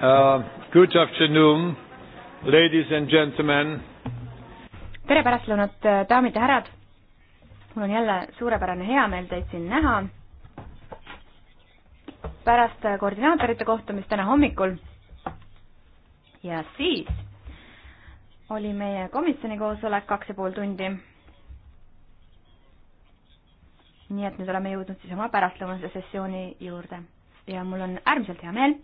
Uh, good afternoon, ladies and gentlemen. tere pärastlõunat, äh, daamid ja härrad. mul on jälle suurepärane heameel teid siin näha. pärast äh, koordinaatorite kohtumist täna hommikul ja siis oli meie komisjoni koosolek kaks ja pool tundi. nii et nüüd oleme jõudnud siis oma pärastlõunase sessiooni juurde ja mul on äärmiselt hea meel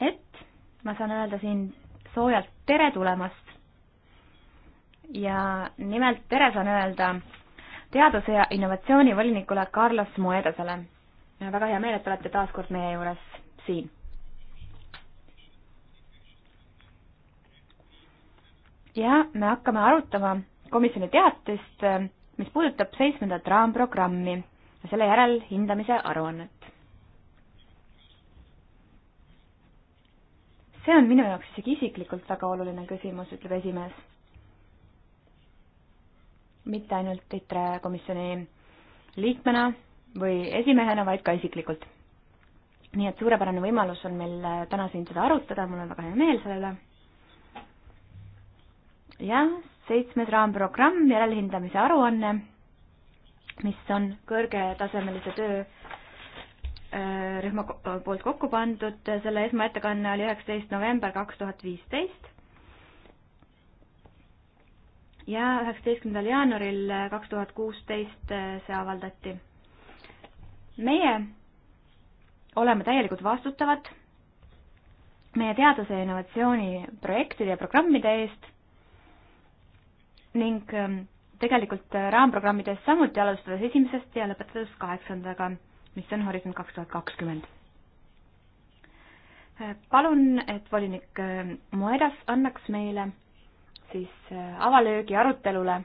et ma saan öelda siin soojalt tere tulemast. ja nimelt tere saan öelda teaduse ja innovatsiooni volinikule Carlos Moedasele. väga hea meel, et olete taas kord meie juures siin. ja me hakkame arutama komisjoni teatist, mis puudutab seitsmendat raamprogrammi ja selle järel hindamise aruannet see on minu jaoks isegi isiklikult väga oluline küsimus, ütleb esimees. mitte ainult ITRE komisjoni liikmena või esimehena, vaid ka isiklikult. nii et suurepärane võimalus on meil täna siin seda arutada, mul on väga hea meel selle üle. jah, seitsmes raamprogramm, järelhindamise aruanne, mis on kõrgetasemelise töö rühma poolt kokku pandud, selle esmaettekanne oli üheksateist november kaks tuhat viisteist ja üheksateistkümnendal jaanuaril kaks tuhat kuusteist äh, see avaldati. meie oleme täielikult vastutavad meie teaduse ja innovatsiooni projektide ja programmide eest ning ähm, tegelikult äh, raamprogrammidest samuti alustades esimesest ja lõpetades kaheksandaga mis on Horisont kaks tuhat kakskümmend. palun, et volinik äh, Moedas annaks meile siis äh, avalöögi arutelule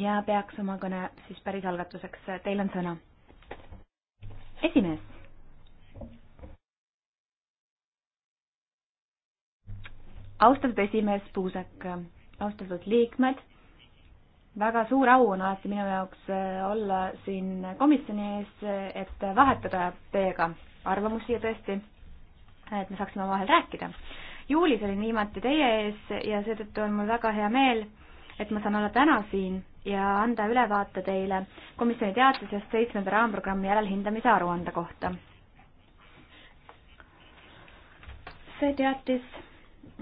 ja peaks oma kõne siis päris algatuseks, teil on sõna. esimees. austatud esimees Puusek, äh, austatud liikmed väga suur au on alati minu jaoks äh, olla siin komisjoni ees, et vahetada teiega arvamusi ja tõesti, et me saaksime omavahel rääkida. juulis olin viimati teie ees ja seetõttu on mul väga hea meel, et ma saan olla täna siin ja anda ülevaate teile komisjoni teadusest seitsmenda raamprogrammi järelhindamise aruande kohta. see teatis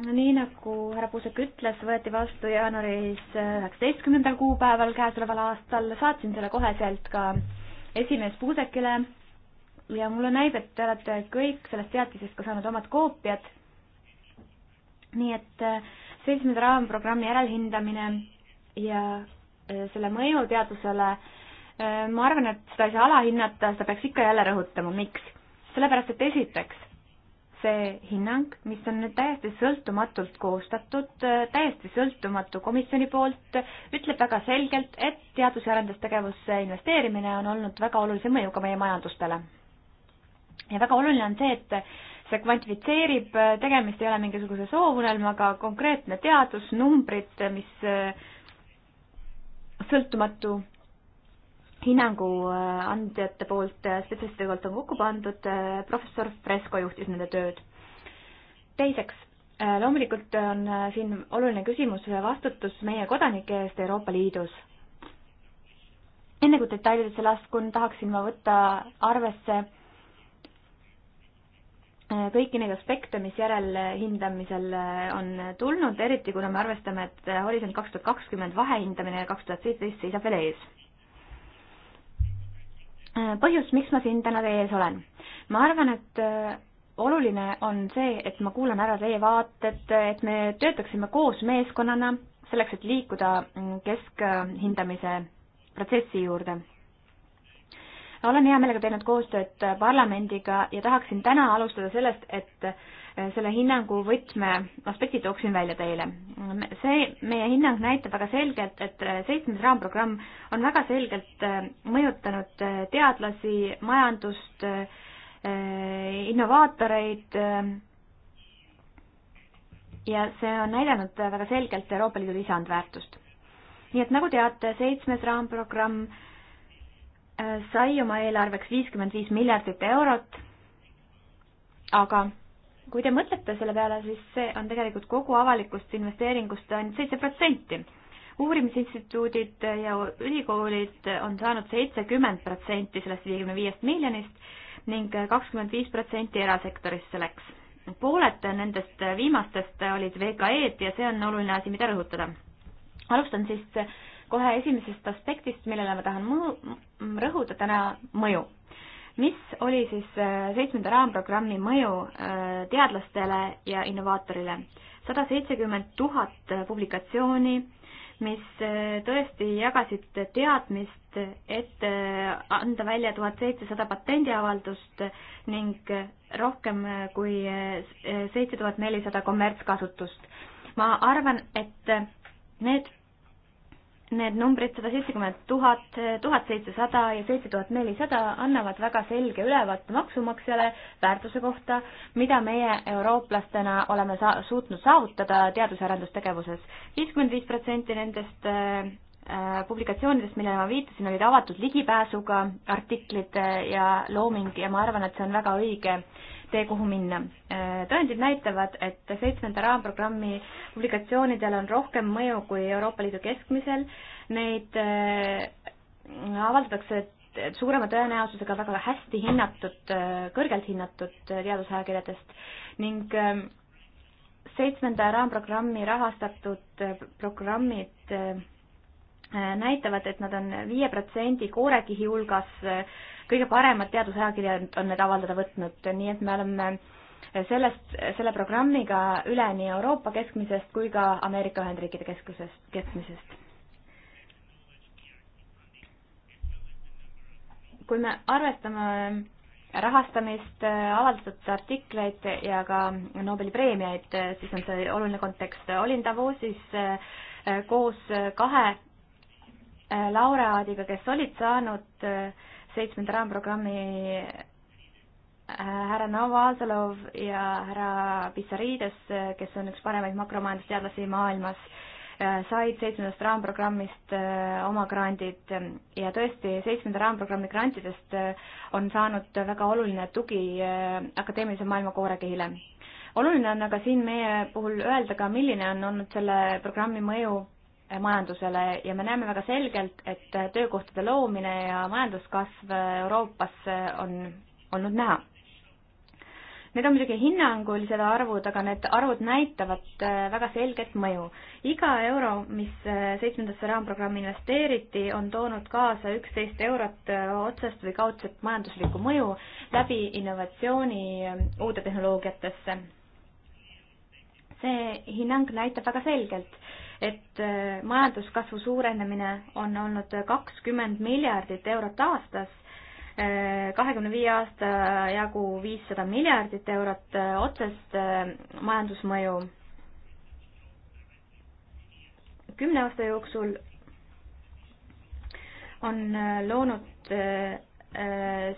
nii nagu härra Puusek ütles, võeti vastu jaanuaris üheksateistkümnendal kuupäeval käesoleval aastal, saatsin selle koheselt ka esimees Puusekile ja mulle näib, et te olete kõik sellest teatisest ka saanud omad koopiad. nii et äh, seitsmenda raamprogrammi järelhindamine ja äh, selle mõju teadusele, äh, ma arvan, et seda ei saa alahinnata, seda peaks ikka jälle rõhutama, miks? sellepärast, et esiteks see hinnang, mis on täiesti sõltumatult koostatud, täiesti sõltumatu komisjoni poolt, ütleb väga selgelt, et teadus- ja arendustegevusse investeerimine on olnud väga olulise mõjuga meie majandustele. ja väga oluline on see, et see kvantifitseerib, tegemist ei ole mingisuguse soovunelmaga, konkreetne teadus, numbrid, mis sõltumatu hinnangu äh, andjate poolt, äh, spetsialistide poolt on kokku pandud, äh, professor Fresco juhtis nende tööd. teiseks, loomulikult on siin oluline küsimus, vastutus meie kodanike eest Euroopa Liidus. enne kui detailidesse laskun, tahaksin ma võtta arvesse kõiki neid aspekte, mis järelhindamisel on tulnud, eriti kuna me arvestame, et Horisont kaks tuhat kakskümmend vahehindamine kaks tuhat seitseteist seisab veel ees Äh, põhjus, miks ma siin täna teie ees olen. ma arvan, et äh, oluline on see, et ma kuulan ära teie vaated, et me töötaksime koos meeskonnana selleks, et liikuda mm, keskhindamise protsessi juurde olen hea meelega teinud koostööd äh, parlamendiga ja tahaksin täna alustada sellest, et selle hinnangu võtme aspekti tooksin välja teile. see, meie hinnang näitab väga selgelt, et seitsmes raamprogramm on väga selgelt äh, mõjutanud äh, teadlasi, majandust, äh, innovaatoreid ja see on näidanud väga selgelt Euroopa Liidu lisandväärtust. nii et nagu teate, seitsmes raamprogramm sai oma eelarveks viiskümmend viis miljardit eurot, aga kui te mõtlete selle peale, siis see on tegelikult kogu avalikust investeeringust ainult seitse protsenti. uurimisinstituudid ja ülikoolid on saanud seitsekümmend protsenti sellest viiekümne viiest miljonist ning kakskümmend viis protsenti erasektorisse läks. pooled nendest viimastest olid VKE-d ja see on oluline asi, mida rõhutada. alustan siis kohe esimesest aspektist, millele ma tahan mõju, rõhuda täna, mõju mis oli siis äh, seitsmenda raamprogrammi mõju äh, teadlastele ja innovaatorile? sada seitsekümmend tuhat äh, publikatsiooni, mis tõesti jagasid teadmist, et anda välja tuhat seitsesada patendiavaldust ning rohkem kui seitse tuhat nelisada kommertskasutust. ma arvan, et need need numbrid sada seitsekümmend tuhat, tuhat seitsesada ja seitse tuhat nelisada annavad väga selge ülevaate maksumaksjale väärtuse kohta, mida meie eurooplastena oleme sa-, suutnud saavutada teadus- ja arendustegevuses. viiskümmend viis protsenti nendest äh, äh publikatsioonidest, millele ma viitasin, olid avatud ligipääsuga artiklid äh, ja looming ja ma arvan, et see on väga õige äh, tee, kuhu minna. Äh, tõendid näitavad, et seitsmenda raamprogrammi publikatsioonidel on rohkem mõju kui Euroopa Liidu keskmisel. Neid äh, avaldatakse suurema tõenäosusega väga hästi hinnatud, äh, kõrgelt hinnatud teadusajakirjadest ning seitsmenda raamprogrammi rahastatud programmid näitavad, et nad on viie protsendi koorekihi hulgas kõige paremad teadusajakirjad on need avaldada võtnud, nii et me oleme sellest, selle programmiga üle nii Euroopa keskmisest kui ka Ameerika Ühendriikide keskusest, keskmisest. kui me arvestame rahastamist, avaldatud artikleid ja ka Nobeli preemiaid, siis on see oluline kontekst. olin Davosis eh, koos kahe eh, laureaadiga, kes olid saanud äh, seitsmenda raamprogrammi äh, härra Navazalov ja härra Pissarides, kes on üks paremaid makromajandusteadlasi maailmas, äh, said seitsmendast raamprogrammist äh, oma grandid ja tõesti, seitsmenda raamprogrammi grantidest on saanud väga oluline tugi akadeemilise maailma koorekihile. oluline on aga siin meie puhul öelda ka, milline on olnud selle programmi mõju majandusele ja me näeme väga selgelt, et töökohtade loomine ja majanduskasv Euroopas on olnud näha. Need on muidugi hinnangulised arvud, aga need arvud näitavad äh, väga selget mõju. iga euro, mis äh, seitsmendasse raamprogrammi investeeriti, on toonud kaasa üksteist eurot äh, otsest või kaudset majanduslikku mõju läbi innovatsiooni uude tehnoloogiatesse. see hinnang näitab väga selgelt et äh, majanduskasvu suurenemine on olnud kakskümmend miljardit eurot aastas, äh, kahekümne viie aasta jagu viissada miljardit eurot äh, otsest majandusmõju. kümne aasta jooksul on loonud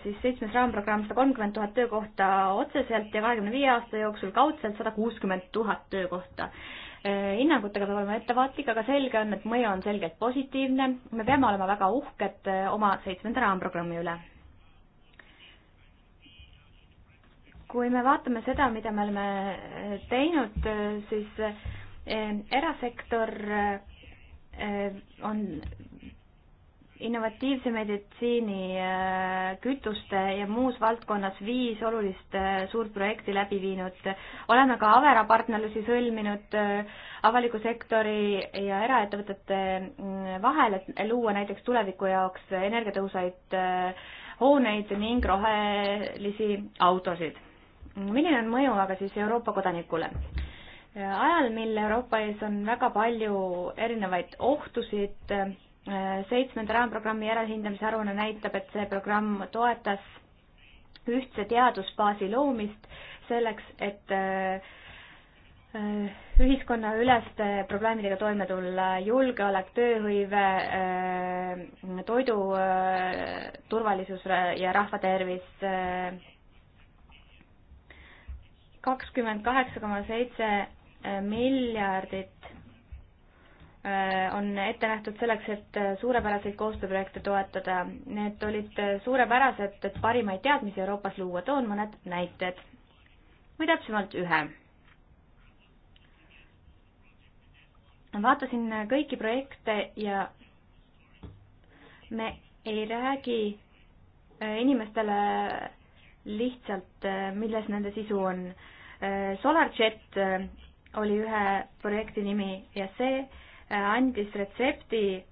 siis seitsmes raamprogramm sada kolmkümmend tuhat töökohta otseselt ja kahekümne viie aasta jooksul kaudselt sada kuuskümmend tuhat töökohta. Äh, hinnangutega peab olema ettevaatlik, aga selge on, et mõju on selgelt positiivne. me peame olema väga uhked äh, oma seitsmenda raamprogrammi üle. kui me vaatame seda, mida me oleme äh, teinud, siis erasektor on innovatiivse meditsiini, äh, kütuste ja muus valdkonnas viis olulist äh, suurt projekti läbi viinud. oleme ka Avera partnerlusi sõlminud äh, avaliku sektori ja eraettevõtete mm, vahel, et luua näiteks tuleviku jaoks energiatõhusaid hooneid ning rohelisi autosid. milline on mõju aga siis Euroopa kodanikule? ajal, mil Euroopa ees on väga palju erinevaid ohtusid, seitsmenda raamprogrammi järelhindamise aruanne näitab, et see programm toetas ühtse teadusbaasi loomist selleks, et äh, äh, ühiskonnaüleste probleemidega toime tulla, julgeolek, tööhõive, äh, toidu turvalisus ja rahvatervis. kakskümmend kaheksa koma seitse miljardit Äh, on ette nähtud selleks, et äh, suurepäraseid koostööprojekte toetada. Need olid äh, suurepärased, et parimaid teadmisi Euroopas luua. toon mõned näited või täpsemalt ühe. vaatasin kõiki projekte ja me ei räägi inimestele lihtsalt, milles nende sisu on. SolarJet oli ühe projekti nimi ja see andis retsepti,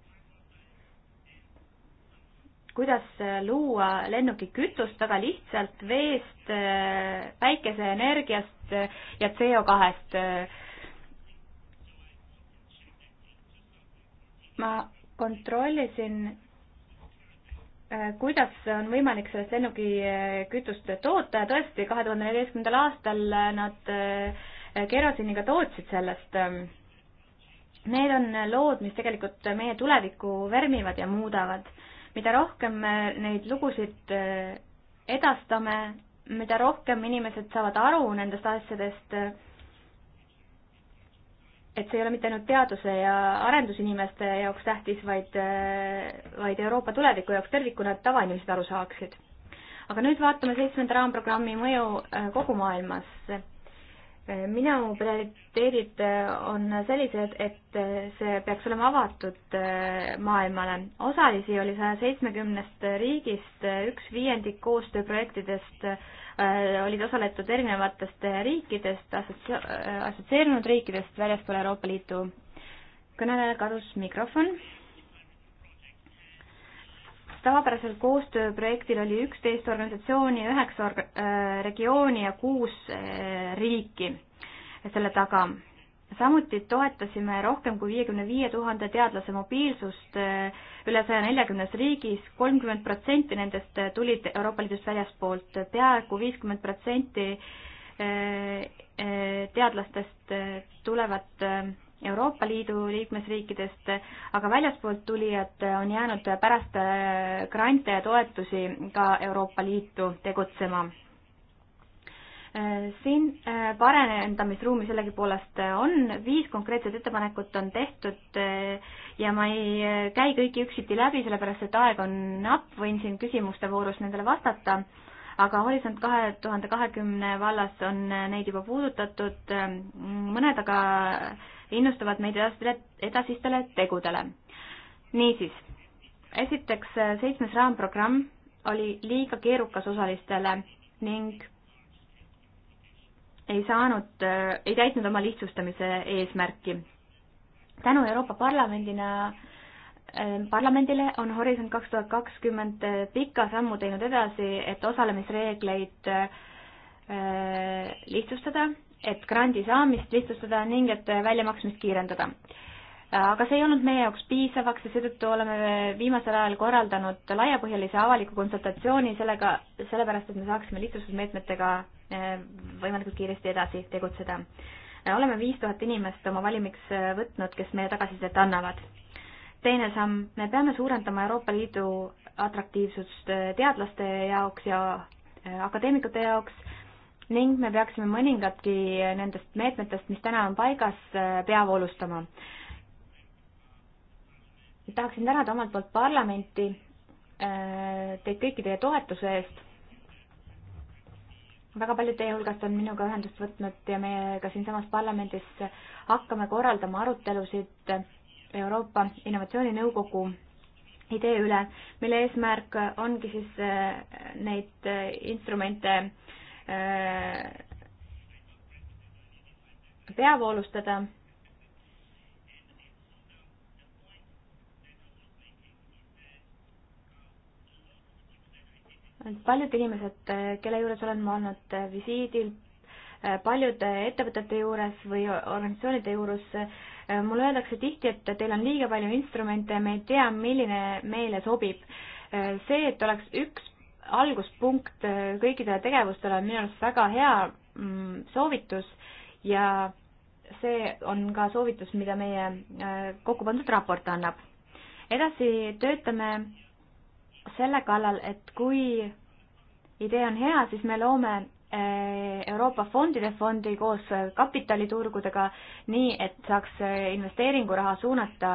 kuidas luua lennukikütust väga lihtsalt veest, päikeseenergiast ja CO2-st. ma kontrollisin kuidas on võimalik sellest lennukikütust toota ja tõesti, kahe tuhande neljateistkümnendal aastal nad kerosiiniga tootsid sellest Need on lood, mis tegelikult meie tulevikku vermivad ja muudavad. mida rohkem me neid lugusid eh, edastame, mida rohkem inimesed saavad aru nendest asjadest, et see ei ole mitte ainult teaduse ja arendusinimeste jaoks tähtis, vaid, eh, vaid Euroopa tuleviku jaoks tervikuna, et tavainimesed aru saaksid. aga nüüd vaatame seitsmenda raamprogrammi mõju eh, kogu maailmas minu prioriteedid eh, on sellised, et eh, see peaks olema avatud eh, maailmale. osalisi oli saja seitsmekümnest riigist, üks viiendik koostööprojektidest olid osaletud erinevatest riikidest, assotsieerunud riikidest väljaspool Euroopa Liitu. kõnelejal kadus mikrofon tavapärasel koostööprojektil oli üksteist organisatsiooni, üheksa org-, äh, regiooni ja kuus äh, riiki selle taga. samuti toetasime rohkem kui viiekümne viie tuhande teadlase mobiilsust äh, üle saja neljakümnes riigis, kolmkümmend protsenti nendest tulid Euroopa Liidust väljaspoolt, peaaegu viiskümmend protsenti teadlastest tulevad Euroopa Liidu liikmesriikidest, aga väljaspoolt tulijad on jäänud pärast äh, grante ja toetusi ka Euroopa Liitu tegutsema. Äh, siin äh, parendamisruumi sellegipoolest on, viis konkreetset ettepanekut on tehtud ja ma ei käi kõiki üksiti läbi, sellepärast et aeg on napp, võin siin küsimuste voorus nendele vastata aga Horisont kahe tuhande kahekümne vallas on neid juba puudutatud, mõned aga innustavad meid edasistele, edasistele tegudele. niisiis, esiteks seitsmes raamprogramm oli liiga keerukas osalistele ning ei saanud, ei täitnud oma lihtsustamise eesmärki. tänu Euroopa Parlamendina äh, Ehm, parlamendile on Horisont kaks tuhat kakskümmend eh, pika sammu teinud edasi, et osalemisreegleid eh, lihtsustada, et grandi saamist lihtsustada ning et väljamaksmist kiirendada. aga see ei olnud meie jaoks piisavaks ja seetõttu oleme viimasel ajal korraldanud laiapõhjalise avaliku konsultatsiooni sellega, sellepärast et me saaksime lihtsustusmeetmetega eh, võimalikult kiiresti edasi tegutseda. oleme viis tuhat inimest oma valimiks võtnud, kes meile tagasisidet annavad teine samm, me peame suurendama Euroopa Liidu atraktiivsust äh, teadlaste jaoks ja äh, akadeemikute jaoks ning me peaksime mõningadki äh, nendest meetmetest, mis täna on paigas, peavoolustama. tahaksin tänada omalt poolt parlamenti, teid kõiki teie toetuse eest. väga paljud teie hulgast on minuga ühendust võtnud ja meie ka siinsamas parlamendis hakkame korraldama arutelusid Euroopa Innovatsiooninõukogu idee üle, mille eesmärk ongi siis äh, neid äh, instrumente äh, peavoolustada. paljud inimesed, kelle juures olen ma olnud visiidil, paljude ettevõtete juures või organisatsioonide juures mulle öeldakse tihti, et teil on liiga palju instrumente ja me ei tea, milline meile sobib. see, et oleks üks alguspunkt kõikidele tegevustele, on minu arust väga hea mm, soovitus ja see on ka soovitus, mida meie äh, kokku pandud raport annab. edasi töötame selle kallal, et kui idee on hea, siis me loome Äh, Euroopa fondide fondi koos äh, kapitaliturgudega, nii et saaks äh, investeeringuraha suunata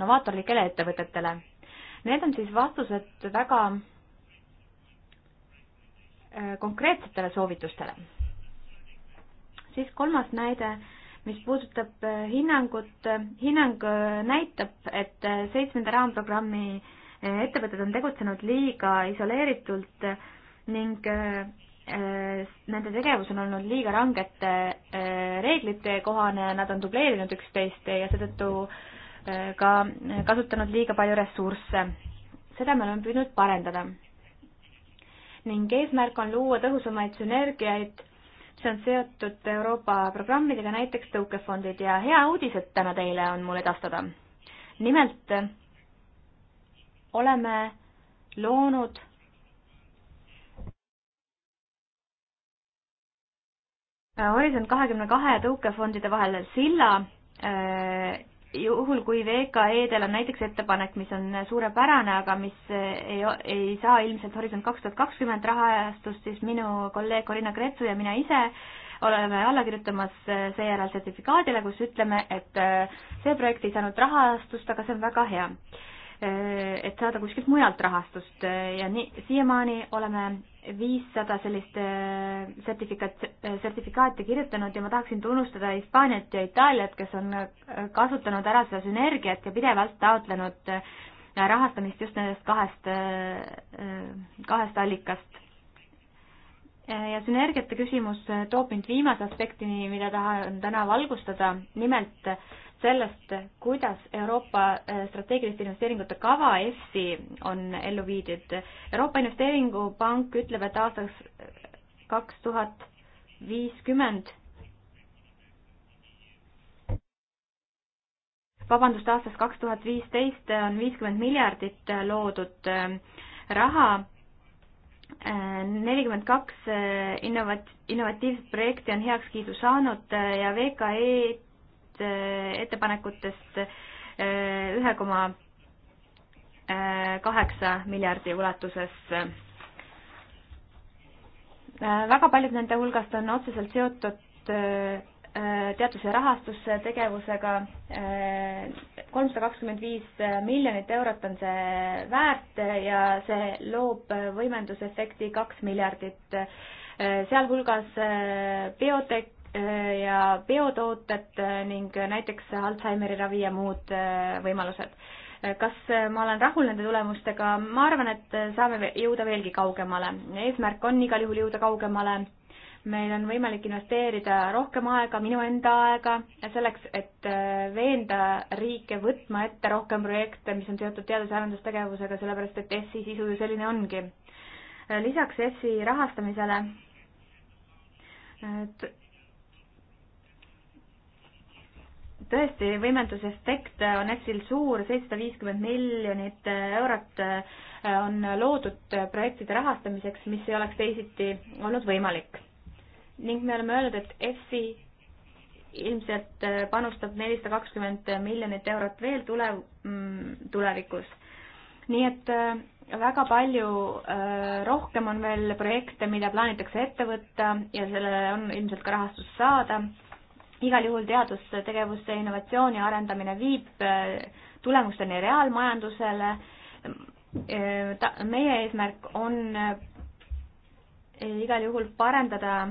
novaatorlikele ettevõtetele. Need on siis vastused väga konkreetsetele soovitustele. siis kolmas näide, mis puudutab hinnangut, hinnang näitab, et seitsmenda raamprogrammi ettevõtted on tegutsenud liiga isoleeritult ning Äh, nende tegevus on olnud liiga rangete äh, reeglite kohane, nad on dubleerinud üksteist ja seetõttu äh, ka kasutanud liiga palju ressursse. seda me oleme püüdnud parendada. ning eesmärk on luua tõhusamaid sünergiaid, see on seotud Euroopa programmidega, näiteks tõukefondid ja hea uudis, et täna teile on mul edastada. nimelt oleme loonud Äh, Horisont kahekümne kahe tõukefondide vahel silla äh, juhul, kui VKE-del on näiteks ettepanek, mis on suurepärane, aga mis äh, ei, ei saa ilmselt Horisont kaks tuhat kakskümmend rahastust, siis minu kolleeg Corina Kretsu ja mina ise oleme alla kirjutamas seejärel sertifikaadile, kus ütleme, et see projekt ei saanud rahastust, aga see on väga hea. Et saada kuskilt mujalt rahastust ja nii, siiamaani oleme viissada sellist äh, sertifikaat, äh, sertifikaati kirjutanud ja ma tahaksin tunnustada Hispaaniat ja Itaaliat, kes on äh, kasutanud ära seda sünergiat ja pidevalt taotlenud rahastamist just nendest kahest, kahest allikast. ja sünergiate küsimus toob mind viimase aspektini, mida tahan täna valgustada, nimelt äh, sellest, kuidas Euroopa eh, strateegiliste investeeringute kava EFSI on ellu viidud. Euroopa Investeeringupank ütleb, et aastaks eh, kaks tuhat viiskümmend, vabandust, aastast kaks tuhat viisteist on viiskümmend miljardit eh, loodud raha nelikümmend kaks innovat-, innovatiivset projekti on heakskiidu saanud ja VKE-d Äh, ettepanekutest äh, ühe koma äh, kaheksa miljardi ulatuses. väga paljud nende hulgast on otseselt seotud teadus- ja rahastustegevusega. kolmsada kakskümmend viis miljonit eurot on see väärt ja see loob võimendusefekti kaks miljardit. sealhulgas biotech, Äh, ja biotooted äh, ning näiteks Alžeimeri ravi ja muud äh, võimalused. kas ma olen rahul nende tulemustega? ma arvan, et saame jõuda veelgi kaugemale. eesmärk on igal juhul jõuda kaugemale. meil on võimalik investeerida rohkem aega, minu enda aega, selleks, et veenda riike võtma ette rohkem projekte, mis on seotud teadus- ja arendustegevusega, sellepärast et ESI sisu ju selline ongi. lisaks ESI rahastamisele et tõesti, võimendusefekt on Exil suur, seitsesada viiskümmend miljonit eurot äh, on loodud projektide rahastamiseks, mis ei oleks teisiti olnud võimalik. ning me oleme öelnud, et EFSI ilmselt äh, panustab nelisada kakskümmend miljonit eurot veel tule, mm, tulevikus. nii et äh, väga palju rohkem on veel projekte, mida plaanitakse ette võtta ja sellele on ilmselt ka rahastus saada igal juhul teadustegevuste innovatsiooni arendamine viib äh, tulemusteni reaalmajandusele. Äh, meie eesmärk on äh, igal juhul parendada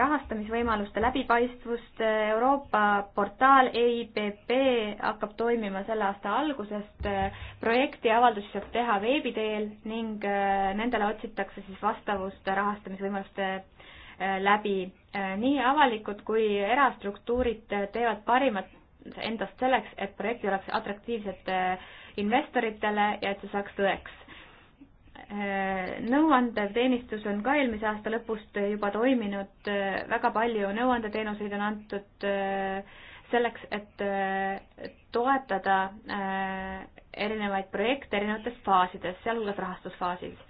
rahastamisvõimaluste läbipaistvust. Euroopa portaal EIPP hakkab toimima selle aasta algusest. projekti avaldusi saab teha veebi teel ning nendele otsitakse siis vastavust rahastamisvõimaluste Äh, läbi. Äh, nii avalikud kui erastruktuurid äh, teevad parimat endast selleks, et projektid oleks atraktiivsed investoritele ja et see saaks tõeks. nõuandev teenistus on ka eelmise aasta lõpust juba toiminud, väga palju nõuandeteenuseid on antud selleks, et toetada erinevaid projekte erinevates faasides, sealhulgas rahastusfaasis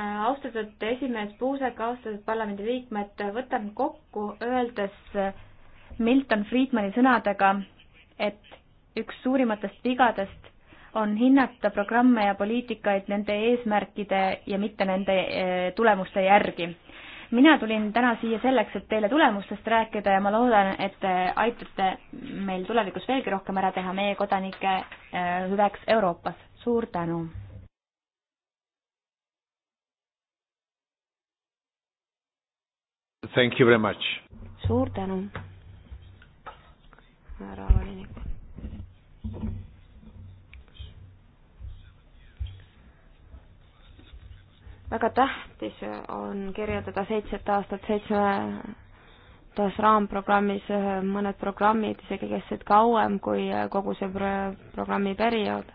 austatud esimees Puusek, austatud parlamendiliikmed, võtan kokku, öeldes Milton Friedmani sõnadega, et üks suurimatest vigadest on hinnata programme ja poliitikaid nende eesmärkide ja mitte nende eh, tulemuste järgi. mina tulin täna siia selleks, et teile tulemustest rääkida ja ma loodan, et te aitate meil tulevikus veelgi rohkem ära teha meie kodanike eh, hüveks Euroopas. suur tänu! Thank you very much. suur tänu, härra volinik. väga tähtis on kirjeldada seitset aastat seitsme taas raamprogrammis mõned programmid isegi kestsid kauem kui kogu see pro programmi periood.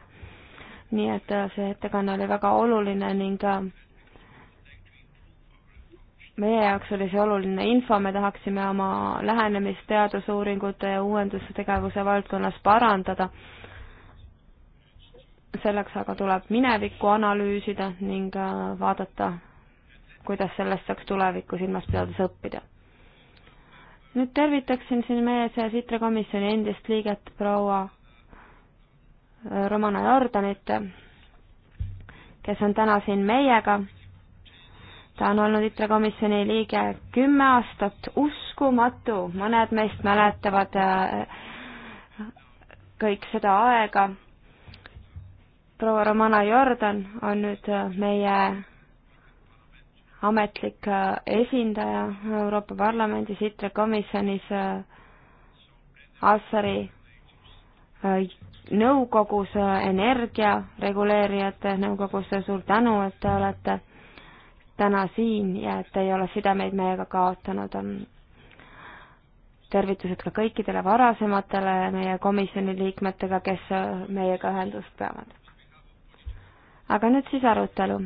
nii et see ettekanne oli väga oluline ning meie jaoks oli see oluline info, me tahaksime oma lähenemist teadusuuringute ja uuendustegevuse valdkonnas parandada. selleks aga tuleb minevikku analüüsida ning äh, vaadata, kuidas sellest saaks tulevikku silmas pidades õppida. nüüd tervitaksin siin meie seas ITRE komisjoni endist liiget proua äh, Romana Jordanit, kes on täna siin meiega ta on olnud ITRE komisjoni liige kümme aastat, uskumatu, mõned meist mäletavad äh, kõik seda aega. proua Romana Jordan on nüüd äh, meie ametlik äh, esindaja Euroopa Parlamendis ITRE komisjonis Assari nõukogus, energiareguleerijate nõukogus, suur tänu, et te olete täna siin ja et te ei ole sidemeid meiega kaotanud. tervitused ka kõikidele varasematele meie komisjoni liikmetega, kes meiega ühendust peavad. aga nüüd siis arutelu.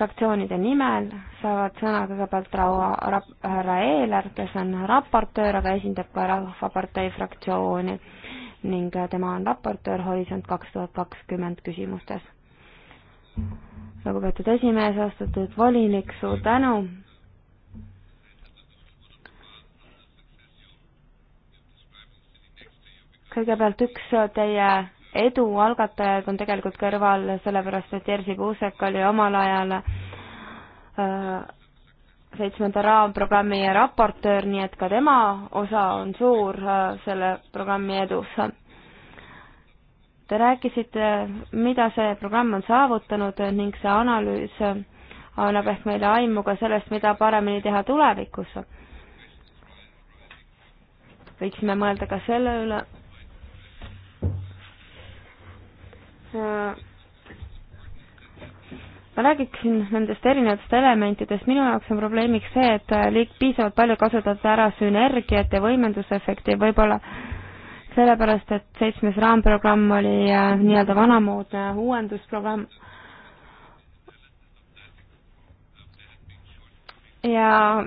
fraktsioonide nimel saavad sõna kõigepealt raua, härra Eeler, kes on raportöör, aga esindab ka Rahvapartei fraktsiooni ning tema on raportöör Horisont kaks tuhat kakskümmend küsimustes lugupeetud esimees, austatud volinik, suur tänu. kõigepealt üks teie edu algatajaid on tegelikult kõrval, sellepärast et Jerzy Puusek oli omal ajal äh, seitsmenda raamprogrammi raportöör, nii et ka tema osa on suur äh, selle programmi edus Te rääkisite, mida see programm on saavutanud ning see analüüs annab ehk meile aimu ka sellest, mida paremini teha tulevikus. võiksime mõelda ka selle üle, ma räägiksin nendest erinevatest elementidest, minu jaoks on probleemiks see, et liik-, piisavalt palju kasutatakse ära sünergiat ja võimendusefekti, võib-olla äh, sellepärast, et seitsmes raamprogramm oli äh, nii-öelda vanamoodne uuendusprogramm. ja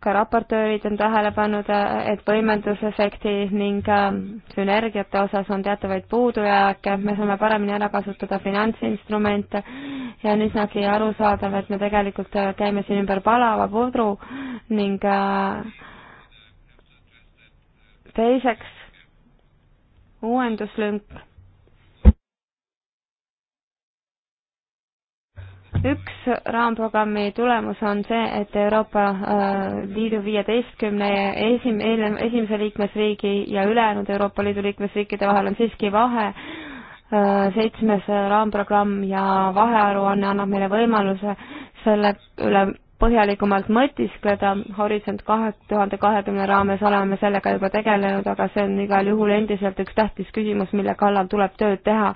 ka raportöörid on tähele pannud, äh, et võimendusefekti ning äh, sünergiate osas on teatavaid puudujääke, me saame paremini ära kasutada finantsinstrumente ja on üsnagi arusaadav, et me tegelikult käime siin ümber palava pudru ning äh, teiseks, uuenduslünk. üks raamprogrammi tulemus on see, et Euroopa äh, Liidu viieteistkümne esim-, esimese liikmesriigi ja ülejäänud Euroopa Liidu liikmesriikide vahel on siiski vahe, äh, seitsmes raamprogramm ja vahearuanne annab meile võimaluse selle üle põhjalikumalt mõtiskleda, Horisont kahe tuhande kahekümne raames oleme sellega juba tegelenud, aga see on igal juhul endiselt üks tähtis küsimus, mille kallal tuleb tööd teha.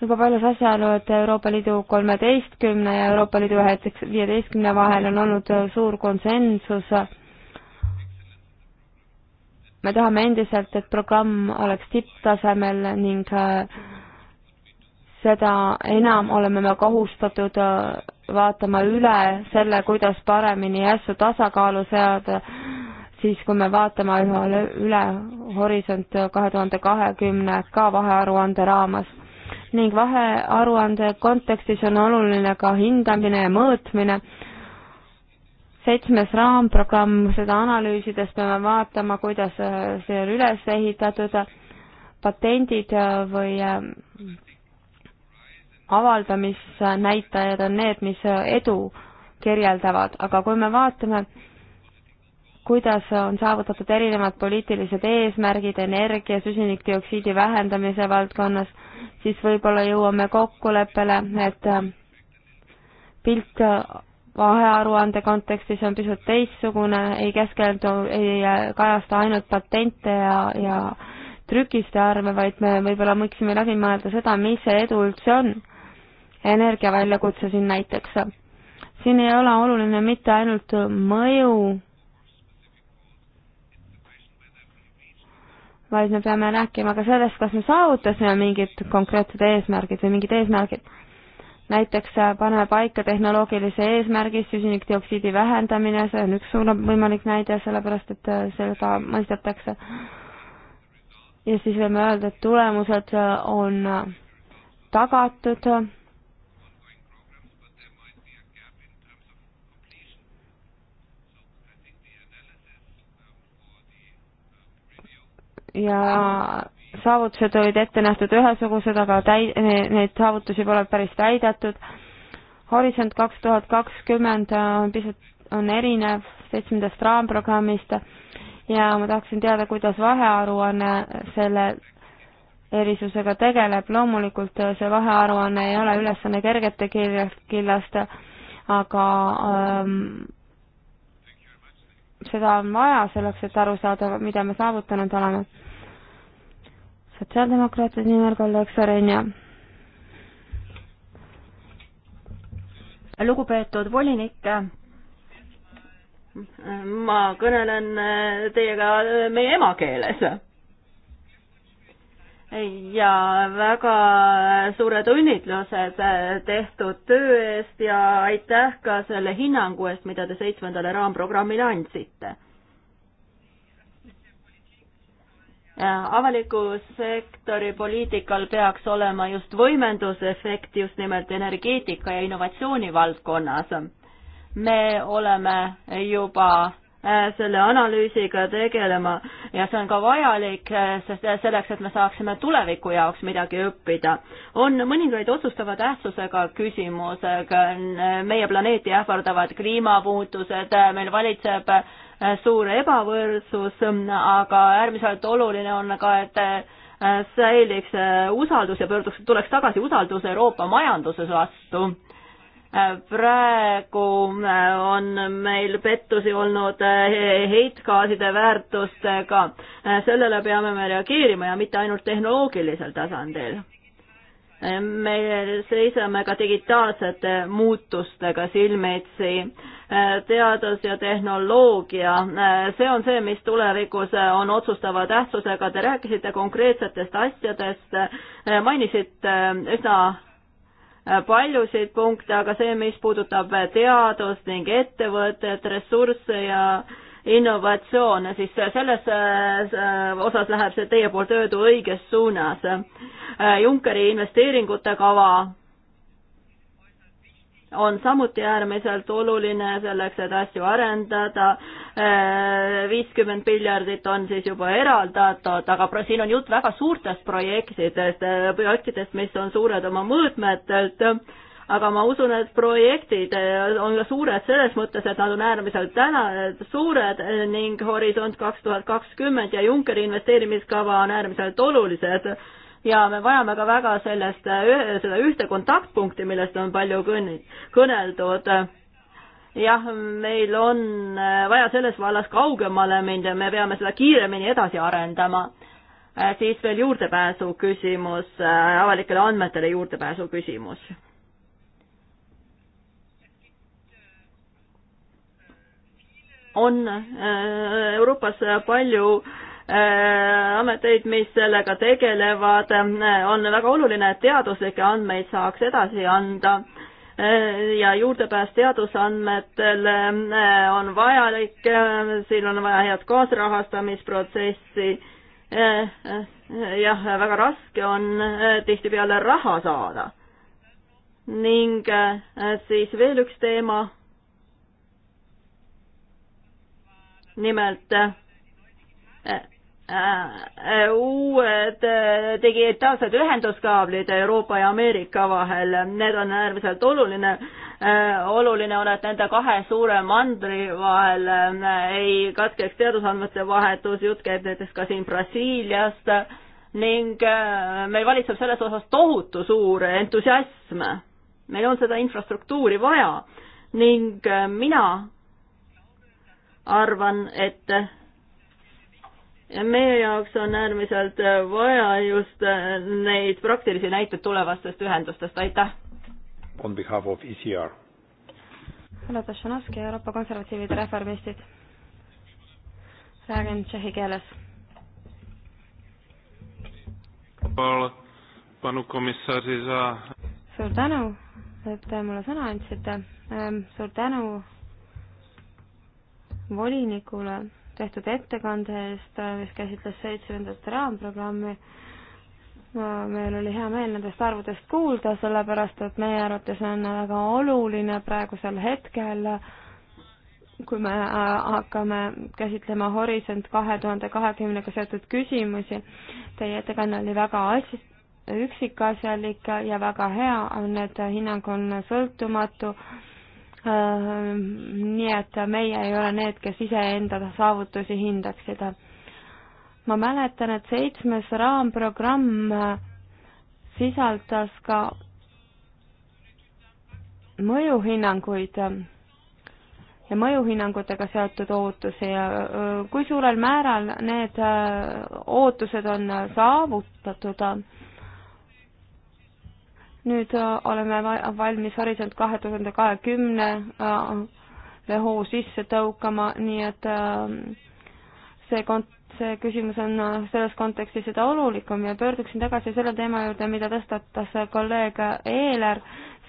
juba paljus asjaolu, et Euroopa Liidu kolmeteistkümne ja Euroopa Liidu üheteistkümne, viieteistkümne vahel on olnud suur konsensus me tahame endiselt, et programm oleks tipptasemel ning äh, seda enam oleme me kohustatud äh, vaatama üle selle, kuidas paremini asju tasakaalu seada, siis kui me vaatame ühe üle Horisont kahe tuhande kahekümne ka vahearuande raames. ning vahearuande kontekstis on oluline ka hindamine ja mõõtmine seitsmes raamprogramm, seda analüüsides peame vaatama, kuidas äh, see on üles ehitatud, äh, patendid või avaldamisnäitajad on need, mis edu kirjeldavad, aga kui me vaatame, kuidas on saavutatud erinevad poliitilised eesmärgid energia, süsinikdioksiidi vähendamise valdkonnas, siis võib-olla jõuame kokkuleppele, et pilt vahearuande kontekstis on pisut teistsugune, ei keskendu, ei kajasta ainult patente ja, ja trükiste arve, vaid me võib-olla võiksime läbi mõelda seda, mis see edu üldse on energiaväljakutse siin näiteks. siin ei ole oluline mitte ainult mõju, vaid me peame rääkima ka sellest, kas me saavutasime mingid konkreetsed eesmärgid või mingid eesmärgid. näiteks paneme paika tehnoloogilise eesmärgi, süsinikdioksiidi vähendamine, see on üks suurem võimalik näide, sellepärast et äh, seda mõistetakse. ja siis võime öelda, et tulemused äh, on äh, tagatud ja saavutused olid ette nähtud ühesugused, aga täi-, neid saavutusi pole päris täidetud. Horisont kaks tuhat kakskümmend on pisut, on erinev seitsmendast raamprogrammist ja ma tahaksin teada, kuidas vahearuanne selle erisusega tegeleb, loomulikult see vahearuanne ei ole ülesanne kergete killast, aga ähm, seda on vaja selleks, et aru saada, mida me saavutanud oleme sotsiaaldemokraatide nimel kolleeg Sarenja. lugupeetud volinik, ma kõnelen teiega meie emakeeles ja väga suured õnnitlused tehtud töö eest ja aitäh ka selle hinnangu eest, mida te seitsmendale raamprogrammile andsite Äh, avaliku sektori poliitikal peaks olema just võimendusefekt just nimelt energeetika ja innovatsiooni valdkonnas. me oleme juba äh, selle analüüsiga tegelema ja see on ka vajalik, äh, sest selleks, et me saaksime tuleviku jaoks midagi õppida. on mõningaid otsustava tähtsusega küsimusega, meie planeeti ähvardavad kliimamuutused, meil valitseb äh, Äh, suur ebavõrdsus, äh, aga äärmiselt oluline on ka, et äh, säiliks usaldus ja pöörduks, tuleks tagasi usaldus Euroopa majanduses vastu. praegu on meil pettusi olnud heitgaaside väärtustega, sellele peame me reageerima ja mitte ainult tehnoloogilisel tasandil me seisame ka digitaalsete muutustega silmitsi teadus ja tehnoloogia, see on see, mis tulevikus on otsustava tähtsusega, te rääkisite konkreetsetest asjadest, mainisite üsna paljusid punkte, aga see, mis puudutab teadust ning ettevõtet, ressursse ja innovatsioon, siis selles äh, osas läheb see teie poolt öeldu õiges suunas. Äh, Junckeri investeeringute kava on samuti äärmiselt oluline selleks, et asju arendada. Äh, viiskümmend miljardit on siis juba eraldatud, aga siin on jutt väga suurtest projektidest, äh, projektidest, mis on suured oma mõõtmetelt aga ma usun, et projektid äh, on ka suured selles mõttes, et nad on äärmiselt täna suured ning Horisont kaks tuhat kakskümmend ja Junckeri investeerimiskava on äärmiselt olulised ja me vajame ka väga sellest, seda ühte kontaktpunkti, millest on palju kõn-, kõneldud. jah, meil on vaja selles vallas kaugemale minna, me peame seda kiiremini edasi arendama. Äh, siis veel juurdepääsu küsimus, äh, avalikele andmetele juurdepääsu küsimus on äh, Euroopas palju Äh, ameteid, mis sellega tegelevad, äh, on väga oluline, et teaduslikke andmeid saaks edasi anda äh, ja juurdepääs teadusandmetele on vajalik, siin on vaja head kaasrahastamisprotsessi, jah, väga raske on tihtipeale raha saada. ning siis veel üks teema, nimelt Äh, uued äh, digitaalsed ühenduskaablid Euroopa ja Ameerika vahel, need on äärmiselt oluline. Äh, oluline on, et nende kahe suure mandri vahel ei katkeks teadusandmete vahetus, jutt käib näiteks ka siin Brasiiliast ning meil valitseb selles osas tohutu suur entusiasm. meil on seda infrastruktuuri vaja ning mina arvan, et meie jaoks on äärmiselt äh, vaja just äh, neid praktilisi näiteid tulevastest ühendustest, aitäh! On behalf of ECR. härra Tašanovski, Euroopa Konservatiivide Reformistid. räägin tšehhi keeles. suur tänu, et te mulle sõna andsite, ehm, suur tänu volinikule tehtud ettekande eest, mis käsitles seitsmendat raamprogrammi. meil oli hea meel nendest arvudest kuulda, sellepärast et meie arvates on väga oluline praegusel hetkel, kui me äh, hakkame käsitlema Horisont kahe tuhande kahekümnega seotud küsimusi. Teie ettekanne oli väga asj-, üksikasjalik ja väga hea on, et hinnang on sõltumatu Äh, nii et meie ei ole need, kes iseenda saavutusi hindaksid. ma mäletan, et seitsmes raamprogramm sisaldas ka mõjuhinnanguid ja mõjuhinnangutega seotud ootusi ja kui suurel määral need ootused on saavutatud nüüd äh, oleme valmis Horisont kahe tuhande kahekümnele hoo sisse tõukama, nii et äh, see kont-, see küsimus on äh, selles kontekstis seda olulikum ja pöörduksin tagasi selle teema juurde, mida tõstatas kolleeg Eeler,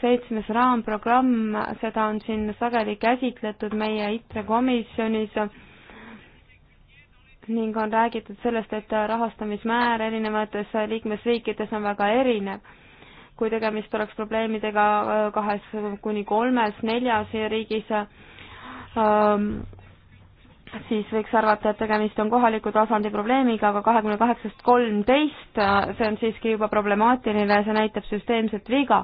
seitsmes raamprogramm, seda on siin sageli käsitletud meie ITRE komisjonis ning on räägitud sellest, et rahastamismäär erinevates liikmesriikides on väga erinev kui tegemist oleks probleemidega äh, kahes kuni kolmes, neljas riigis, ähm, siis võiks arvata, et tegemist on kohaliku tasandi probleemiga, aga kahekümne kaheksast kolmteist, äh, see on siiski juba problemaatiline, see näitab süsteemset viga.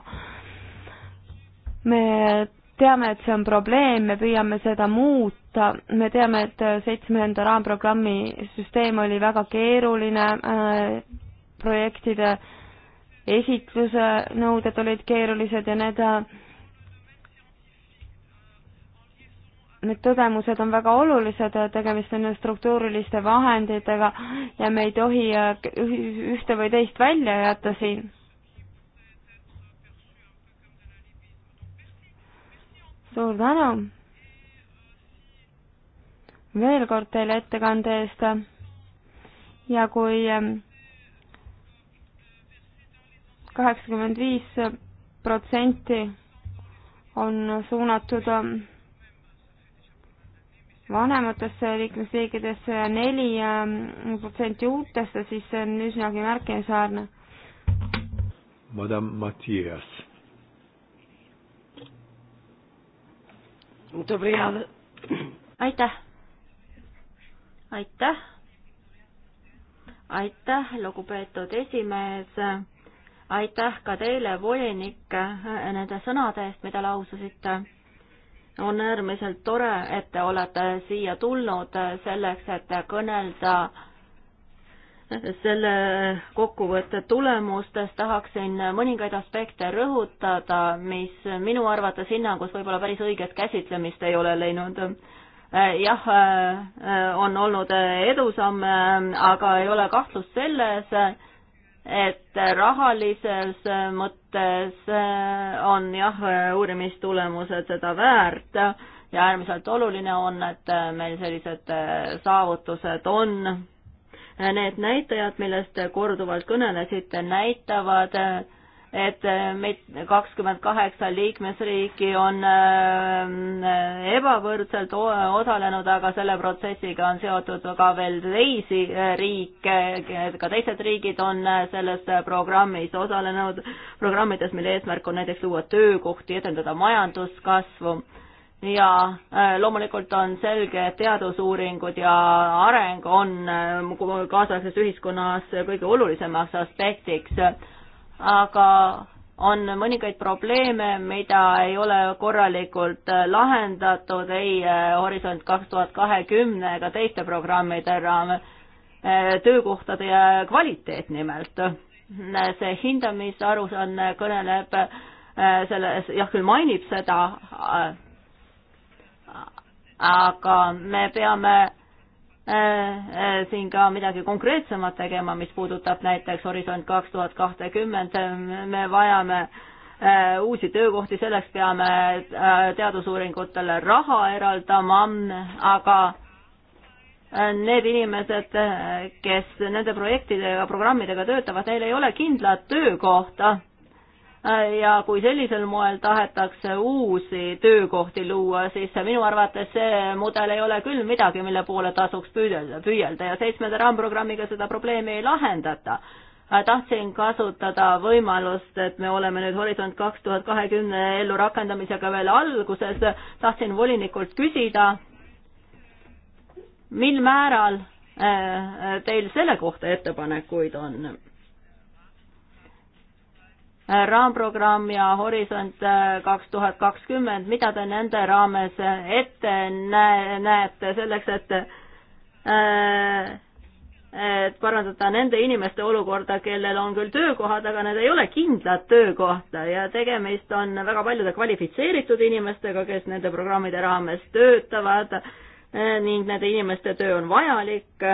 me teame, et see on probleem, me püüame seda muuta, me teame, et seitsmenda raamprogrammi süsteem oli väga keeruline äh, projektide äh, esitluse nõuded olid keerulised ja need, need tõdemused on väga olulised, tegemist on ju struktuuriliste vahenditega ja me ei tohi äh, ühte või teist välja jätta siin. suur tänu veel kord teile ettekande eest ja kui ähm, kaheksakümmend viis protsenti on suunatud ähm, vanematesse liikmesriikidesse ja neli ähm, protsenti uutesse, siis see on üsnagi märkimisväärne. Madame Matias. aitäh. aitäh. aitäh, lugupeetud esimees aitäh ka teile, volinik, nende sõnade eest, mida laususite. on äärmiselt tore, et te olete siia tulnud selleks, et kõnelda selle kokkuvõtte tulemustes tahaksin mõningaid aspekte rõhutada, mis minu arvates hinnangus võib-olla päris õiget käsitlemist ei ole leidnud. jah, on olnud edusamme, aga ei ole kahtlust selles, et rahalises mõttes äh, on jah, uurimistulemused seda väärt ja äärmiselt oluline on, et äh, meil sellised äh, saavutused on. Need näitajad, millest te korduvalt kõnelesite, näitavad, et äh, kakskümmend kaheksa liikmesriiki on äh, ebavõrdselt osalenud, aga selle protsessiga on seotud ka veel teisi äh, riike, ka teised riigid on selles programmis osalenud, programmides, mille eesmärk on näiteks luua töökohti, edendada majanduskasvu ja loomulikult on selge, et teadusuuringud ja areng on kaasaegses ühiskonnas kõige olulisemaks aspektiks aga on mõningaid probleeme, mida ei ole korralikult äh, lahendatud ei äh, Horisont kaks tuhat kahekümne ega teiste programmide raames, äh, töökohtade kvaliteet nimelt. see hindamisarusanne kõneleb selles, jah küll mainib seda, aga me peame Äh, äh, siin ka midagi konkreetsemat tegema, mis puudutab näiteks Horisont kaks tuhat kahtekümmend, me vajame äh, uusi töökohti, selleks peame teadusuuringutele raha eraldama, aga need inimesed, kes nende projektidega, programmidega töötavad, neil ei ole kindlat töökohta ja kui sellisel moel tahetakse uusi töökohti luua, siis minu arvates see mudel ei ole küll midagi, mille poole tasuks püüelda, püüelda ja seitsmenda raamprogrammiga seda probleemi ei lahendata tahtsin kasutada võimalust, et me oleme nüüd Horisont kaks tuhat kahekümne ellu rakendamisega veel alguses, tahtsin volinikult küsida, mil määral eh, teil selle kohta ettepanekuid on? raamprogramm ja Horisont äh, kaks tuhat kakskümmend, mida te nende raames ette näe-, näete selleks, et äh, et parandada nende inimeste olukorda, kellel on küll töökohad, aga need ei ole kindlad töökohta ja tegemist on väga paljude kvalifitseeritud inimestega, kes nende programmide raames töötavad äh, ning nende inimeste töö on vajalik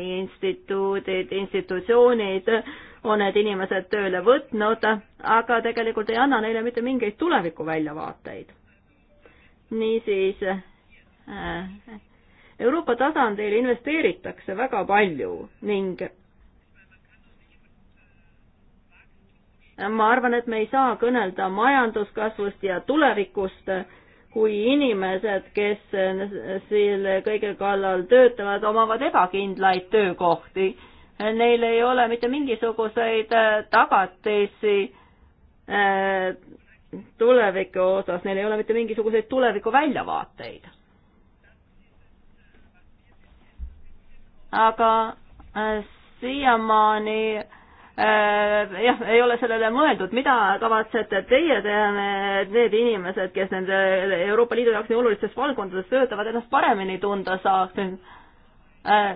instituudid, institutsioonid on need inimesed tööle võtnud, aga tegelikult ei anna neile mitte mingeid tulevikuväljavaateid. niisiis äh, Euroopa tasandil investeeritakse väga palju ning ma arvan, et me ei saa kõnelda majanduskasvust ja tulevikust, kui inimesed, kes selle kõige kallal töötavad, omavad ebakindlaid töökohti neil ei ole mitte mingisuguseid äh, tagatisi äh, tuleviku osas, neil ei ole mitte mingisuguseid tuleviku väljavaateid. aga äh, siiamaani jah, ei ole sellele mõeldud, mida kavatsete teie teha, need inimesed, kes nende Euroopa Liidu jaoks nii olulistes valdkondades töötavad, ennast paremini tunda saaksid Eh,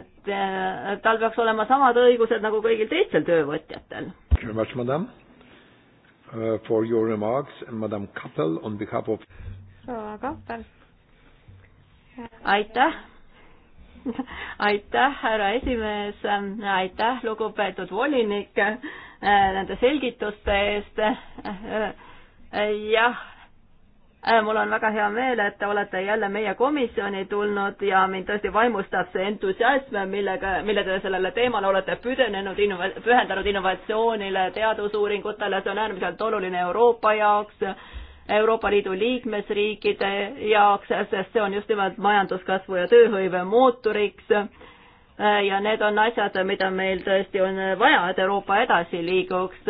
tal peaks olema samad õigused nagu kõigil teistel töövõtjatel. Uh, for your remarks, madam Kappel on behalf of. proua Kappel. aitäh aitäh, härra esimees, aitäh, lugupeetud volinik, eh, nende selgituste eest. Eh, jah Äh, mul on väga hea meel, et te olete jälle meie komisjoni tulnud ja mind tõesti vaimustab see entusiasm, millega, mille te sellele teemale olete püdenenud, pühendanud innovatsioonile, teadusuuringutele, see on äärmiselt oluline Euroopa jaoks, Euroopa Liidu liikmesriikide jaoks, sest see on just nimelt majanduskasvu ja tööhõive mootoriks äh, ja need on asjad, mida meil tõesti on vaja, et Euroopa edasi liiguks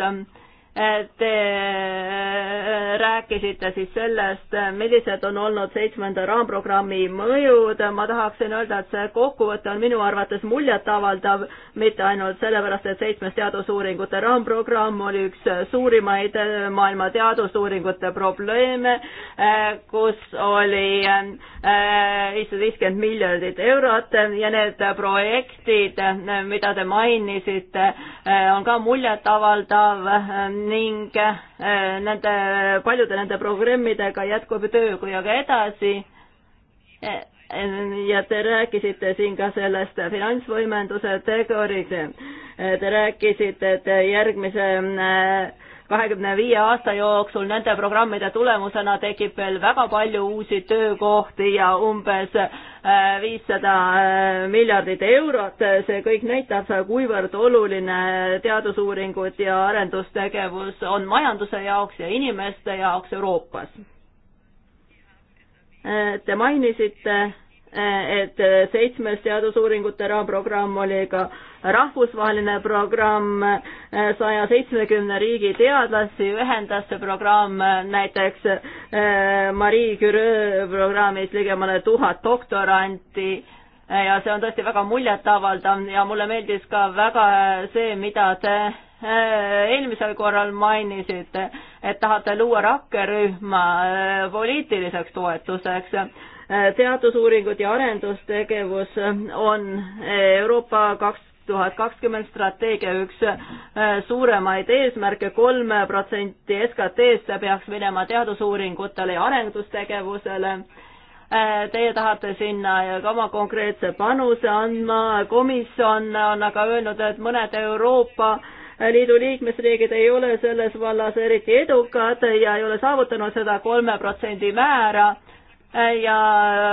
Te äh, rääkisite siis sellest, millised on olnud seitsmenda raamprogrammi mõjud. ma tahaksin öelda, et see kokkuvõte on minu arvates muljetavaldav, mitte ainult sellepärast, et seitsmes teadusuuringute raamprogramm oli üks suurimaid äh, maailma teadusuuringute probleeme, äh, kus oli viissada viiskümmend miljardit eurot ja need projektid, mida te mainisite, on ka muljetavaldav ning äh, nende, paljude nende programmidega jätkub töö kui aga edasi. Äh, ja te rääkisite siin ka sellest finantsvõimenduse teooriaga. Äh, te rääkisite, et järgmise kahekümne viie aasta jooksul nende programmide tulemusena tekib veel väga palju uusi töökohti ja umbes äh, viissada äh, miljardit eurot, see kõik näitab, kuivõrd oluline teadusuuringud ja arendustegevus on majanduse jaoks ja inimeste jaoks Euroopas. Äh, te mainisite et seitsmes teadusuuringute raamprogramm oli ka rahvusvaheline programm, saja seitsmekümne riigi teadlasi ühendas see programm näiteks eh, Marie Curie programmis ligemale tuhat doktoranti ja see on tõesti väga muljetavaldav ja mulle meeldis ka väga see, mida te eh, eelmisel korral mainisite, et tahate luua rakkerühma eh, poliitiliseks toetuseks Äh, teadusuuringud ja arendustegevus on äh, Euroopa kaks tuhat kakskümmend strateegia üks äh, suuremaid eesmärke, kolm protsenti SKT-st peaks minema teadusuuringutele ja arendustegevusele. Teie tahate sinna ka oma konkreetse panuse andma, komisjon on aga öelnud, et mõned Euroopa Liidu liikmesriigid ei ole selles vallas eriti edukad ja ei ole saavutanud seda kolme protsendi määra ja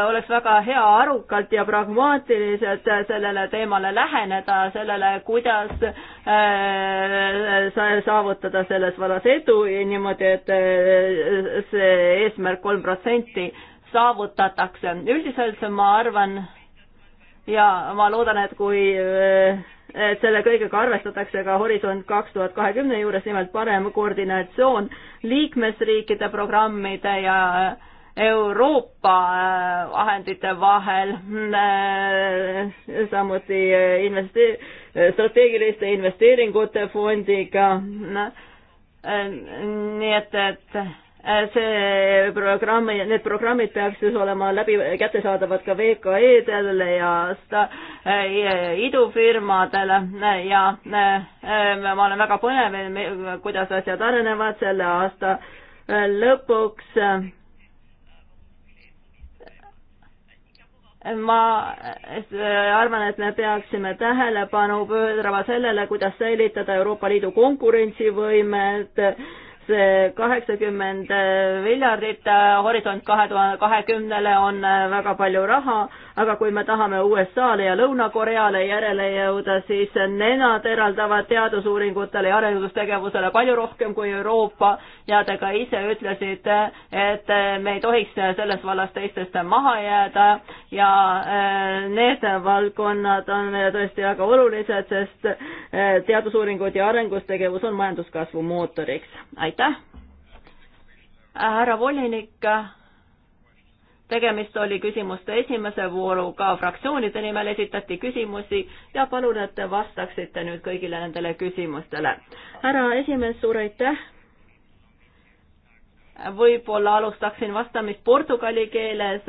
oleks väga hea arukalt ja pragmaatiliselt sellele teemale läheneda, sellele, kuidas äh, saavutada selles vallas edu ja niimoodi, et äh, see eesmärk kolm protsenti saavutatakse. üldiselt ma arvan ja ma loodan, et kui äh, et selle kõigega arvestatakse ka Horisont kaks tuhat kahekümne juures, nimelt parem koordinatsioon liikmesriikide programmide ja äh, Euroopa vahendite äh, vahel, äh, samuti äh, investe-, strateegiliste investeeringute fondiga, nii et, et see programm, need programmid peaks siis olema läbi, kättesaadavad ka VKE-dele ja sta-, idufirmadele ja ma olen väga põnev, kuidas asjad arenevad selle aasta lõpuks ma äh, arvan, et me peaksime tähelepanu pöörama sellele, kuidas säilitada Euroopa Liidu konkurentsivõimet, see kaheksakümmend miljardit äh, Horisont kahe tuhande kahekümnele on äh, väga palju raha, aga kui me tahame USA-le ja Lõuna-Koreale järele jõuda, siis nemad eraldavad teadusuuringutele ja arendustegevusele palju rohkem kui Euroopa ja te ka ise ütlesite, et me ei tohiks selles vallas teistest maha jääda ja eh, need valdkonnad on meile tõesti väga olulised, sest eh, teadusuuringud ja arendustegevus on majanduskasvu mootoriks. aitäh! härra volinik tegemist oli küsimuste esimese vooruga, fraktsioonide nimel esitati küsimusi ja palun, et te vastaksite nüüd kõigile nendele küsimustele. härra esimees, suur aitäh! võib-olla alustaksin vastamist portugali keeles,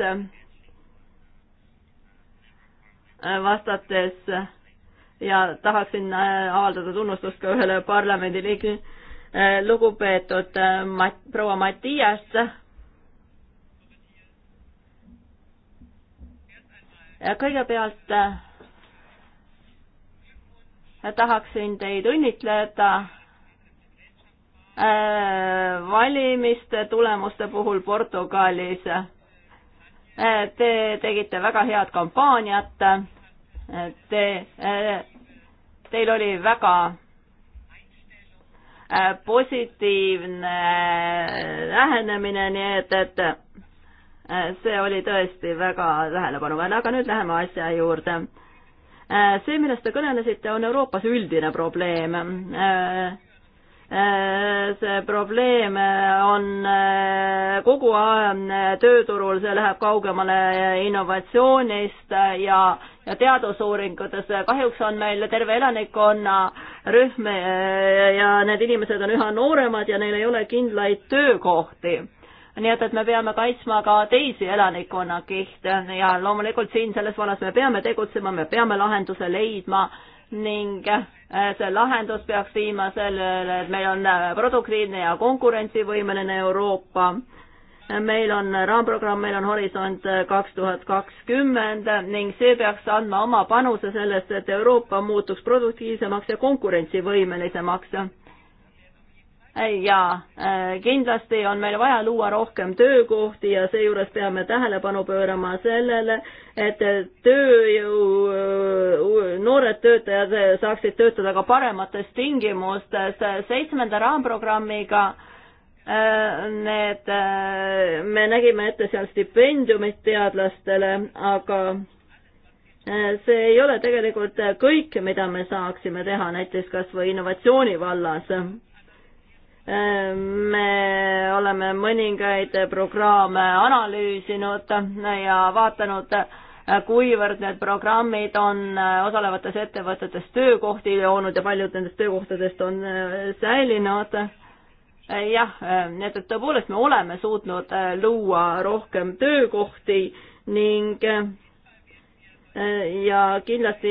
vastates ja tahaksin äh, avaldada tunnustust ka ühele parlamendiliikmele, äh, lugupeetud äh, Mat-, proua Matias, kõigepealt äh, tahaksin teid õnnitleda äh, valimiste tulemuste puhul Portugalis. Äh, te tegite väga head kampaaniat. Te, teil oli väga positiivne lähenemine, nii et, et Äh, see oli tõesti väga tähelepanuväärne, aga nüüd läheme asja juurde. Äh, see, millest te kõnelesite, on Euroopas üldine probleem. Äh, see probleem on kogu tööturul, see läheb kaugemale innovatsioonist ja, ja teadusuuringutes. kahjuks on meil terve elanikkonna rühm ja need inimesed on üha nooremad ja neil ei ole kindlaid töökohti nii et, et me peame kaitsma ka teisi elanikkonnakihte ja loomulikult siin selles vallas me peame tegutsema, me peame lahenduse leidma ning eh, see lahendus peaks viima sellele, et meil on eh, produktiivne ja konkurentsivõimeline Euroopa meil on raamprogramm, meil on Horisont eh, kaks tuhat kakskümmend ning see peaks andma oma panuse sellest, et Euroopa muutuks produktiivsemaks ja konkurentsivõimelisemaks ja äh, kindlasti on meil vaja luua rohkem töökohti ja seejuures peame tähelepanu pöörama sellele, et tööjõu, äh, noored töötajad saaksid töötada ka paremates tingimustes. seitsmenda raamprogrammiga äh, need, me nägime ette seal stipendiumid teadlastele, aga see ei ole tegelikult kõik, mida me saaksime teha näiteks kas või innovatsiooni vallas me oleme mõningaid programme analüüsinud ja vaatanud, kuivõrd need programmid on osalevates ettevõtetes töökohti loonud ja paljud nendest töökohtadest on äh, säilinud. jah, nii et, et tõepoolest me oleme suutnud äh, luua rohkem töökohti ning äh, ja kindlasti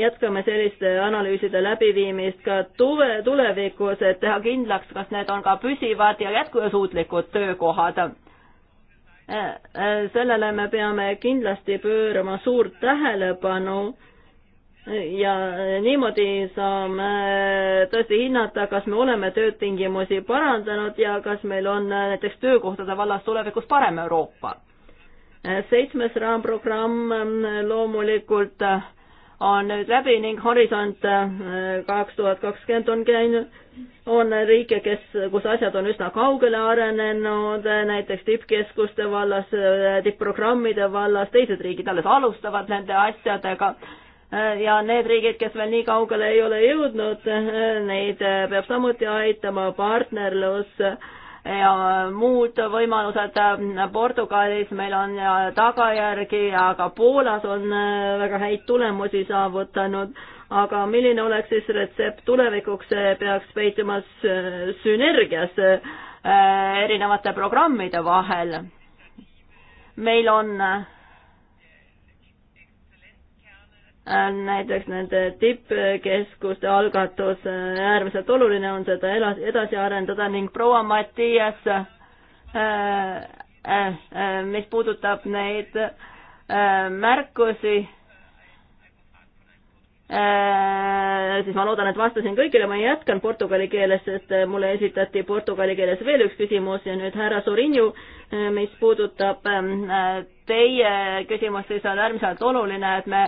jätkame selliste analüüside läbiviimist ka tuve, tulevikus, et teha kindlaks, kas need on ka püsivad ja jätkusuutlikud töökohad. Äh, äh, sellele me peame kindlasti pöörama suurt tähelepanu ja niimoodi saame tõesti hinnata, kas me oleme töötingimusi parandanud ja kas meil on näiteks töökohtade vallas tulevikus parem Euroopa seitsmes raamprogramm ähm, loomulikult äh, on nüüd läbi ning Horisont äh, kaks tuhat kakskümmend on käinud, on riike, kes, kus asjad on üsna kaugele arenenud, äh, näiteks tippkeskuste vallas, tipp-programmide vallas, teised riigid alles alustavad nende asjadega ja need riigid, kes veel nii kaugele ei ole jõudnud, neid peab samuti aitama partnerlus äh, ja muud võimalused Portugalis meil on tagajärgi, aga Poolas on väga häid tulemusi saavutanud. aga milline oleks siis retsept tulevikuks, see peaks peituma sünergias äh, erinevate programmide vahel. meil on äh, Äh, näiteks nende tippkeskuste algatus äh, äärmiselt oluline on seda edasi arendada ning proua Mattias, äh, mis puudutab neid märkusi, siis ma loodan, et vastasin kõigile, ma jätkan portugali keeles, sest mulle esitati portugali keeles veel üks küsimus ja nüüd härra Sorinju äh, mis puudutab ähm, teie küsimust, siis on äärmiselt oluline, et me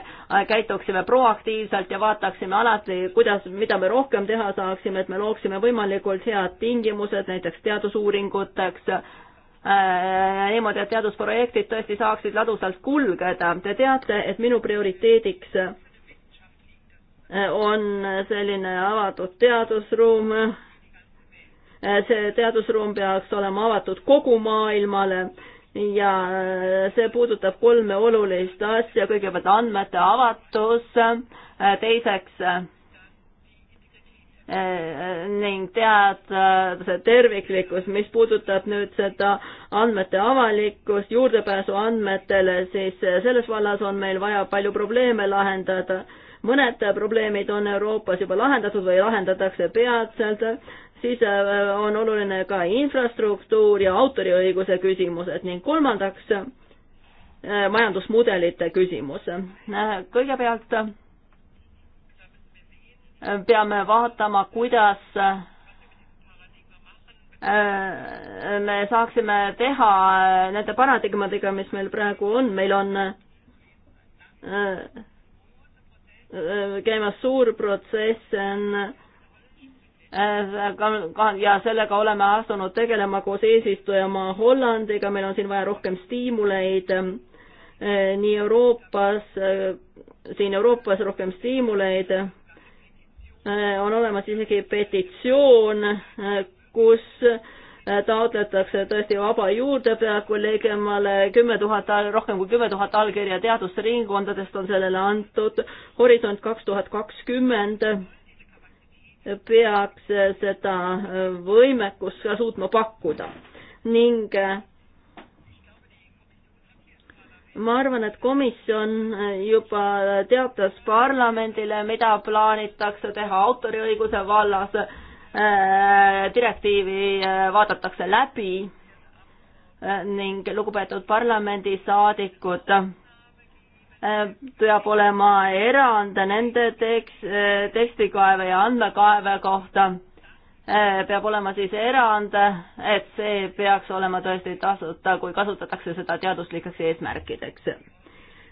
käituksime proaktiivselt ja vaataksime alati, kuidas, mida me rohkem teha saaksime, et me looksime võimalikult head tingimused näiteks teadusuuringuteks äh, niimoodi, et teadusprojektid tõesti saaksid ladusalt kulgeda. Te teate, et minu prioriteediks äh, on selline avatud teadusruum Äh, see teadusruum peaks olema avatud kogu maailmale ja äh, see puudutab kolme olulist asja, kõigepealt andmete avatus, äh, teiseks ning tead see terviklikkus, mis puudutab nüüd seda andmete avalikkust, juurdepääsu andmetele, siis selles vallas on meil vaja palju probleeme lahendada. mõned probleemid on Euroopas juba lahendatud või lahendatakse peatselt, siis äh, on oluline ka infrastruktuur ja autoriõiguse küsimused ning kolmandaks äh, majandusmudelite küsimus. Äh, kõigepealt peame vaatama, kuidas me saaksime teha nende paradigmadega, mis meil praegu on, meil on käimas suur protsess, on Äh, ja sellega oleme asunud tegelema koos eesistujamaa Hollandiga, meil on siin vaja rohkem stiimuleid äh, nii Euroopas, äh, siin Euroopas rohkem stiimuleid, on olemas isegi petitsioon, kus taotletakse tõesti vaba juurdepääku ligemale kümme tuhat, rohkem kui kümme tuhat allkirja teadusringkondadest on sellele antud, Horisont kaks tuhat kakskümmend peaks seda äh, võimekust ka suutma pakkuda ning äh, ma arvan, et komisjon äh, juba teatas parlamendile, mida plaanitakse teha autoriõiguse vallas. direktiivi vaadatakse läbi ning lugupeetud parlamendisaadikud Äh, peab olema erand nende tekst, äh, tekstikaeve ja andmekaeve kohta. Äh, peab olema siis erand, et see peaks olema tõesti tasuta, kui kasutatakse seda teaduslikeks eesmärkideks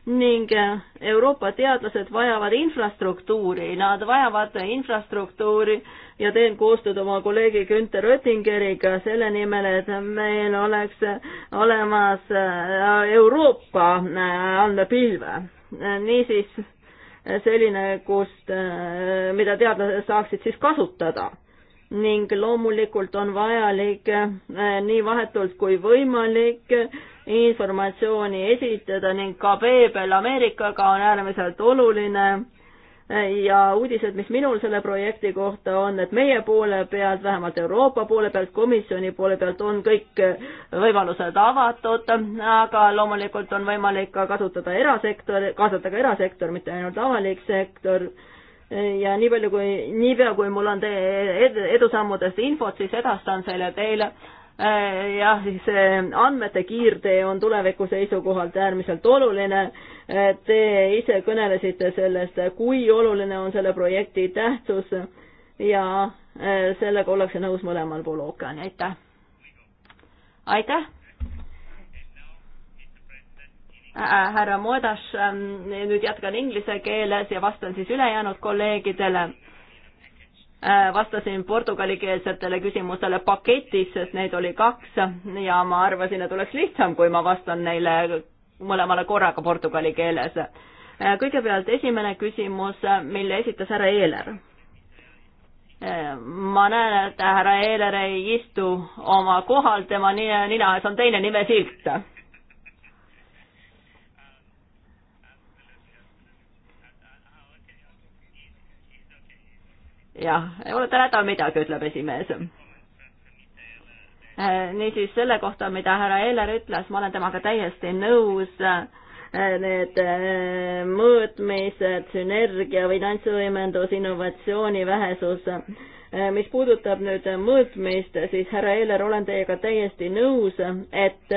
ning eh, Euroopa teadlased vajavad infrastruktuuri, nad vajavad infrastruktuuri ja teen koostööd oma kolleegi Günter Oettingeriga selle nimel, et meil oleks olemas eh, Euroopa eh, andmepilve. niisiis selline, kust, mida teadlased saaksid siis kasutada ning loomulikult on vajalik nii vahetult kui võimalik informatsiooni esitada ning ka veebel Ameerikaga on äärmiselt oluline ja uudised, mis minul selle projekti kohta on, et meie poole pealt, vähemalt Euroopa poole pealt, komisjoni poole pealt on kõik võimalused avatud, aga loomulikult on võimalik ka kasutada erasektor, kaasata ka erasektor, mitte ainult avalik sektor. ja nii palju kui, niipea kui mul on teie edusammudest infot, siis edastan selle teile Äh, jah, siis äh, andmete kiirtee on tuleviku seisukohalt äärmiselt oluline. Äh, te ise kõnelesite sellest, kui oluline on selle projekti tähtsus ja sellega ollakse nõus mõlemal pool ookeani, aitäh. aitäh. härra Moedas, ähm, nüüd jätkan inglise keeles ja vastan siis ülejäänud kolleegidele Äh, vastasin portugalikeelsetele küsimustele paketis, sest neid oli kaks ja ma arvasin, et oleks lihtsam, kui ma vastan neile mõlemale korraga portugali keeles. Äh, kõigepealt esimene küsimus, mille esitas härra Eeler. Äh, ma näen, et härra Eeler ei istu oma kohal, tema nina ees on teine nimesilt jah, olete häda midagi, ütleb esimees. Äh, niisiis selle kohta, mida härra Eller ütles, ma olen temaga täiesti nõus. Äh, need äh, mõõtmised, sünergia, finantsvõimendus, innovatsiooni vähesus. mis puudutab nüüd mõõtmist, siis härra Eller, olen teiega täiesti nõus, et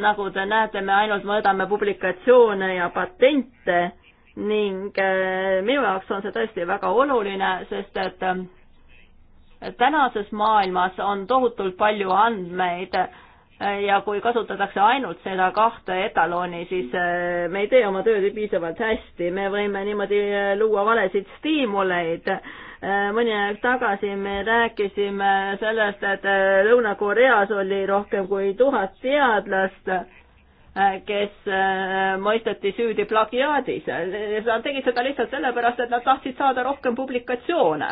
nagu te näete, me ainult mõõdame publikatsioone ja patente ning äh, minu jaoks on see tõesti väga oluline, sest et äh, tänases maailmas on tohutult palju andmeid äh, ja kui kasutatakse ainult seda kahte etaloni, siis me ei tee oma tööd piisavalt hästi, me võime niimoodi luua valesid stiimuleid. mõni aeg tagasi me rääkisime sellest, et Lõuna-Koreas oli rohkem kui tuhat teadlast Äh, kes äh, mõisteti süüdi plagiaadis. Nad tegid seda lihtsalt sellepärast, et nad tahtsid saada rohkem publikatsioone.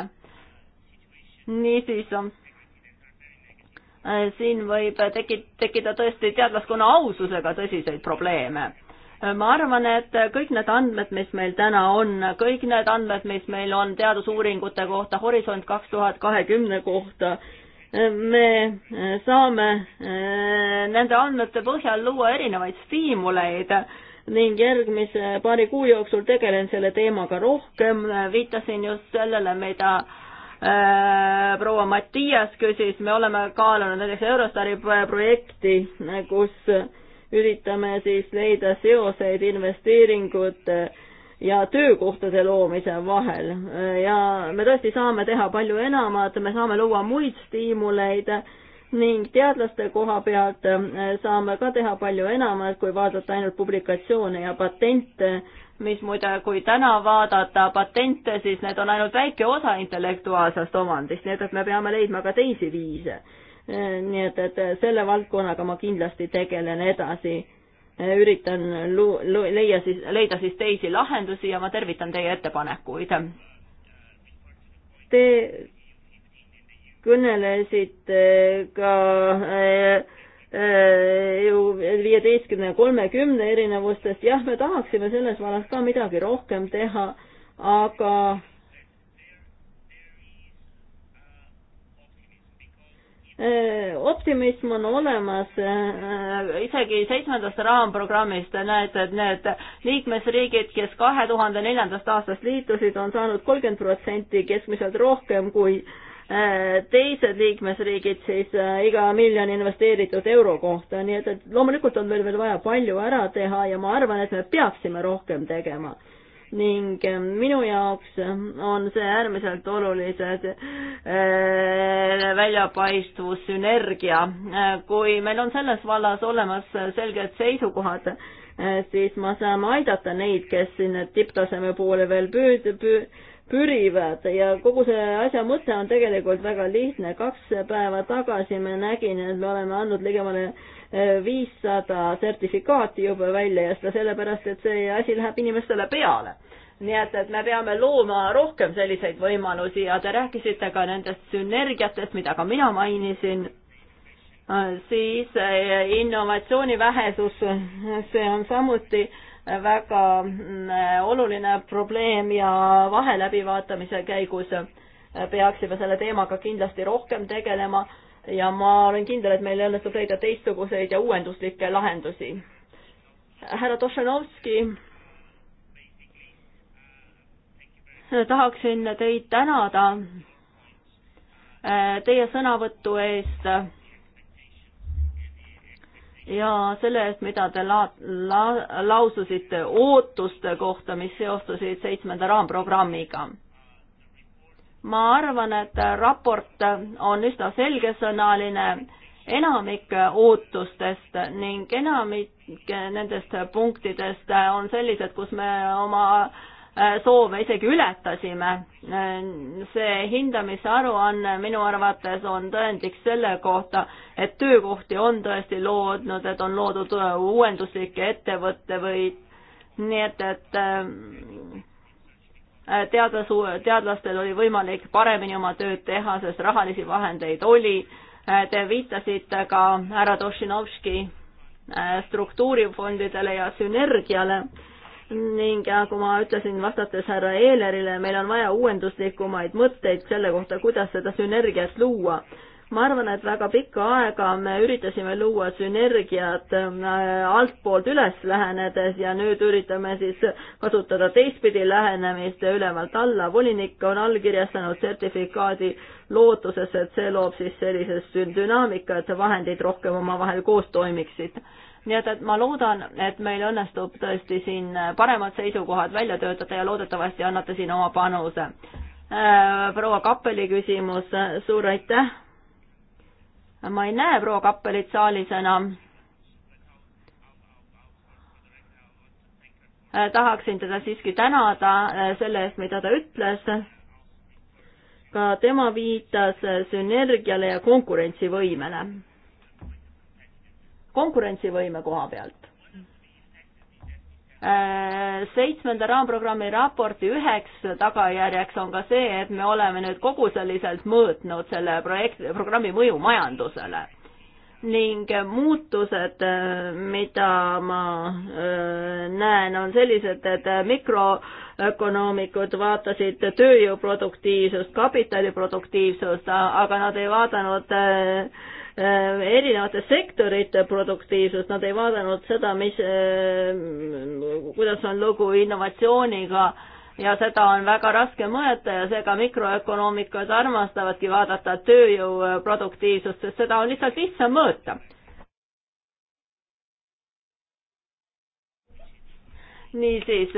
niisiis, äh, siin võib tekit-, tekkida tõesti teadlaskonna aususega tõsiseid probleeme ma arvan, et kõik need andmed, mis meil täna on, kõik need andmed, mis meil on teadusuuringute kohta, Horisont kaks tuhat kahekümne kohta, me äh, saame äh, nende andmete põhjal luua erinevaid stiimuleid ning järgmise paari kuu jooksul tegelen selle teemaga rohkem, viitasin just sellele, mida äh, proua Mattias küsis, me oleme kaalunud näiteks Eurostari projekti, kus üritame siis leida seoseid investeeringute äh, ja töökohtade loomise vahel ja me tõesti saame teha palju enamat, me saame luua muid stiimuleid ning teadlaste koha pealt eh, saame ka teha palju enamat, kui vaadata ainult publikatsioone ja patente, mis muide, kui täna vaadata patente, siis need on ainult väike osa intellektuaalsest omandist, nii et, et me peame leidma ka teisi viise. Eh, nii et, et selle valdkonnaga ma kindlasti tegelen edasi üritan lu-, lu-, leia siis, leida siis teisi lahendusi ja ma tervitan teie ettepanekuid. Te kõnelesite ka äh, äh, ju viieteistkümne ja kolmekümne erinevustest, jah, me tahaksime selles vallas ka midagi rohkem teha, aga Äh, optimism on olemas, äh, isegi seitsmendast raamprogrammist näed, et need liikmesriigid, kes kahe tuhande neljandast aastast liitusid, on saanud kolmkümmend protsenti keskmiselt rohkem kui äh, teised liikmesriigid siis iga miljoni investeeritud euro kohta, nii et, et loomulikult on meil veel vaja palju ära teha ja ma arvan, et me peaksime rohkem tegema ning eh, minu jaoks on see äärmiselt olulised eh, väljapaistvus, sünergia. Eh, kui meil on selles vallas olemas selged seisukohad, siis me saame aidata neid, kes sinna tipptaseme poole veel püüd-, püüd-, pürivad ja kogu see asja mõte on tegelikult väga lihtne. kaks päeva tagasi me nägime, et me oleme andnud ligemale eh, viissada sertifikaati juba välja ja seda sellepärast, et see asi läheb inimestele peale. nii et, et me peame looma rohkem selliseid võimalusi ja te rääkisite ka nendest sünergiatest, mida ka mina mainisin äh, siis eh, innovatsiooni vähesus, see on samuti väga mm, oluline probleem ja vahe läbivaatamise käigus peaksime selle teemaga kindlasti rohkem tegelema ja ma olen kindel, et meil õnnestub leida teistsuguseid ja uuenduslikke lahendusi. härra Tošenovski, tahaksin teid tänada äh, teie sõnavõtu eest ja selle eest, mida te la-, la-, laususite ootuste kohta, mis seostusid seitsmenda raamprogrammiga. ma arvan, et raport on üsna selgesõnaline, enamik ootustest ning enamik nendest punktidest on sellised, kus me oma äh, Äh, soove isegi ületasime. see hindamise aruanne minu arvates on tõendiks selle kohta, et töökohti on tõesti loodnud, et on loodud äh, uuenduslikke ettevõtteid, nii et, et äh, teadlas, teadlastel oli võimalik paremini oma tööd teha, sest rahalisi vahendeid oli. Te viitasite ka härra Tošinovski struktuurifondidele ja sünergiale ning nagu ma ütlesin, vastates härra Eelerile, meil on vaja uuenduslikumaid mõtteid selle kohta, kuidas seda sünergiat luua. ma arvan, et väga pikka aega me üritasime luua sünergiat äh, altpoolt üles lähenedes ja nüüd üritame siis kasutada teistpidi lähenemist ülevalt alla. volinik on allkirjastanud sertifikaadi lootuses, et see loob siis sellise dünaamika, et vahendid rohkem omavahel koos toimiksid nii et, et ma loodan, et meil õnnestub tõesti siin paremad seisukohad välja töötada ja loodetavasti annate siin oma panuse. Äh, proua Kappeli küsimus, suur aitäh. ma ei näe proua Kappelit saalis enam. Äh, tahaksin teda siiski tänada äh, selle eest, mida ta ütles. ka tema viitas sünergiale ja konkurentsivõimele konkurentsivõime koha pealt. Äh, seitsmenda raamprogrammi raporti üheks tagajärjeks on ka see, et me oleme nüüd koguseliselt mõõtnud selle projekti, programmi mõju majandusele ning muutused, äh, mida ma äh, näen, on sellised, et mikroökonoomikud vaatasid tööjõu produktiivsust, kapitali produktiivsust, aga nad ei vaadanud Äh, erinevate sektorite produktiivsust, nad ei vaadanud seda, mis, äh, kuidas on lugu innovatsiooniga ja seda on väga raske mõõta ja seega mikroökonoomikud armastavadki vaadata tööjõu äh, produktiivsust, sest seda on lihtsalt lihtsam mõõta. niisiis,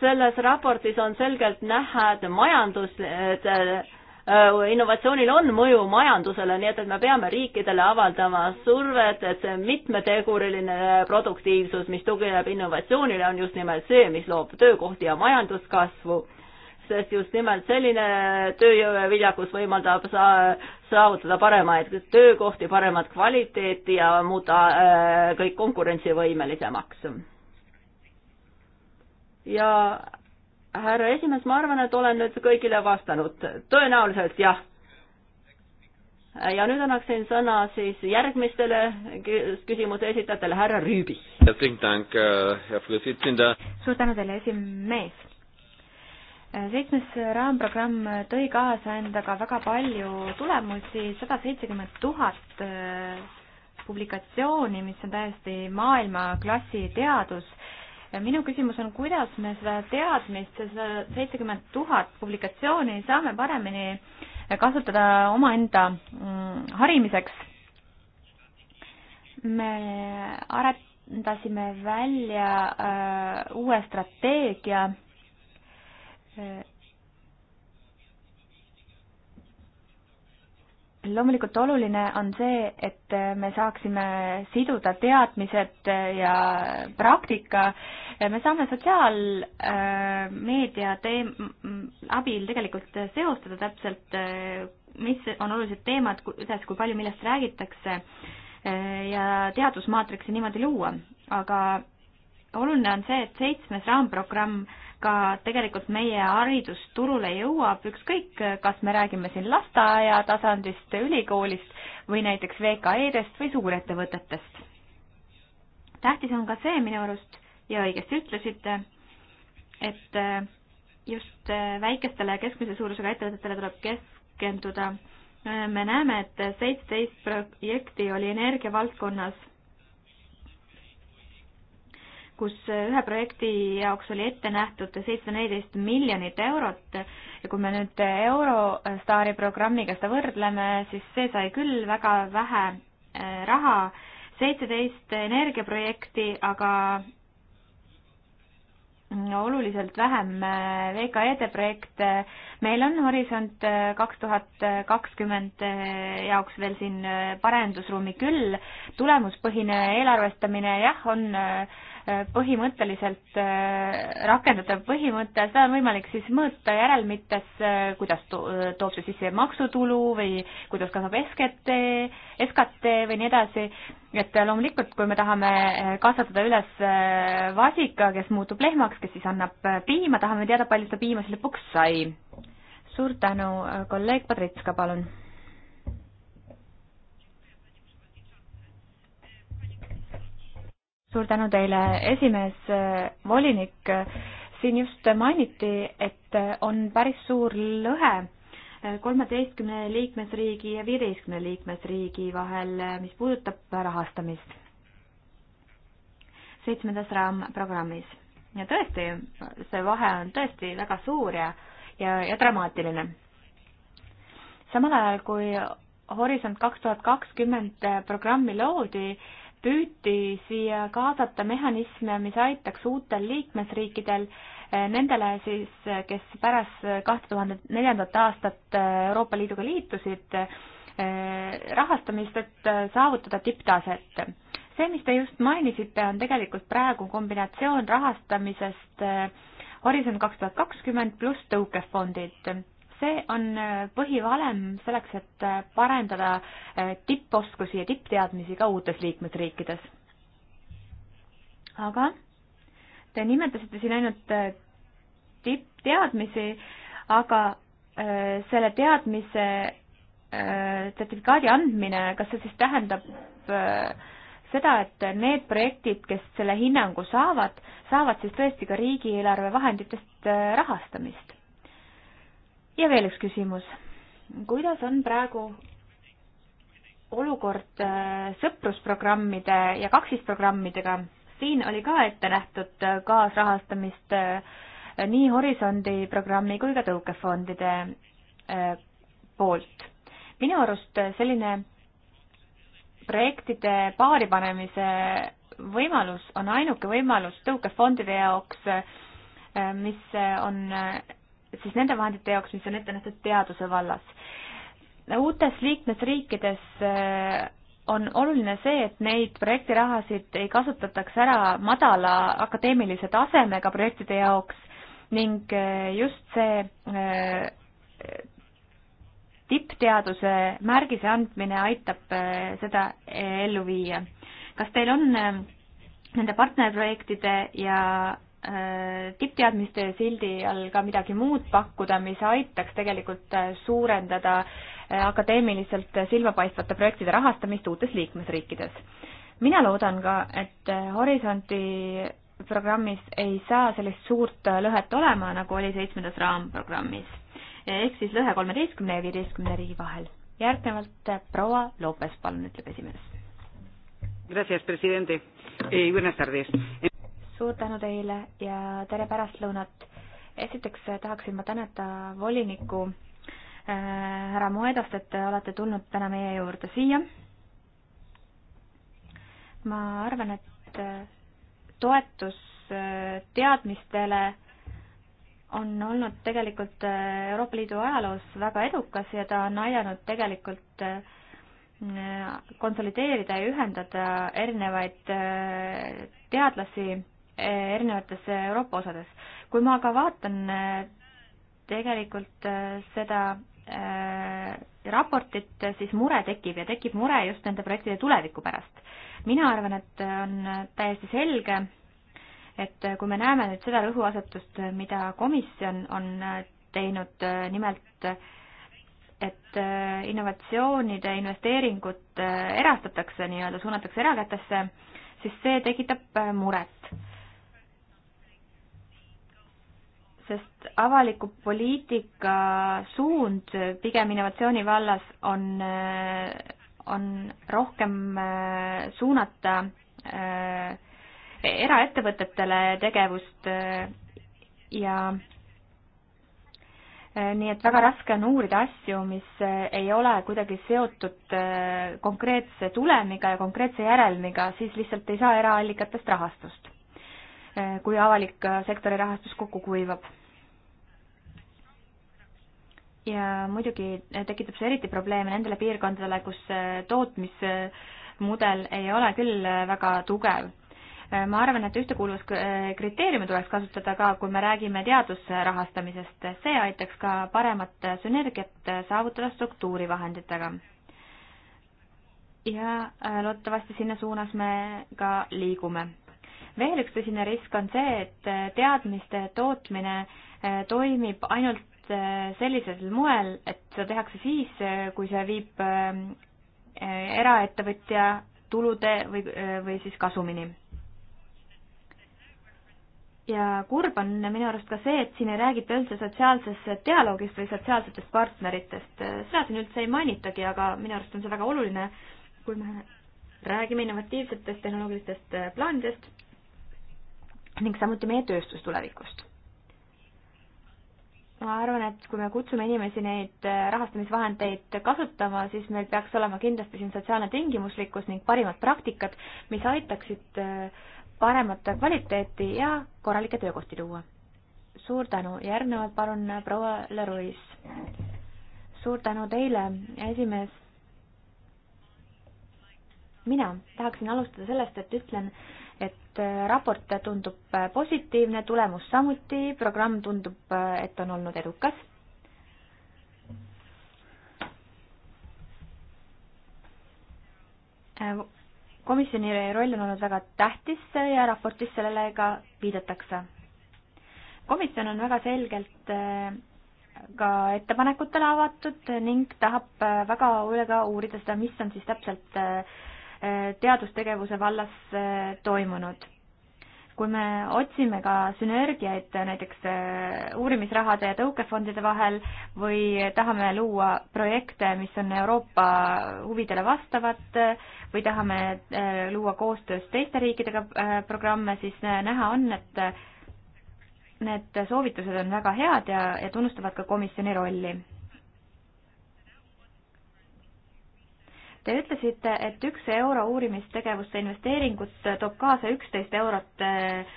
selles raportis on selgelt näha, et majandus, et Äh, innovatsioonil on mõju majandusele, nii et, et me peame riikidele avaldama survet, et see mitmeteguriline produktiivsus, mis tugineb innovatsioonile, on just nimelt see, mis loob töökohti ja majanduskasvu. sest just nimelt selline tööjõu viljakus võimaldab sa-, saavutada paremaid töökohti, paremat kvaliteeti ja muuta äh, kõik konkurentsivõimelisemaks. ja härra esimees, ma arvan, et olen nüüd kõigile vastanud, tõenäoliselt jah. ja nüüd annaksin sõna siis järgmistele küsimuse esitajatele, härra Rüübi. Äh, suur tänu teile, esimees. Äh, seitsmes raamprogramm tõi kaasa endaga väga palju tulemusi, sada seitsekümmend tuhat äh, publikatsiooni, mis on täiesti maailmaklassi teadus minu küsimus on, kuidas me seda teadmist, seda seitsekümmend tuhat publikatsiooni saame paremini kasutada omaenda mm, harimiseks. me arendasime välja äh, uue strateegia äh, loomulikult oluline on see, et me saaksime siduda teadmised ja praktika. me saame sotsiaalmeedia teem-, abil tegelikult seostada täpselt, mis on olulised teemad, kuidas, kui palju, millest räägitakse ja teadusmaatriksi niimoodi luua. aga oluline on see, et seitsmes raamprogramm äh, ka tegelikult meie haridusturule jõuab, ükskõik, kas me räägime siin lasteaia tasandist, ülikoolist või näiteks VKE-dest või suurettevõtetest. tähtis on ka see minu arust ja õigesti ütlesite, et eh, just eh, väikestele ja keskmise suurusega ettevõtetele tuleb keskenduda. Eh, me näeme, et seitseteist projekti oli energiavaldkonnas kus ühe projekti jaoks oli ette nähtud seitsesada neliteist miljonit eurot ja kui me nüüd Eurostaari programmiga seda võrdleme, siis see sai küll väga vähe äh, raha, seitseteist energiaprojekti, aga mm, oluliselt vähem äh, VKE-de projekte. meil on Horisont äh, kaks tuhat kakskümmend jaoks veel siin parendusruumi küll. tulemuspõhine eelarvestamine jah, on äh, Äh, põhimõtteliselt äh, rakendatav põhimõte, seda on võimalik siis mõõta järelmites, äh, kuidas to toob see sisse maksutulu või kuidas kasvab SKT, SKT või nii edasi. et loomulikult, kui me tahame kasvatada üles vasika, kes muutub lehmaks, kes siis annab piima, tahame teada, palju seda piima siis lõpuks sai. suur tänu, kolleeg Padritska, palun suur tänu teile, esimees, eh, volinik. siin just mainiti, et eh, on päris suur lõhe eh, kolmeteistkümne liikmesriigi ja viieteistkümne liikmesriigi vahel, mis puudutab rahastamist seitsmendas raamprogrammis. ja tõesti, see vahe on tõesti väga suur ja, ja, ja dramaatiline. samal ajal, kui Horisont kaks tuhat kakskümmend programmi loodi, püüti siia kaasata mehhanisme, mis aitaks uutel liikmesriikidel, eh, nendele siis, kes pärast kahte tuhande neljandat aastat eh, Euroopa Liiduga liitusid, eh, rahastamist, et saavutada tipptaset. see, mis te just mainisite, on tegelikult praegu kombinatsioon rahastamisest Horisont kaks tuhat kakskümmend pluss tõukefondid see on äh, põhivalem selleks, et äh, parendada äh, tipposkusi ja tippteadmisi ka uutes liikmesriikides. aga te nimetasite siin ainult tippteadmisi, aga selle teadmise sertifikaadi andmine, kas see siis tähendab seda, et need projektid, kes selle hinnangu saavad, saavad siis tõesti ka riigieelarve vahenditest rahastamist? ja veel üks küsimus. kuidas on praegu olukord äh, sõprusprogrammide ja kaksisprogrammidega? siin oli ka ette nähtud äh, kaasrahastamist äh, nii Horisondi programmi kui ka tõukefondide poolt. minu arust selline projektide paaripanemise võimalus on ainuke võimalus tõukefondide jaoks, mis on siis nende vahendite jaoks, mis on ette nähtud teaduse vallas. uutes liikmesriikides eh, on oluline see, et neid projektirahasid ei kasutataks ära madala akadeemilise tasemega projektide jaoks ning eh, just see eh, tippteaduse märgise andmine aitab seda ellu viia. kas teil on nende partnerprojektide ja Äh, tippteadmiste sildi all ka midagi muud pakkuda, mis aitaks tegelikult äh, suurendada äh, akadeemiliselt silmapaistvate projektide rahastamist uutes liikmesriikides. mina loodan ka, et Horisonti programmis ei saa sellist suurt lõhet olema, nagu oli seitsmendas raamprogrammis. ehk siis lõhe kolmeteistkümne ja viieteistkümne riigi vahel. järgnevalt proua Lopes, palun, ütleb esimees. Gracias, presidente eh,. Buenas tardes suur tänu teile ja tere pärastlõunat. esiteks eh, tahaksin ma tänada volinikku eh, härra Moedast, et te olete tulnud täna meie juurde siia. ma arvan, et eh, toetus teadmistele on olnud tegelikult Euroopa Liidu ajaloos väga edukas ja ta on aidanud tegelikult konsolideerida ja ühendada erinevaid teadlasi Eh, erinevates eh, Euroopa osades. kui ma aga vaatan eh, tegelikult seda raportit, siis mure tekib ja tekib mure just nende projektide tuleviku pärast. mina arvan, et on täiesti selge, et kui me näeme nüüd seda rõhuasetust, mida komisjon on teinud, nimelt et innovatsioonide investeeringud erastatakse nii-öelda, suunatakse erakätesse, siis see tekitab muret. sest avaliku poliitika suund pigem innovatsiooni vallas on, on rohkem äh, suunata äh, eraettevõtetele tegevust äh, ja nii et väga raske on uurida asju, mis ei ole kuidagi seotud konkreetse tulemiga ja konkreetse järelmiga, siis lihtsalt ei saa eraallikatest rahastust Eh, kui avalik eh, sektori rahastus kokku kuivab. ja muidugi eh, tekitab see eriti probleeme nendele piirkondadele, kus tootmismudel ei ole küll väga tugev. ma arvan, et ühtekuuluvuskriteeriume tuleks kasutada ka, kui me räägime teaduse rahastamisest, see aitaks ka paremat sünergiat saavutada struktuurivahenditega ja loodetavasti sinna suunas me ka liigume veel üks tõsine risk on see, et äh, teadmiste tootmine äh, toimib ainult äh, sellisel moel, et seda tehakse siis, kui see viib ähm, eraettevõtja tulude või, või siis kasumini. ja kurb on minu arust ka see, et siin ei räägita üldse sotsiaalsest dialoogist või sotsiaalsetest partneritest. seda siin üldse ei mainitagi, aga minu arust on see väga oluline, kui me räägime innovatiivsetest tehnoloogilistest plaanidest ning samuti meie tööstus tulevikust. ma arvan, et kui me kutsume inimesi neid äh, rahastamisvahendeid kasutama, siis meil peaks olema kindlasti siin sotsiaalne tingimuslikkus ning parimad praktikad, mis aitaksid äh, paremat kvaliteeti ja korralikke töökohti tuua. suur tänu, järgnevalt palun proua Leruis. suur tänu teile, esimees mina tahaksin alustada sellest, et ütlen, et äh, raport tundub äh, positiivne, tulemus samuti, programm tundub, äh, et on olnud edukas. komisjoni roll on olnud väga tähtis ja raportis sellele ka viidatakse. komisjon on väga selgelt ka ettepanekutele avatud ning tahab väga hoolega uurida seda, mis on siis täpselt Äh, teadustegevuse vallas äh, toimunud. kui me otsime ka sünergiaid näiteks äh, uurimisrahade ja tõukefondide vahel või tahame luua projekte, mis on Euroopa huvidele vastavad või tahame luua koostöös teiste riikidega programme, siis näha on, et need soovitused on väga head ja, ja tunnustavad ka komisjoni rolli Te ütlesite, et üks euro uurimistegevusse investeeringut toob kaasa üksteist eurot eh,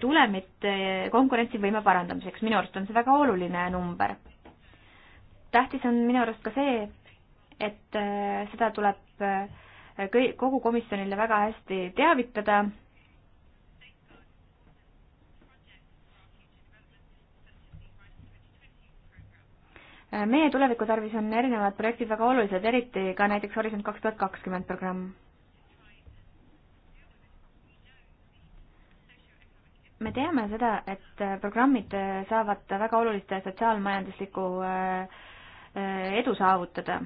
tulemit eh, konkurentsivõime parandamiseks. minu arust on see väga oluline number. tähtis on minu arust ka see, et eh, seda tuleb kogu komisjonile väga hästi teavitada Äh, meie tuleviku tarvis on erinevad projektid väga olulised, eriti ka näiteks Horisont kaks tuhat kakskümmend programm. me teame seda, et äh, programmid äh, saavad väga olulist sotsiaalmajanduslikku edu saavutada.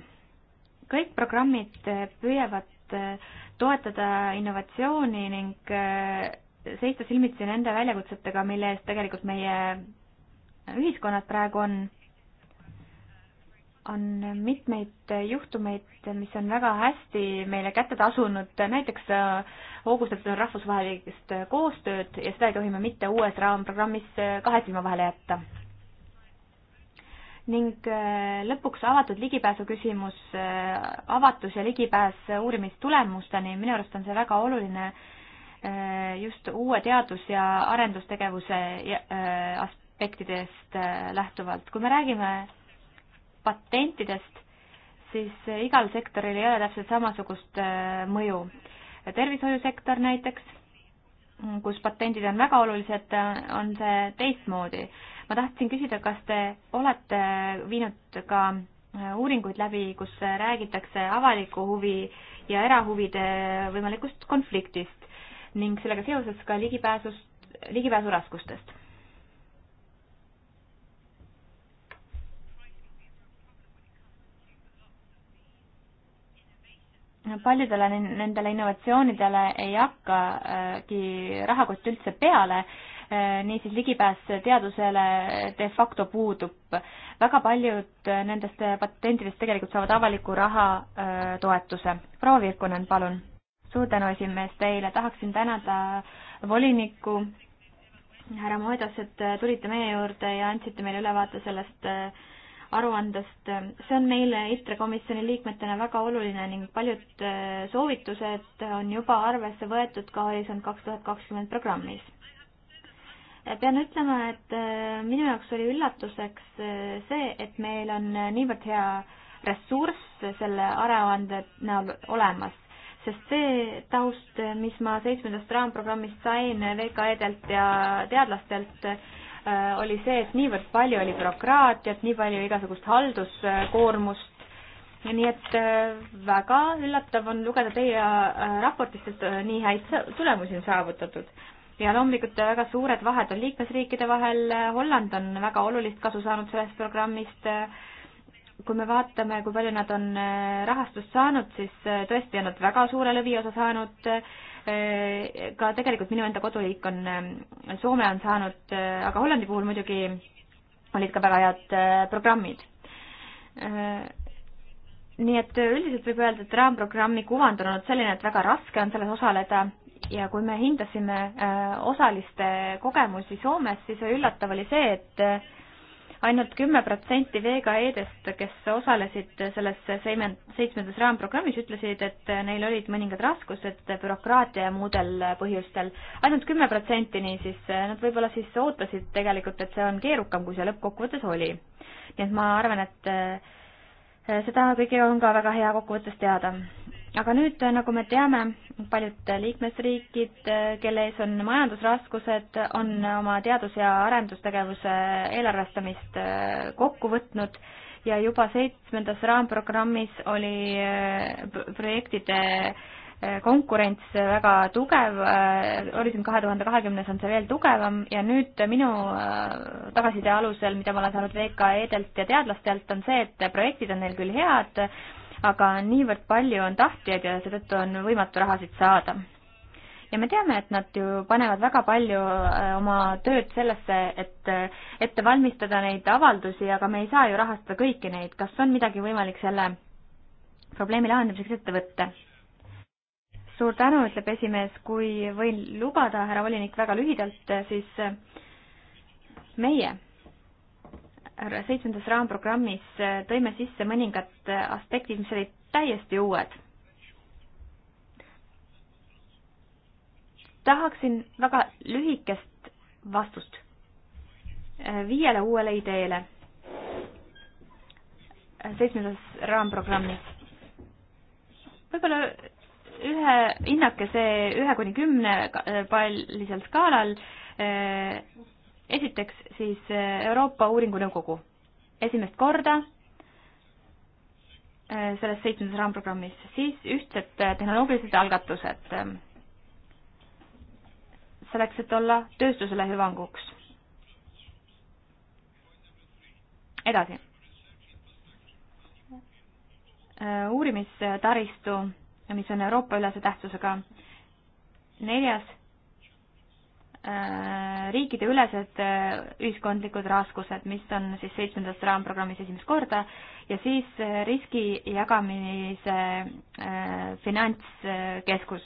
kõik programmid püüavad toetada innovatsiooni ning seista silmitsi nende väljakutsetega, mille eest tegelikult meie ühiskonnad praegu on on mitmeid juhtumeid, mis on väga hästi meile kätte tasunud, näiteks äh, hoogustatud on rahvusvahelist koostööd ja seda ei tohi me mitte uues raamprogrammis äh, kahe silma vahele jätta. ning äh, lõpuks avatud ligipääsu küsimus, avatus ja ligipääs uurimistulemusteni, minu arust on see väga oluline just uue teadus- ja arendustegevuse aspektidest lähtuvalt. kui me räägime patentidest, siis eh, igal sektoril ei ole täpselt samasugust eh, mõju. tervishoiusektor näiteks, mm, kus patendid on väga olulised, eh, on see teistmoodi. ma tahtsin küsida, kas te olete viinud ka uuringuid läbi, kus räägitakse avaliku huvi ja erahuvide võimalikust konfliktist ning sellega seoses ka ligipääsust, ligipääsuraskustest paljudele nendele innovatsioonidele ei hakkagi rahakott üldse peale, niisiis ligipääs teadusele de facto puudub. väga paljud nendest patentidest tegelikult saavad avaliku raha toetuse. proua Virkunen, palun. suur tänu, esimees, teile. tahaksin tänada volinikku härra Moedas, et tulite meie juurde ja andsite meile ülevaate sellest äh, aruandest. see on meile ITRE komisjoni liikmetena väga oluline ning paljud äh, soovitused on juba arvesse võetud ka Horisont kaks tuhat kakskümmend programmis. Äh, pean ütlema, et äh, minu jaoks oli üllatuseks see, et meil on niivõrd hea ressurss selle aruande näol olemas, sest see taust, mis ma seitsmendast raamprogrammist sain VKE-delt ja teadlastelt, Äh, oli see, et niivõrd palju oli bürokraatiat, nii palju igasugust halduskoormust, nii et äh, väga üllatav on lugeda teie äh, raportist, et nii häid tulemusi on saavutatud. ja loomulikult väga suured vahed on liikmesriikide vahel, Holland on väga olulist kasu saanud sellest programmist, kui me vaatame, kui palju nad on rahastust saanud, siis tõesti on nad väga suure lõviosa saanud Äh, ka tegelikult minu enda koduliik on, äh, Soome on saanud, äh, aga Hollandi puhul muidugi olid ka väga head programmid. nii et üldiselt võib öelda, et raamprogrammi kuvand on olnud selline, et väga raske on selles osaleda ja kui me hindasime osaliste kogemusi Soomes, siis üllatav oli see, et ainult kümme protsenti VKE-dest, kes osalesid selles seime-, seitsmendas raamprogrammis, ütlesid, et neil olid mõningad raskused bürokraatia ja muudel põhjustel. ainult kümme protsenti niisiis, nad võib-olla siis ootasid tegelikult, et see on keerukam, kui see lõppkokkuvõttes oli. nii et ma arvan, et eh, seda kõigil on ka väga hea kokkuvõttes teada aga nüüd, äh, nagu me teame, paljud liikmesriigid, äh, kelle ees on majandusraskused, on oma teadus- ja arendustegevuse eelarvestamist äh, kokku võtnud ja juba seitsmendas raamprogrammis oli projektide konkurents väga tugev, Horisont kahe tuhande kahekümnes on see veel tugevam ja nüüd minu tagasiside alusel, mida ma olen saanud VKE-delt ja teadlastelt, on see, et projektid on neil küll head, aga niivõrd palju on tahtjaid ja seetõttu on võimatu rahasid saada. ja me teame, et nad ju panevad väga palju äh, oma tööd sellesse, et äh, ette valmistada neid avaldusi, aga me ei saa ju rahastada kõiki neid. kas on midagi võimalik selle probleemi lahendamiseks ette võtta? suur tänu, ütleb esimees, kui võin lubada, härra volinik, väga lühidalt, äh, siis meie seitsmendas raamprogrammis äh, tõime sisse mõningad äh, aspektid, mis olid täiesti uued. tahaksin väga lühikest vastust äh, viiele uuele ideele seitsmendas raamprogrammis. võib-olla ühe, hinnake see ühe kuni kümne pallisel skaalal esiteks siis äh, Euroopa Uuringunõukogu. esimest korda äh, selles seitsmendas raamprogrammis, siis ühtsed äh, tehnoloogilised algatused, ähm, selleks, et olla tööstusele hüvanguks. edasi. uurimistaristu, mis on Euroopa-ülese tähtsusega. neljas Äh, riikideülesed äh, ühiskondlikud raskused, mis on siis seitsmendas raamprogrammis esimest korda ja siis äh, riski jagamise finantskeskus.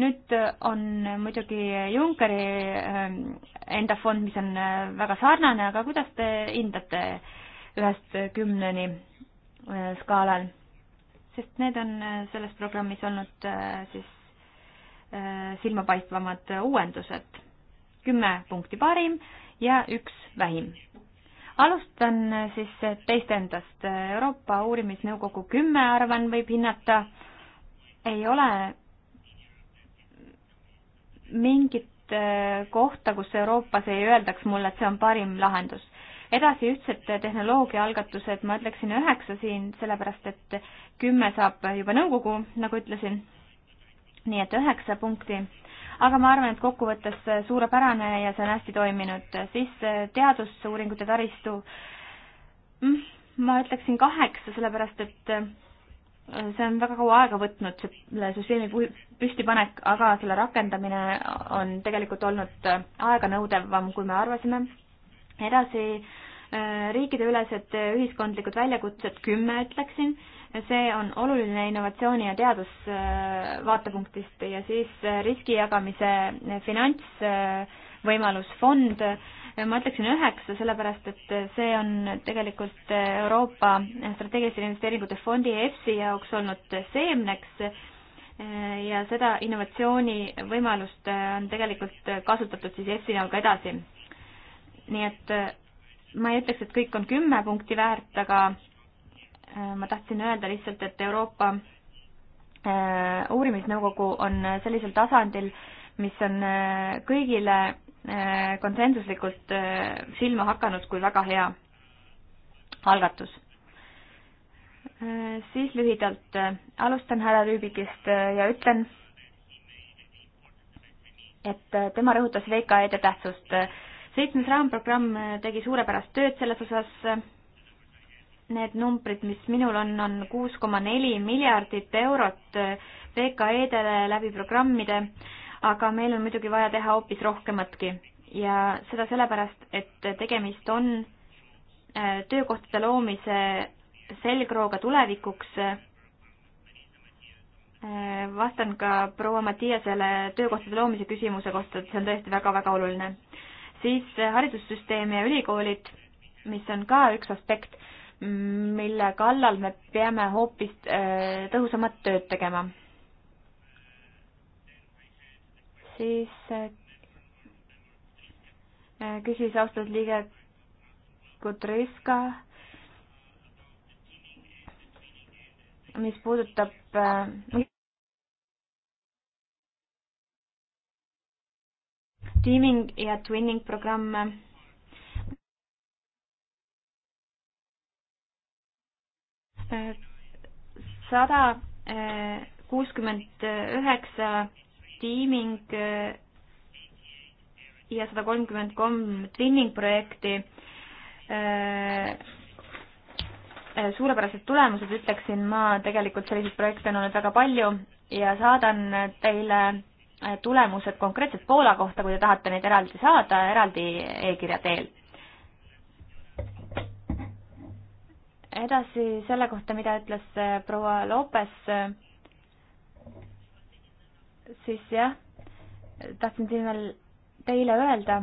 nüüd on muidugi Junckeri enda fond, mis on väga sarnane, aga kuidas te hindate ühest kümneni skaalal? sest need on selles programmis olnud siis silmapaistvamad uuendused kümme punkti parim ja üks vähim. alustan siis teist endast. Euroopa Uurimisnõukogu kümme, arvan, võib hinnata, ei ole mingit äh, kohta, kus Euroopas ei öeldaks mulle, et see on parim lahendus. edasi ühtsed tehnoloogiaalgatused, ma ütleksin üheksa siin, sellepärast et kümme saab juba nõukogu, nagu ütlesin. nii et üheksa punkti aga ma arvan, et kokkuvõttes suurepärane ja see on hästi toiminud. siis äh, teadusuuringute taristu, mm, ma ütleksin kaheksa, sellepärast et äh, see on väga kaua aega võtnud, selle süsteemi püstipanek, aga selle rakendamine on tegelikult olnud äh, aeganõudevam, kui me arvasime. edasi, riikideülesed ühiskondlikud väljakutsed, kümme ütleksin see on oluline innovatsiooni ja teadusvaatepunktist ja siis äh, riskijagamise äh, finantsvõimalus, äh, fond, ma ütleksin üheksa, sellepärast et see on tegelikult Euroopa strateegiliste investeeringute fondi EFSI jaoks olnud seemneks ja seda innovatsioonivõimalust on tegelikult kasutatud siis EFSI näol ka edasi. nii et ma ei ütleks, et kõik on kümme punkti väärt, aga Äh, ma tahtsin öelda lihtsalt, et Euroopa äh, uurimisnõukogu on äh, sellisel tasandil, mis on kõigile konsensuslikult silma hakanud kui väga hea algatus. siis lühidalt alustan härra Rüübikist ja ütlen, et tema rõhutas VKE-de tähtsust. seitsmes raamprogramm tegi suurepärast tööd selles osas need numbrid, mis minul on, on kuus koma neli miljardit eurot VKE-dele läbi programmide, aga meil on muidugi vaja teha hoopis rohkematki ja seda sellepärast, et tegemist on äh, töökohtade loomise selgrooga tulevikuks. Äh, vastan ka proua Mattiasele töökohtade loomise küsimuse kohta, et see on tõesti väga-väga oluline. siis äh, haridussüsteem ja ülikoolid, mis on ka üks aspekt mille kallal me peame hoopis äh, tõhusamat tööd tegema. siis äh, äh, küsis austatud liige Kudriska, mis puudutab tiiming ja twinning programme sada eh, kuuskümmend üheksa tiiming eh, ja sada kolmkümmend kolm twinning projekti. Eh, suurepärased tulemused, ütleksin ma, tegelikult selliseid projekte on olnud väga palju ja saadan teile tulemused konkreetselt Poola kohta, kui te tahate neid eraldi saada, eraldi e-kirja teel edasi selle kohta, mida ütles äh, proua Lopes, äh, siis jah, tahtsin siin veel teile öelda,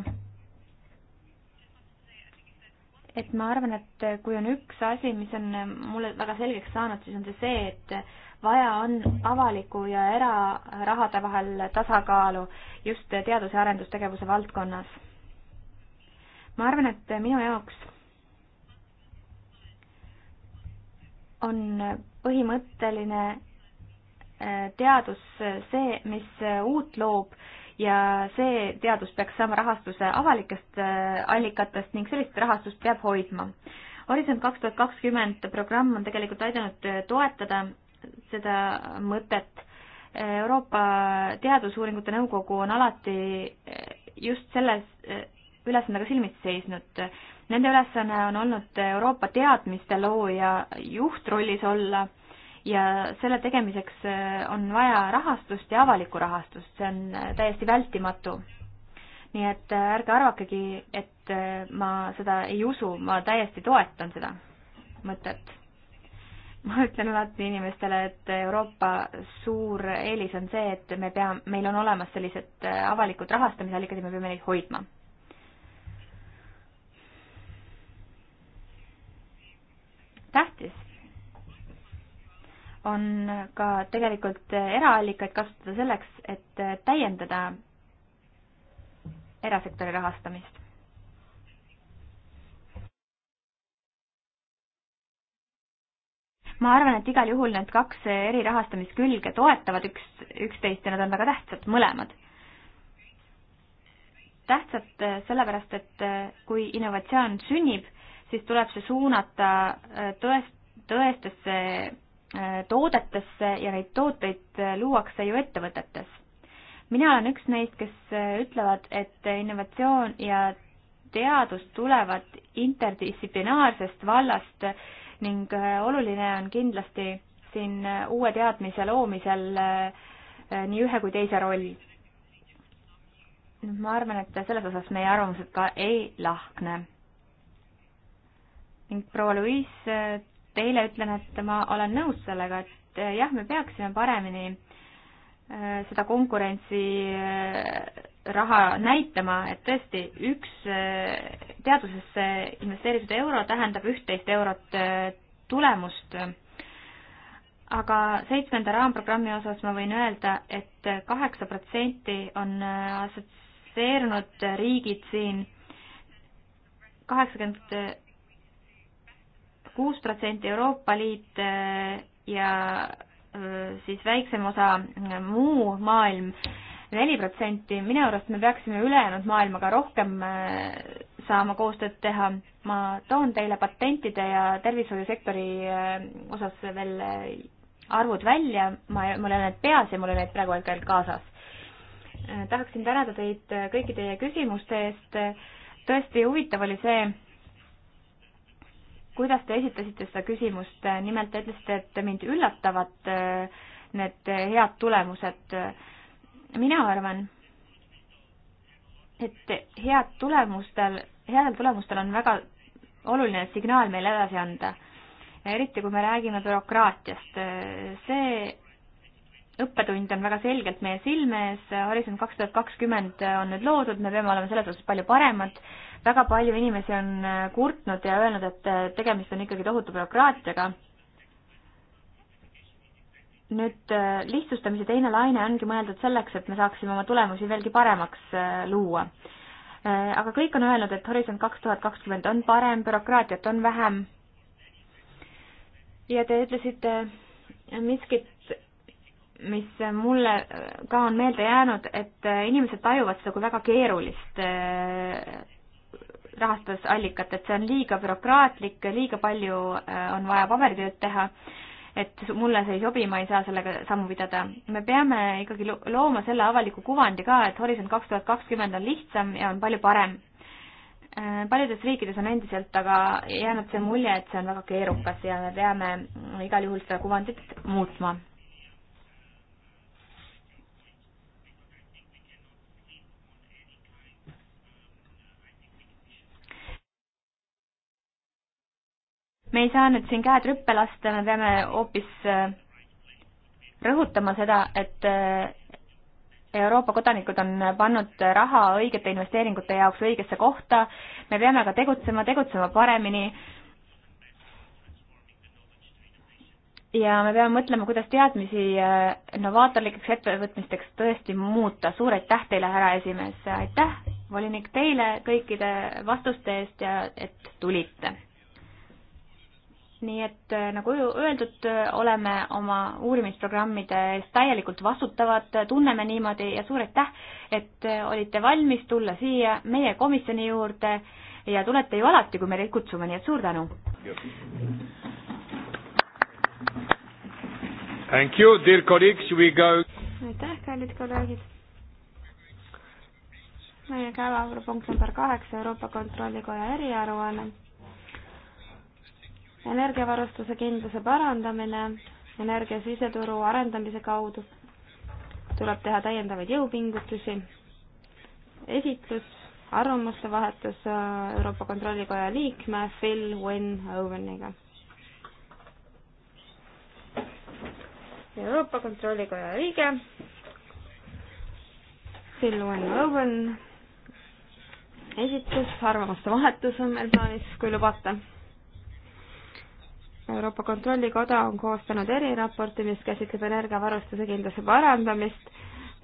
et ma arvan, et äh, kui on üks asi, mis on mulle väga selgeks saanud, siis on see see, et vaja on avaliku ja erarahade vahel tasakaalu just teadus- ja arendustegevuse valdkonnas. ma arvan, et minu jaoks on põhimõtteline äh, teadus äh, see, mis äh, uut loob ja see teadus peaks saama rahastuse avalikest allikatest ning sellist rahastust peab hoidma. Horisont kaks tuhat kakskümmend programm on tegelikult aidanud toetada seda mõtet. Euroopa Teadusuuringute Nõukogu on alati just selles ülesandega silmitsi seisnud. Nende ülesanne on olnud Euroopa teadmiste looja juhtrollis olla ja selle tegemiseks eh, on vaja rahastust ja avalikku rahastust, see on eh, täiesti vältimatu. nii et eh, ärge arvakegi, et ma seda ei usu, ma täiesti toetan seda mõtet. ma ütlen alati inimestele, et Euroopa suur eelis on see, et me pea, meil on olemas sellised avalikud rahastamisallikad ja me peame neid hoidma tähtis on ka tegelikult eraallikaid kasutada selleks, et täiendada erasektori rahastamist. ma arvan, et igal juhul need kaks erirahastamiskülge toetavad üks, üksteist ja nad on väga tähtsad mõlemad. tähtsad sellepärast, et kui innovatsioon sünnib, siis tuleb see suunata äh, tõest, tõestesse äh, toodetesse ja neid tooteid äh, luuakse ju ettevõtetes. mina olen üks neist, kes ütlevad, et innovatsioon ja teadus tulevad interdistsiplinaarsest vallast ning oluline on kindlasti siin uue teadmise loomisel nii ühe kui teise roll. ma arvan, et selles osas meie arvamused ka ei lahkne ning proua Louise, äh, teile ütlen, et ma olen nõus sellega, et äh, jah, me peaksime paremini äh, seda konkurentsi raha näitama, et tõesti üks teadusesse investeeritud euro tähendab üht-teist eurot tulemust. aga seitsmenda raamprogrammi osas ma võin öelda et, et kaheksa protsenti on assotsieerunud riigid siin kaheksakümmend kuus protsenti Euroopa Liit äh, ja äh, siis väiksem osa äh, muu maailm neli protsenti, minu arust me peaksime ülejäänud maailmaga rohkem saama koostööd teha. ma toon teile patentide ja tervishoiusektori osas veel arvud välja, ma, mul ei ole need peas ja mul ei ole need praegu ainult kaasas. tahaksin tänada teid kõigi teie küsimuste eest, tõesti huvitav oli see, kuidas te esitasite seda küsimust, nimelt te ütlesite, et mind üllatavad äh, need äh, head tulemused. mina arvan, et head tulemustel, headel tulemustel on väga oluline signaal meile edasi anda. eriti kui me räägime bürokraatiast, see õppetund on väga selgelt meie silme ees, Horisont kaks tuhat kakskümmend on nüüd loodud, me peame olema selles osas palju paremad väga palju inimesi on äh, kurtnud ja öelnud, et äh, tegemist on ikkagi tohutu bürokraatiaga. nüüd äh, lihtsustamise teine laine ongi mõeldud selleks, et me saaksime oma tulemusi veelgi paremaks luua. aga kõik on öelnud, et Horisont kaks tuhat kakskümmend on parem, bürokraatiat on vähem. ja te ütlesite miskit mis mulle ka on meelde jäänud, et inimesed tajuvad seda kui väga keerulist rahastusallikat, et see on liiga bürokraatlik, liiga palju äh, on vaja paberitööd teha, et mulle see ei sobi, ma ei saa sellega sammu pidada. me peame ikkagi looma selle avaliku kuvandi ka, et Horisont kaks tuhat kakskümmend on lihtsam ja on palju parem. Äh, paljudes riikides on endiselt aga jäänud see mulje, et see on väga keerukas ja me peame igal juhul seda kuvandit muutma me ei saa nüüd siin käed rüppe lasta, me peame hoopis äh, rõhutama seda, et äh, Euroopa kodanikud on pannud raha õigete investeeringute jaoks õigesse kohta, me peame ka tegutsema, tegutsema paremini. ja me peame mõtlema, kuidas teadmisi äh, novaatorlikeks ettevõtmisteks tõesti muuta, suur aitäh teile, härra esimees, aitäh, volinik teile kõikide vastuste eest ja et tulite nii et äh, nagu öeldud, äh, oleme oma uurimisprogrammide eest täielikult vastutavad, tunneme niimoodi ja suur aitäh, et äh, olite valmis tulla siia meie komisjoni juurde ja tulete ju alati, kui me teid kutsume, nii et suur tänu! Thank you, dear colleagues, we go aitäh, kallid kolleegid! meie päevakorrapunkt number kaheksa, Euroopa Kontrollikoja eriaruanne energiavarustuse kindluse parandamine energia siseturu arendamise kaudu. tuleb teha täiendavaid jõupingutusi, esitlus, arvamuste vahetus äh, Euroopa Kontrollikoja liikme Phil Wynne Oweniga. Euroopa Kontrollikoja liige Phil Wynne Owen esitlus, arvamuste vahetus on meil plaanis, kui lubate Euroopa Kontrollikoda on koostanud eriraporti, mis käsitleb energiavarustuse kindluse parandamist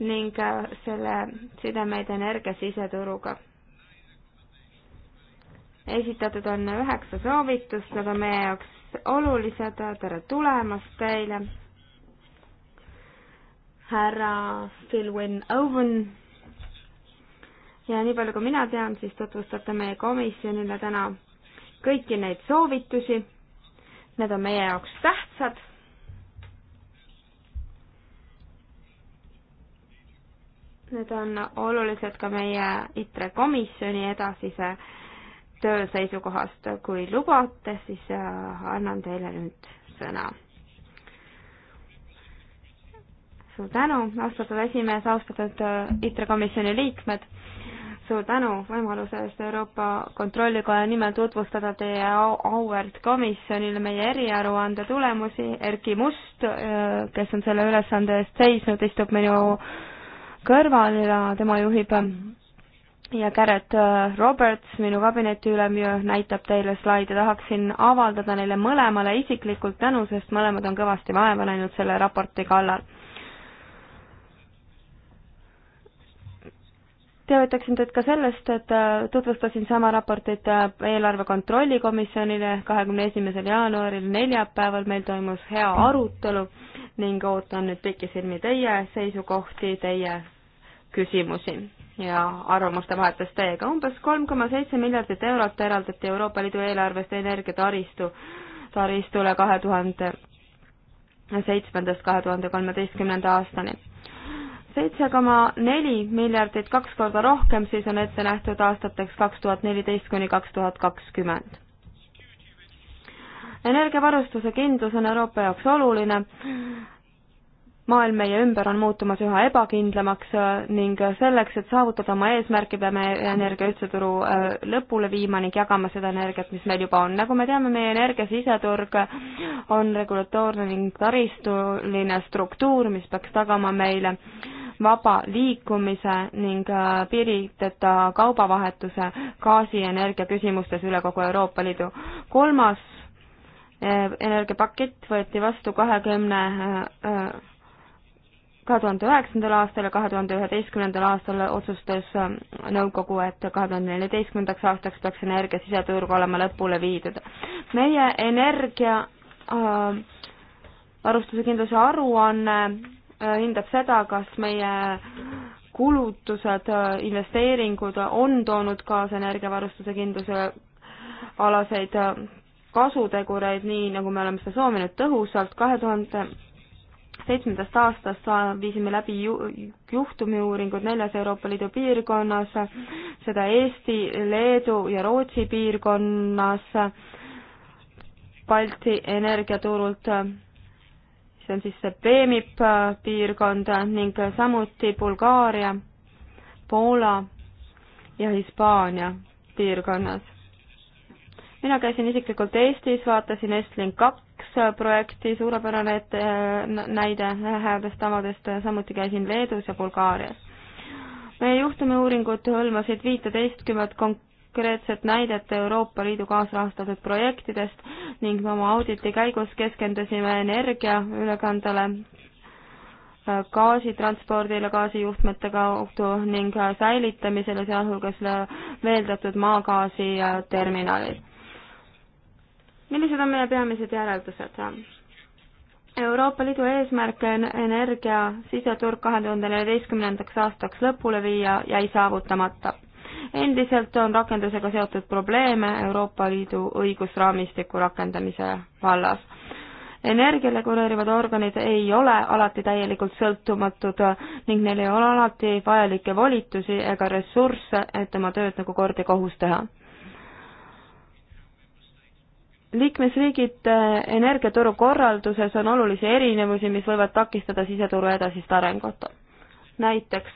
ning äh, selle sidemeid energia siseturuga. esitatud on üheksa soovitust, nad on meie jaoks olulised, tere tulemast teile, härra Phil Wynne Owen ja nii palju, kui mina tean, siis tutvustate meie komisjonile täna kõiki neid soovitusi Need on meie jaoks tähtsad. Need on olulised ka meie ITRE komisjoni edasise töö seisukohast. kui lubate, siis äh, annan teile nüüd sõna. suur tänu, austatud esimees, austatud äh, ITRE komisjoni liikmed suur tänu võimaluse eest Euroopa Kontrollikoja nimel tutvustada teie auväärt komisjonile meie eriaruande tulemusi. Erki Must, äh, kes on selle ülesande eest seisnud, istub minu kõrval ja tema juhib äh, ja Garrett äh, Roberts, minu kabineti ülem, näitab teile slaide. tahaksin avaldada neile mõlemale isiklikult tänu, sest mõlemad on kõvasti vaeva näinud selle raporti kallal teavitaksin teid ka sellest, et äh, tutvustasin sama raportit äh, eelarve kontrolli komisjonile kahekümne esimesel jaanuaril, neljapäeval meil toimus hea arutelu ning ootan nüüd pikisilmi teie seisukohti, teie küsimusi ja arvamuste vahetust teiega. umbes kolm koma seitse miljardit eurot eraldati Euroopa Liidu eelarvest energiataristu, taristule kahe tuhande seitsmendast kahe tuhande kolmeteistkümnenda aastani seitse koma neli miljardit, kaks korda rohkem, siis on ette nähtud aastateks kaks tuhat neliteist kuni kaks tuhat kakskümmend. energiavarustuse kindlus on Euroopa jaoks oluline, maailm meie ümber on muutumas üha ebakindlamaks äh, ning selleks, et saavutada oma eesmärki, peame energia ühtse turu äh, lõpule viima ning jagama seda energiat, mis meil juba on. nagu me teame, meie energia siseturg on regulatoorne ning taristuline struktuur, mis peaks tagama meile äh, vaba liikumise ning äh, piiriteta kaubavahetuse gaasienergia küsimustes üle kogu Euroopa Liidu. kolmas äh, energiapakett võeti vastu kahekümne äh, kahe tuhande üheksandal aastal ja kahe tuhande üheteistkümnendal aastal otsustas nõukogu, et kahe tuhande neljateistkümnendaks aastaks peaks energia siseturg olema lõpule viidud. meie energia äh, varustusekindluse aruanne Äh, hindab seda, kas meie kulutused, äh, investeeringud on toonud kaasa energiavarustuse kindluse alaseid äh, kasutegureid, nii nagu me oleme seda soovinud tõhusalt, kahe tuhande seitsmendast aastast viisime läbi ju-, juhtumiuuringud neljas Euroopa Liidu piirkonnas, seda Eesti, Leedu ja Rootsi piirkonnas, Balti energiaturult see on siis see Beemip äh, piirkond ning samuti Bulgaaria, Poola ja Hispaania piirkonnas. mina käisin isiklikult Eestis, vaatasin Estlink kaks projekti, suurepärane ette, äh, näide headest tavadest, samuti käisin Leedus ja Bulgaarias meie juhtumiuuringud hõlmasid viiteistkümmet kon-, konkreetset näidet Euroopa Liidu kaasrahastatud projektidest ning oma auditi käigus keskendusime energiaülekandele, gaasitranspordile, gaasijuhtmete kaudu ning säilitamisele, sealhulgas veeldatud maagaasi terminalil. millised on meie peamised järeldused? Euroopa Liidu eesmärk energia siseturg kahe tuhande neljateistkümnendaks aastaks lõpule viia jäi saavutamata endiselt on rakendusega seotud probleeme Euroopa Liidu õigusraamistiku rakendamise vallas. energia reguleerivad organid ei ole alati täielikult sõltumatud ning neil ei ole alati vajalikke volitusi ega ressursse, et oma tööd nagu kord ja kohus teha liikmesriigid energiaturu korralduses on olulisi erinevusi, mis võivad takistada siseturu edasist arengut. näiteks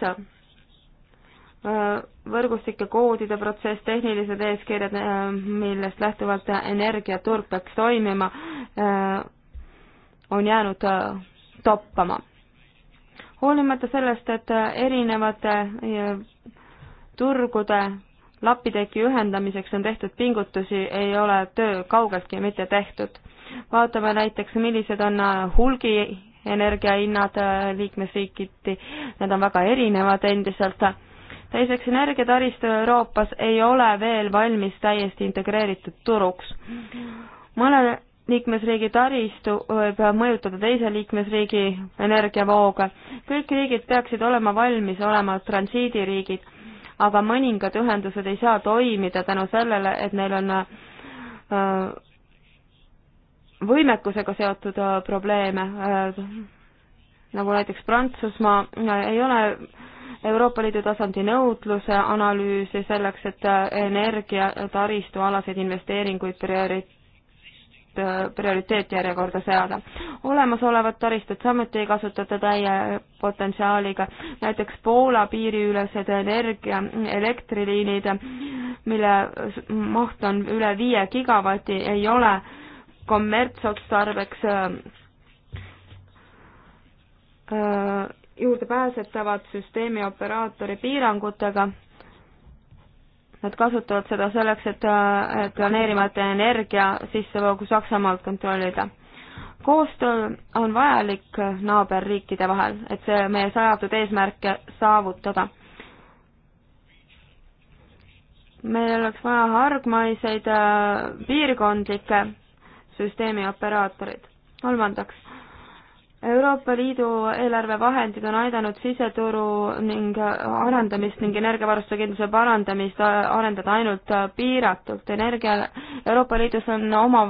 võrgustike koodide protsess, tehnilised eeskirjad, äh, millest lähtuvalt energiaturg peaks toimima, äh, on jäänud äh, toppama. hoolimata sellest, et erinevate turgude lapiteki ühendamiseks on tehtud pingutusi, ei ole töö kaugeltki mitte tehtud. vaatame näiteks, millised on hulgi energiahinnad liikmesriigiti, need on väga erinevad endiselt teiseks, energiataristu Euroopas ei ole veel valmis täiesti integreeritud turuks. mõne liikmesriigi taristu võib mõjutada teise liikmesriigi energiavooga. kõik riigid peaksid olema valmis olema transiidiriigid, aga mõningad ühendused ei saa toimida tänu sellele, et neil on äh, võimekusega seotud äh, probleeme, äh, nagu näiteks Prantsusmaa ei ole Euroopa Liidu tasandi nõudluse analüüsi selleks, et energiataristu alaseid investeeringuid priori-, prioriteetjärjekorda seada. olemasolevat taristut samuti ei kasutata täie potentsiaaliga, näiteks Poola piiriülesed energia, elektriliinid, mille maht on üle viie gigavati, ei ole kommertsotstarbeks öö, äh, öö, äh, juurdepääsetavad süsteemi operaatori piirangutega. Nad kasutavad seda selleks, et, et planeerimata energia sissevoogu Saksamaalt kontrollida. koostöö on vajalik naaberriikide vahel, et see meie sajatud eesmärke saavutada. meil oleks vaja hargmaiseid äh, piirkondlikke süsteemi operaatoreid. kolmandaks, Euroopa Liidu eelarvevahendid on aidanud siseturu ning arendamist ning energiavarustuskindluse parandamist arendada ainult piiratult. energial Euroopa Liidus on oma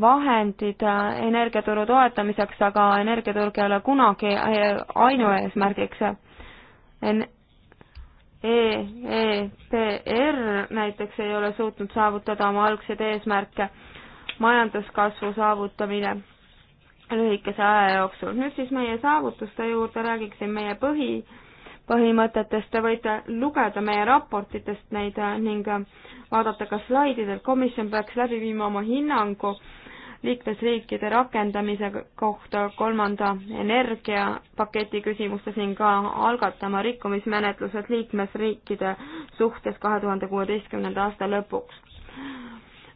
vahendid energiaturu toetamiseks, aga energiaturg ei ole kunagi ainueesmärgiks. EEPR e, näiteks ei ole suutnud saavutada oma algseid eesmärke, majanduskasvu saavutamine lühikese aja jooksul. nüüd siis meie saavutuste juurde räägiksin meie põhi, põhimõtetest, te võite lugeda meie raportitest neid ning vaadata ka slaididelt, komisjon peaks läbi viima oma hinnangu liikmesriikide rakendamise kohta kolmanda energiapaketi küsimustes ning ka algatama rikkumismenetlused liikmesriikide suhtes kahe tuhande kuueteistkümnenda aasta lõpuks.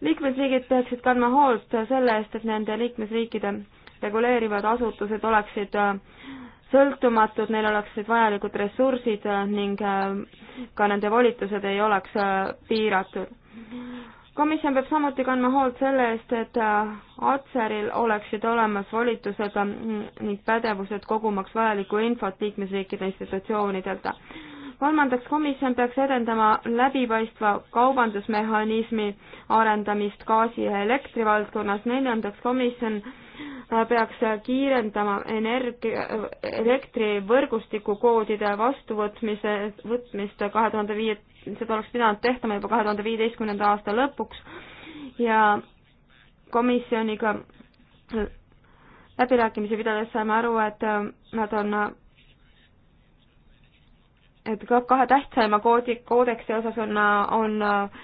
liikmesriigid peaksid kandma hoolt selle eest, et nende liikmesriikide reguleerivad asutused oleksid äh, sõltumatud, neil oleksid vajalikud ressursid äh, ning äh, ka nende volitused ei oleks piiratud. komisjon peab samuti kandma hoolt selle eest, et Atseril oleksid olemas volitused ning pädevused kogumaks vajalikku infot liikmesriikide institutsioonidelt kolmandaks, komisjon peaks edendama läbipaistva kaubandusmehhanismi arendamist gaasi ja elektri valdkonnas, neljandaks, komisjon äh, peaks kiirendama energia, elektrivõrgustiku koodide vastuvõtmise, võtmist kahe tuhande viie, seda oleks pidanud tehtama juba kahe tuhande viieteistkümnenda aasta lõpuks ja komisjoniga äh, läbirääkimisi pidades saime aru, et äh, nad on et kahe tähtsaima koodi, koodeksi osas on, on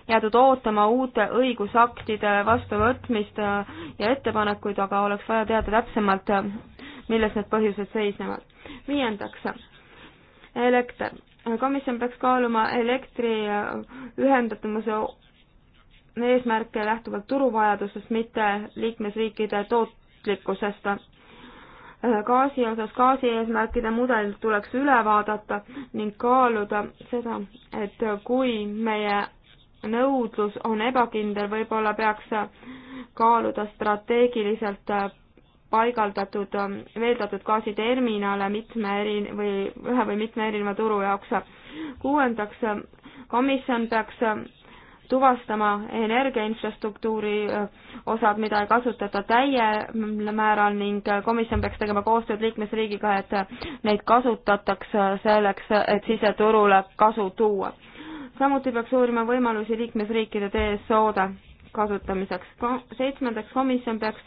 jäädud ootama uute õigusaktide vastuvõtmist ja ettepanekuid, aga oleks vaja teada täpsemalt, milles need põhjused seisnevad. viiendaks, elekter. komisjon peaks kaaluma elektri ühendatumuse eesmärke lähtuvalt turuvajadusest, mitte liikmesriikide tootlikkusest Äh, gaasi osas gaasi eesmärkide mudel tuleks üle vaadata ning kaaluda seda, et kui meie nõudlus on ebakindel, võib-olla peaks kaaluda strateegiliselt äh, paigaldatud äh, veeldatud gaasiterminale mitme eri või ühe või mitme erineva turu jaoks. kuuendaks, komisjon peaks tuvastama energiainfrastruktuuri eh, osad, mida ei kasutata täiel määral ning eh, komisjon peaks tegema koostööd liikmesriigiga, et eh, neid kasutataks selleks, et siseturule kasu tuua. samuti peaks uurima võimalusi liikmesriikide TSO-de kasutamiseks. seitsmendaks, komisjon peaks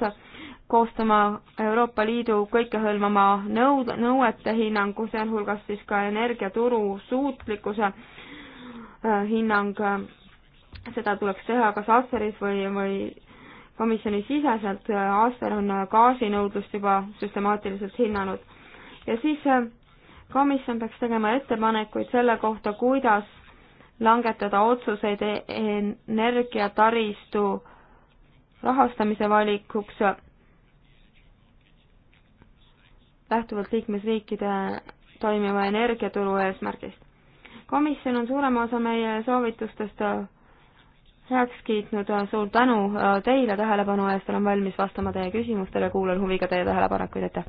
koostama Euroopa Liidu kõikehõlmama nõud, nõuete hinnangu, sealhulgas siis ka energiaturu suutlikkuse hinnang seda tuleks teha kas Asteris või, või komisjoni siseselt, Aster on gaasinõudlust juba süstemaatiliselt hinnanud. ja siis äh, komisjon peaks tegema ettepanekuid selle kohta, kuidas langetada otsuseid e-, energiataristu rahastamise valikuks lähtuvalt liikmesriikide toimiva energiaturu eesmärgist. komisjon on suurema osa meie soovitustest heaks kiitnud, suur tänu äh, teile tähelepanu eest, olen valmis vastama teie küsimustele, kuulan huviga teie tähelepanekuid, aitäh!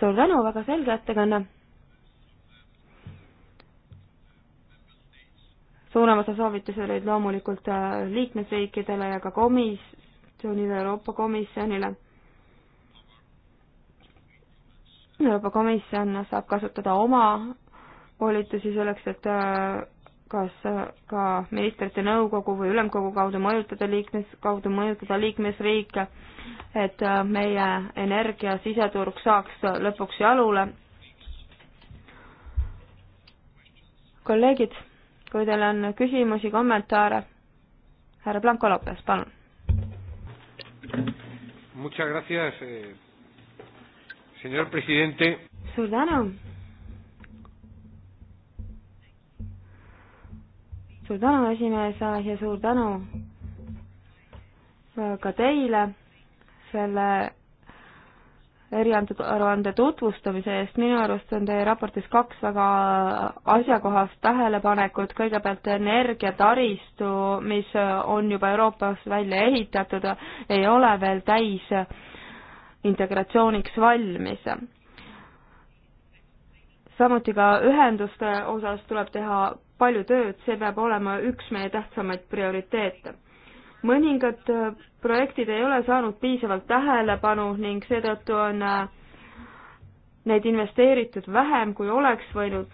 suur tänu, väga selge ettekanne! suurem osa soovitusi olid loomulikult äh, liikmesriikidele ja ka komisjonile, Euroopa Komisjonile Euroopa Komisjon saab kasutada oma volitusi selleks, et äh, kas äh, ka ministrite nõukogu või ülemkogu kaudu mõjutada liikmes, kaudu mõjutada liikmesriike, et äh, meie energia siseturg saaks lõpuks jalule. kolleegid, kui teil on küsimusi, kommentaare, härra Blanco Lopez, palun. Eh, suur tänu suur tänu, esimees, ja suur tänu ka teile selle eriaruande tutvustamise eest, minu arust on teie raportis kaks väga asjakohast tähelepanekut, kõigepealt energiataristu, mis on juba Euroopas välja ehitatud, ei ole veel täis integratsiooniks valmis. samuti ka ühenduste osas tuleb teha palju tööd, see peab olema üks meie tähtsamaid prioriteete. mõningad äh, projektid ei ole saanud piisavalt tähelepanu ning seetõttu on äh, neid investeeritud vähem, kui oleks võinud.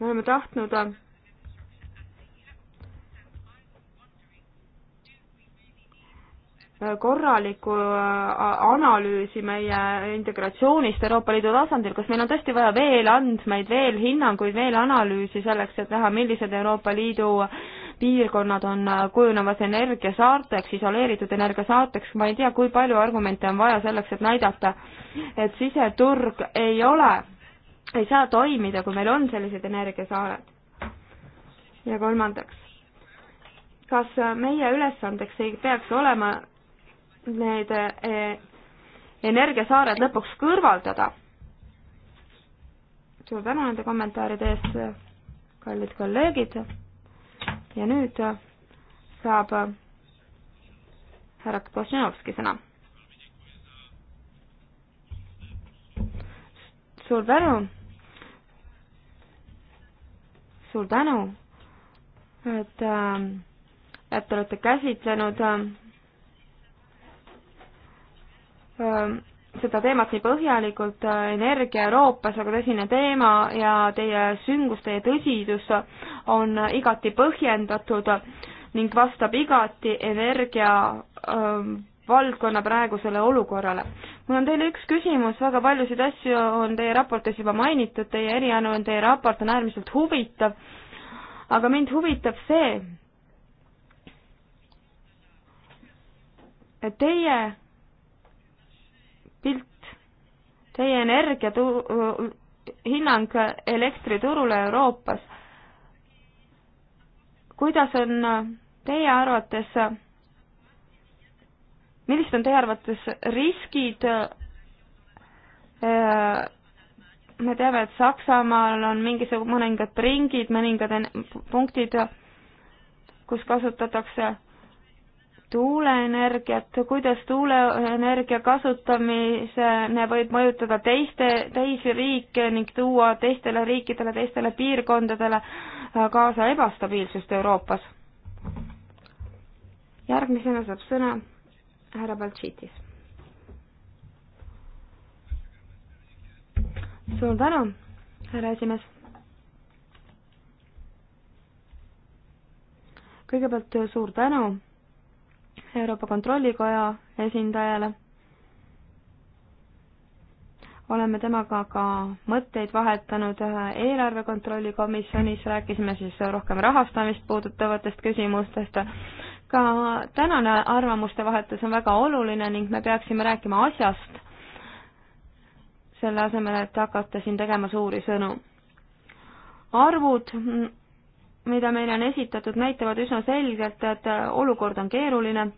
me oleme tahtnud äh, korralikku äh, analüüsi meie integratsioonist Euroopa Liidu tasandil, kas meil on tõesti vaja veel andmeid, veel hinnanguid, veel analüüsi selleks, et näha, millised Euroopa Liidu piirkonnad on äh, kujunemas energiasaarteks, isoleeritud energiasaarteks, ma ei tea, kui palju argumente on vaja selleks, et näidata, et siseturg ei ole, ei saa toimida, kui meil on sellised energiasaared. ja kolmandaks, kas meie ülesandeks ei peaks olema need eh, energiasaared lõpuks kõrvaldada. suur tänu nende kommentaaride eest, kallid kolleegid. ja nüüd saab härra Kosninovski sõna. suur tänu. suur tänu, et, eh, et te olete käsitlenud äh, Ähm, seda teemat nii põhjalikult, äh, energia Euroopas, väga tõsine teema ja teie sündmus, teie tõsidus on igati põhjendatud ning vastab igati energia ähm, valdkonna praegusele olukorrale. mul on teile üks küsimus, väga paljusid asju on teie raportis juba mainitud, teie eriaruanne, teie raport on äärmiselt huvitav, aga mind huvitab see, et teie pilt. Teie energia tu-, hinnang elektriturule Euroopas, kuidas on teie arvates, millised on teie arvates riskid äh, me teame, et Saksamaal on mingisugused mõningad ringid, mõningad punktid, kus kasutatakse tuuleenergiat, kuidas tuuleenergia kasutamine võib mõjutada teiste, teisi riike ning tuua teistele riikidele, teistele piirkondadele kaasa ebastabiilsust Euroopas. järgmisena saab sõna härra Baltšiitis. suur tänu, härra esimees. kõigepealt suur tänu Euroopa Kontrollikoja esindajale. oleme temaga ka mõtteid vahetanud eelarve kontrolli komisjonis, rääkisime siis rohkem rahastamist puudutavatest küsimustest. ka tänane arvamuste vahetus on väga oluline ning me peaksime rääkima asjast, selle asemel, et hakata siin tegema suuri sõnu. arvud mida meile on esitatud, näitavad üsna selgelt, et olukord on keeruline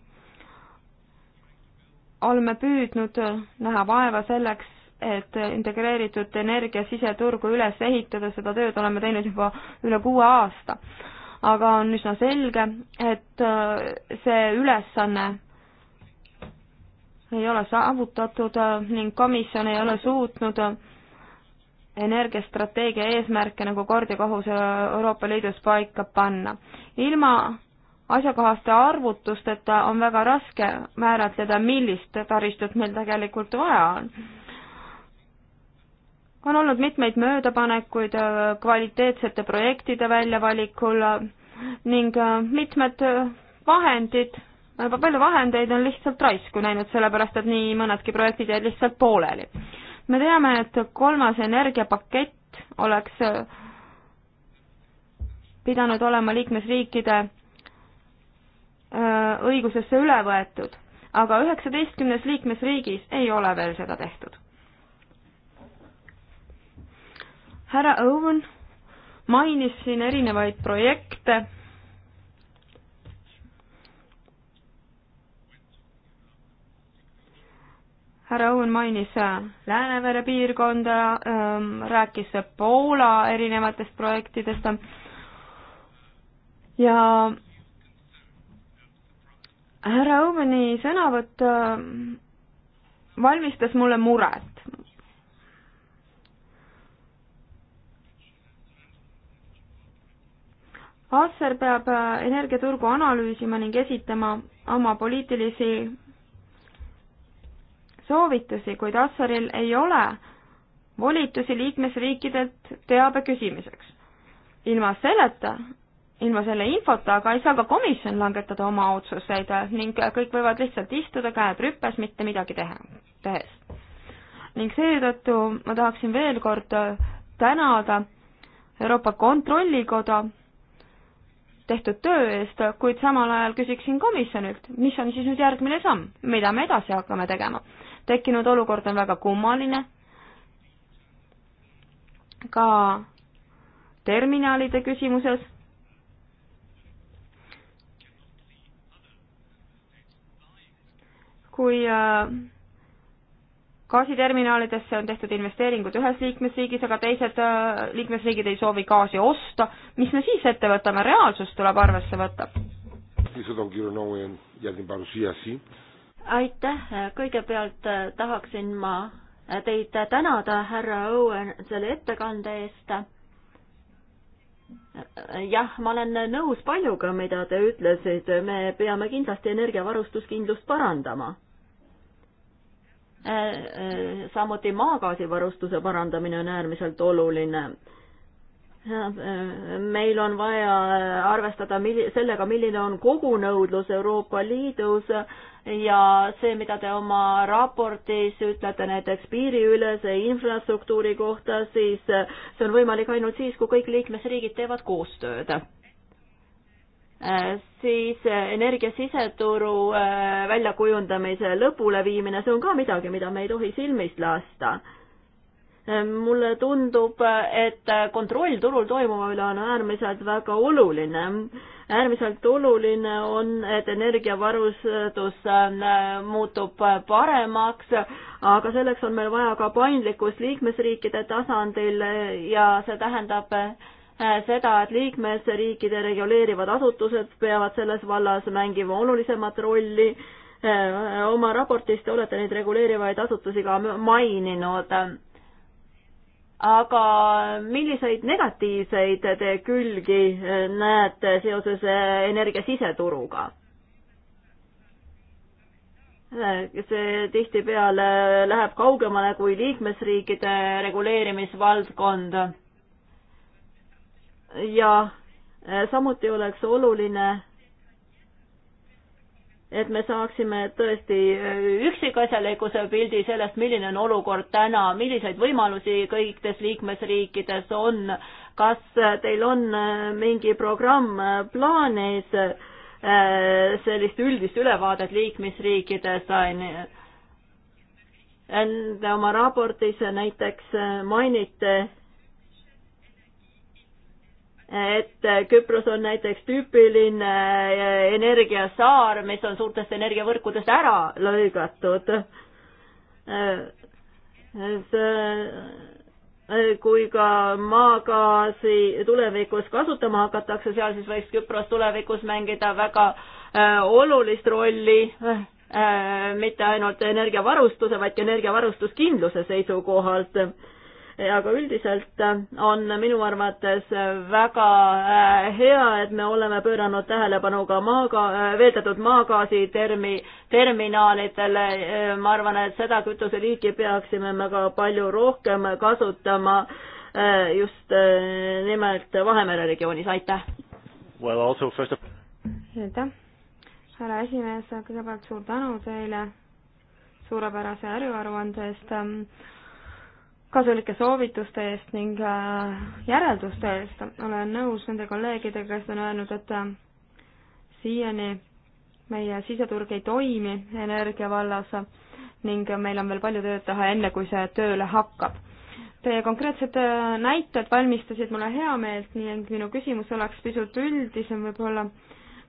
oleme püüdnud näha vaeva selleks, et integreeritud energia siseturgu üles ehitada, seda tööd oleme teinud juba üle kuue aasta. aga on üsna selge, et äh, see ülesanne ei ole saavutatud äh, ning komisjon ei ole suutnud äh, energiastrateegia eesmärke nagu kord ja kohus Euroopa Liidus paika panna. ilma asjakohaste arvutusteta on väga raske määratleda, millist taristut meil tegelikult vaja on. on olnud mitmeid möödapanekuid äh, kvaliteetsete projektide väljavalikul äh, ning äh, mitmed vahendid, palju vahendeid on lihtsalt raisku läinud, sellepärast et nii mõnedki projektid jäid lihtsalt pooleli. me teame, et kolmas energiapakett oleks pidanud olema liikmesriikide Äh, õigusesse üle võetud, aga üheksateistkümnes liikmesriigis ei ole veel seda tehtud. härra Owen mainis siin erinevaid projekte härra Õun mainis äh, Läänemere piirkonda, ähm, rääkis äh, Poola erinevatest projektidest ja härra Õumeni sõnavõtt äh, valmistas mulle muret. Acer peab äh, energiaturgu analüüsima ning esitama oma poliitilisi soovitusi, kuid Aceril ei ole volitusi liikmesriikidelt teabe küsimiseks. ilma selleta ilma selle infota, aga ei saa ka komisjon langetada oma otsuseid ning kõik võivad lihtsalt istuda käed rüpes, mitte midagi teha, tehes. ning seetõttu ma tahaksin veel kord tänada Euroopa Kontrollikoda tehtud töö eest, kuid samal ajal küsiksin komisjonilt, mis on siis nüüd järgmine samm, mida me edasi hakkame tegema. tekkinud olukord on väga kummaline, ka terminalide küsimuses kui äh, gaasiterminalidesse on tehtud investeeringud ühes liikmesriigis, aga teised äh, liikmesriigid ei soovi gaasi osta, mis me siis ette võtame, reaalsust tuleb arvesse võtta. aitäh, kõigepealt äh, tahaksin ma teid tänada, härra Õuen, selle ettekande eest. jah, ma olen nõus paljuga, mida te ütlesite, me peame kindlasti energiavarustuskindlust parandama Äh, äh, samuti maagaasivarustuse parandamine on äärmiselt oluline. Äh, meil on vaja arvestada sellega, milline on kogunõudlus Euroopa Liidus ja see, mida te oma raportis ütlete näiteks piiriülese infrastruktuuri kohta, siis see on võimalik ainult siis, kui kõik liikmesriigid teevad koostööd Äh, siis äh, energia siseturu äh, väljakujundamise lõpuleviimine, see on ka midagi, mida me ei tohi silmist lasta. mulle tundub, et kontroll turul toimuva üle on äärmiselt väga oluline. äärmiselt oluline on, et energiavarustus muutub paremaks, aga selleks on meil vaja ka paindlikkust liikmesriikide tasandil ja see tähendab, Äh, seda, et liikmesriikide reguleerivad asutused peavad selles vallas mängima olulisemat rolli. Äh, oma raportis te olete neid reguleerivaid asutusi ka maininud. aga milliseid negatiivseid te külgi äh, näete seoses energia siseturuga? see tihtipeale läheb kaugemale kui liikmesriikide reguleerimisvaldkond ja eh, samuti oleks oluline, et me saaksime tõesti eh, üksikasjalikkuse pildi sellest, milline on olukord täna, milliseid võimalusi kõikides liikmesriikides on, kas eh, teil on mingi programm plaanis sellist üldist ülevaadet liikmesriikides, oma raportis näiteks mainite et äh, Küpros on näiteks tüüpiline äh, energiasaar, mis on suurtest energiavõrkudest ära lõigatud. Äh, kui ka maagaasi tulevikus kasutama hakatakse, seal siis võiks Küpros tulevikus mängida väga olulist rolli mitte ainult energiavarustuse, vaid ka energiavarustuskindluse seisukohalt aga üldiselt on minu arvates väga äh, hea, et me oleme pööranud tähelepanu ka maaga, äh, veeldatud maagaasi termi, terminaalidele. Äh, ma arvan, et seda kütuseliiki peaksime me ka palju rohkem kasutama just nimelt Vahemere regioonis, aitäh! Well, also first of aitäh, härra esimees, kõigepealt suur tänu teile suurepärase äriaruande eest ähm, kasulike soovituste eest ning äh, järelduste eest. olen nõus nende kolleegidega, kes on öelnud, et äh, siiani meie siseturg ei toimi energia vallas ning meil on veel palju tööd teha, enne kui see tööle hakkab. Teie konkreetsed äh, näited valmistasid mulle heameelt, nii et minu küsimus oleks pisut üldisem võib-olla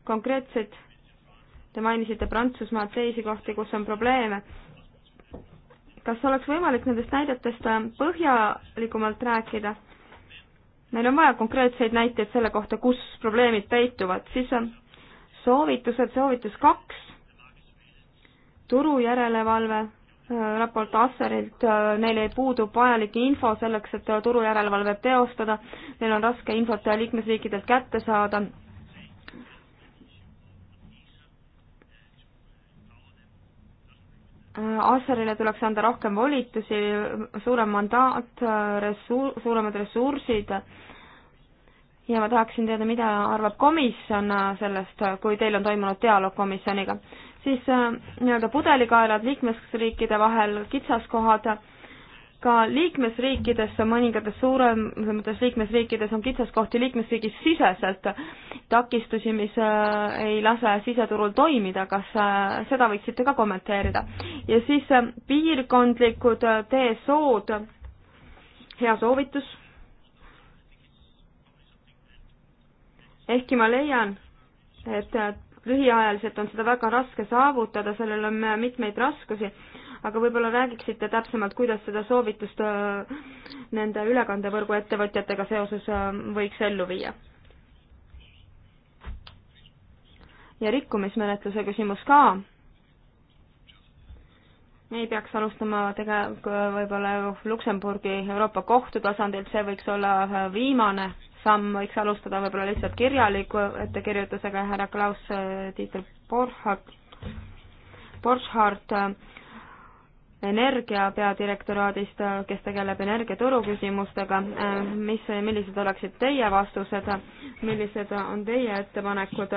konkreetseid Te mainisite Prantsusmaad, teisi kohti, kus on probleeme kas oleks võimalik nendest näidetest äh, põhjalikumalt rääkida? meil on vaja konkreetseid näiteid selle kohta, kus probleemid peituvad, siis on äh, soovitused, soovitus kaks, turujärelevalve äh, raport Asserilt, neil ei puudu vajalik info selleks, et turujärelevalvet teostada, neil on raske infot liikmesriikidelt kätte saada Assarile tuleks anda rohkem volitusi, suurem mandaat, ressuur-, suuremad ressursid ja ma tahaksin teada, mida arvab komisjon sellest, kui teil on toimunud dialoog komisjoniga. siis äh, nii-öelda pudelikaelad liikmesriikide vahel, kitsaskohad ka liikmesriikides, mõningates suuremates liikmesriikides on kitsaskohti liikmesriigi siseselt, takistusi, mis äh, ei lase siseturul toimida, kas äh, seda võiksite ka kommenteerida? ja siis äh, piirkondlikud TSO-d, hea soovitus. ehkki ma leian, et lühiajaliselt on seda väga raske saavutada, sellel on mitmeid raskusi aga võib-olla räägiksite täpsemalt, kuidas seda soovitust äh, nende ülekandevõrgu ettevõtjatega seoses äh, võiks ellu viia? ja rikkumismenetluse küsimus ka. ei peaks alustama tegelikult võib-olla Luksemburgi Euroopa Kohtu tasandilt, see võiks olla äh, viimane samm võiks alustada võib-olla lihtsalt kirjaliku ettekirjutusega härra Klaus Dieter Borchardt, Borchardt energia peadirektoraadist, kes tegeleb energiaturu küsimustega. mis, millised oleksid teie vastused, millised on teie ettepanekud?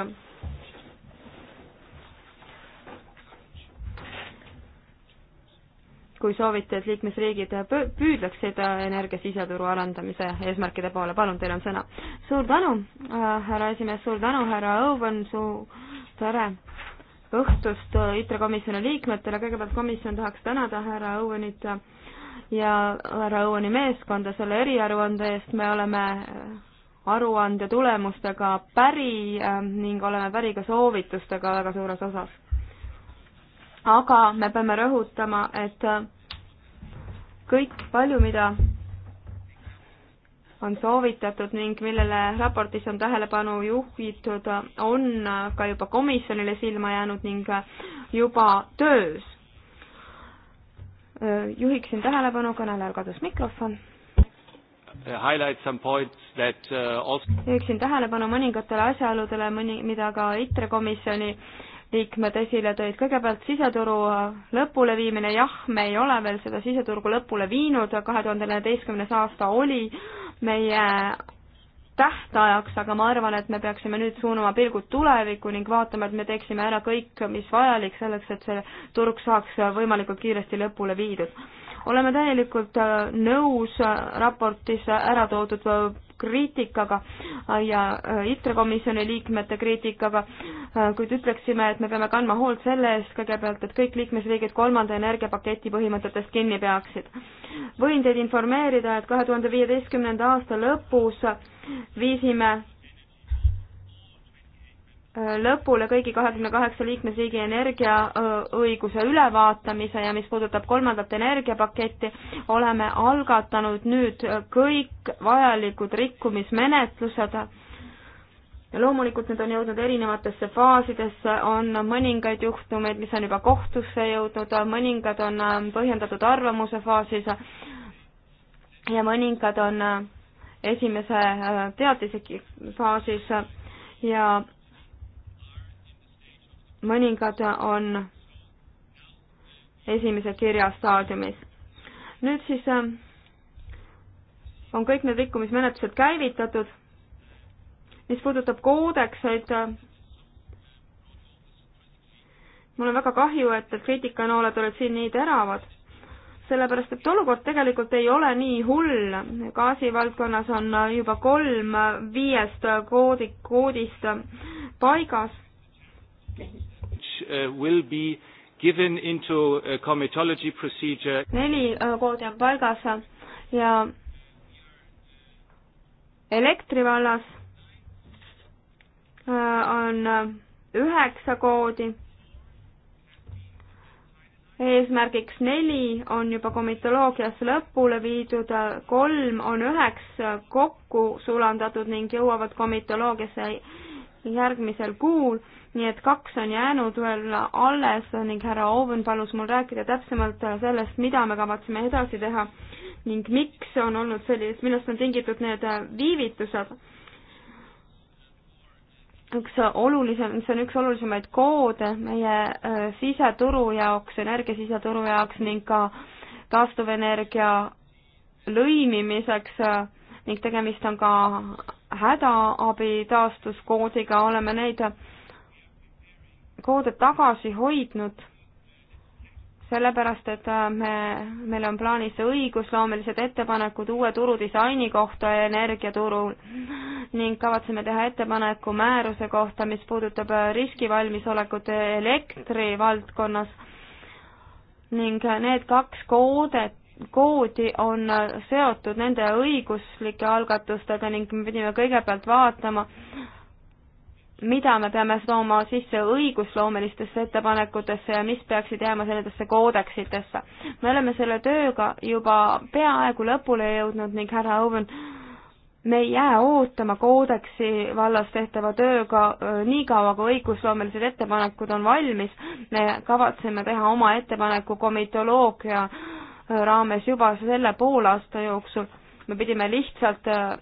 kui soovite, et liikmesriigid püüdleksid energia siseturu arendamise eesmärkide poole, palun, teil on sõna. suur tänu äh,, härra esimees, suur tänu, härra Õuven, su tere õhtust äh, ITRE komisjoni liikmetele, kõigepealt komisjon tahaks tänada härra Õuenit ja härra Õueni meeskonda selle eriaruande eest, me oleme äh, aruande tulemustega päri äh, ning oleme päri ka soovitustega väga suures osas. aga me peame rõhutama, et kõik, palju mida on soovitatud ning millele raportis on tähelepanu juhitud, on ka juba komisjonile silma jäänud ning juba töös. juhiksin tähelepanu, kõnelejal kadus mikrofon. Uh, uh, juhiksin tähelepanu mõningatele asjaoludele, mõni, mida ka ITRE komisjoni liikmed esile tõid. kõigepealt siseturu uh, lõpuleviimine, jah, me ei ole veel seda siseturgu lõpule viinud, kahe tuhande neljateistkümnes aasta oli meie tähtajaks, aga ma arvan, et me peaksime nüüd suunama pilgud tulevikku ning vaatama, et me teeksime ära kõik, mis vajalik selleks, et see turg saaks võimalikult kiiresti lõpule viidud oleme täielikult äh, nõus äh, raportis äh, ära toodud kriitikaga ja ITRE komisjoni liikmete kriitikaga, kuid ütleksime, et me peame kandma hoolt selle eest kõigepealt, et kõik liikmesriigid kolmanda energiapaketi põhimõtetest kinni peaksid. võin teid informeerida, et kahe tuhande viieteistkümnenda aasta lõpus viisime lõpule kõigi kahekümne kaheksa liikmesriigi energiaõiguse ülevaatamise ja mis puudutab kolmandat energiapaketti, oleme algatanud nüüd kõik vajalikud rikkumismenetlused. loomulikult need on jõudnud erinevatesse faasidesse, on mõningaid juhtumeid, mis on juba kohtusse jõudnud, mõningad on ähm, põhjendatud arvamuse faasis ja mõningad on äh, esimese äh, teadise faasis ja mõningad on esimese kirja staadiumis. nüüd siis äh, on kõik need rikkumismenetlused käivitatud. mis puudutab koodekseid, äh, mul on väga kahju, et, et kriitikanooled olid siin nii teravad, sellepärast et olukord tegelikult ei ole nii hull. gaasivaldkonnas on juba kolm viiest koodi, koodist paigas Uh, will be given into a comitology procedure. neli uh, koodi on paigas ja elektri vallas uh, on üheksa koodi. eesmärgiks neli on juba komitoloogias lõpule viidud, kolm on üheks kokku sulandatud ning jõuavad komitoloogiasse järgmisel kuul, nii et kaks on jäänud veel alles ning härra Owen palus mul rääkida täpsemalt sellest, mida me kavatseme edasi teha ning miks on olnud sellist, millest on tingitud need viivitused. üks olulisem, see on üks olulisemaid koode meie äh, siseturu jaoks, energiasiseturu jaoks ning ka taastuvenergia lõimimiseks äh, ning tegemist on ka hädaabi taastuskoodiga, oleme neid koode tagasi hoidnud, sellepärast et äh, me, meil on plaanis õigusloomelised ettepanekud uue turudisaini kohta energiaturul ning kavatseme teha ettepaneku määruse kohta, mis puudutab äh, riskivalmisolekut elektri valdkonnas ning äh, need kaks koodet koodi on seotud nende õiguslike algatustega ning me pidime kõigepealt vaatama, mida me peame tooma sisse õigusloomelistesse ettepanekutesse ja mis peaksid jääma sellesse koodeksitesse. me oleme selle tööga juba peaaegu lõpule jõudnud ning härra Owen, me ei jää ootama koodeksi vallas tehtava tööga niikaua, kui õigusloomelised ettepanekud on valmis. me kavatseme teha oma ettepaneku komitoloogia äh, raames juba selle poolaasta jooksul. me pidime lihtsalt äh,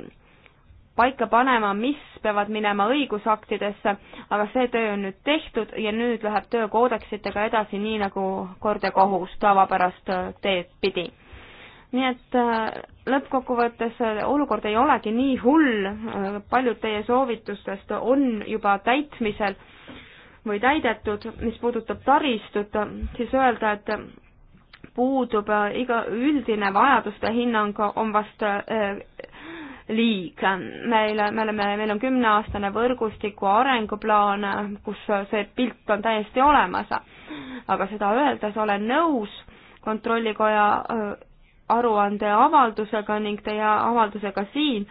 paika panema, mis peavad minema õigusaktidesse, aga see töö on nüüd tehtud ja nüüd läheb töö koodeksitega edasi, nii nagu kord ja kohus tavapärast äh, teed pidi. nii et äh, lõppkokkuvõttes olukord ei olegi nii hull, paljud teie soovitustest on juba täitmisel või täidetud, mis puudutab taristut, siis öelda, et puudub äh, iga üldine vajaduste hinnang on vast äh, liig. meil, me oleme, meil on kümneaastane võrgustiku arenguplaan, kus see pilt on täiesti olemas. aga seda öeldes olen nõus Kontrollikoja äh, aruande avaldusega ning teie avaldusega siin,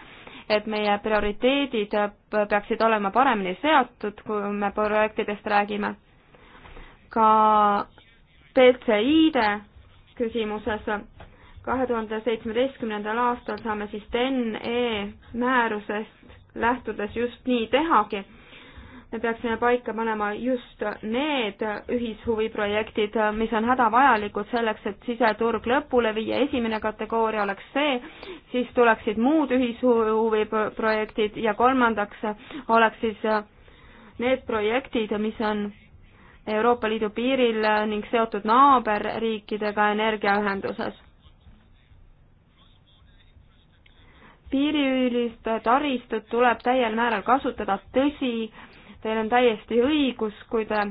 et meie prioriteedid peaksid olema paremini seatud, kui me projektidest räägime. ka DCI-de küsimuses. kahe tuhande seitsmeteistkümnendal aastal saame siis TEN-E määrusest lähtudes just nii tehagi. me peaksime paika panema just need ühishuviprojektid, mis on hädavajalikud selleks, et siseturg lõpule viia, esimene kategooria oleks see, siis tuleksid muud ühishuviprojektid ja kolmandaks oleks siis need projektid, mis on Euroopa Liidu piiril ning seotud naaberriikidega energiaühenduses. piiriülist taristut tuleb täiel määral kasutada, tõsi, teil on täiesti õigus, kui te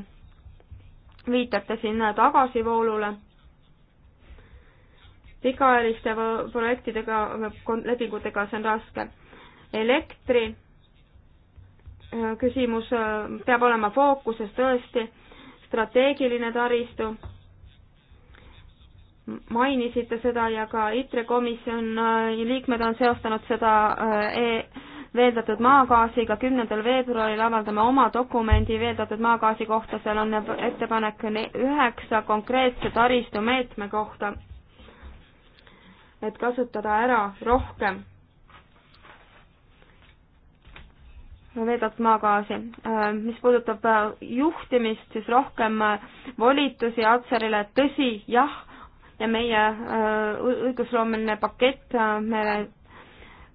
viitate sinna tagasivoolule pikaajaliste projektidega, lepingutega see on raske. elektri äh, küsimus äh, peab olema fookuses tõesti strateegiline taristu. mainisite seda ja ka ITRE komisjoni äh, liikmed on seostanud seda äh, e veeldatud maagaasiga, kümnendal veebruaril avaldame oma dokumendi veeldatud maagaasi kohta, seal on ettepanek üheksa konkreetse taristumeetme kohta, et kasutada ära rohkem veetakse maagaasi. Äh, mis puudutab äh, juhtimist, siis rohkem äh, volitusi Atserile, tõsi, jah, ja meie õigusloomeline pakett, me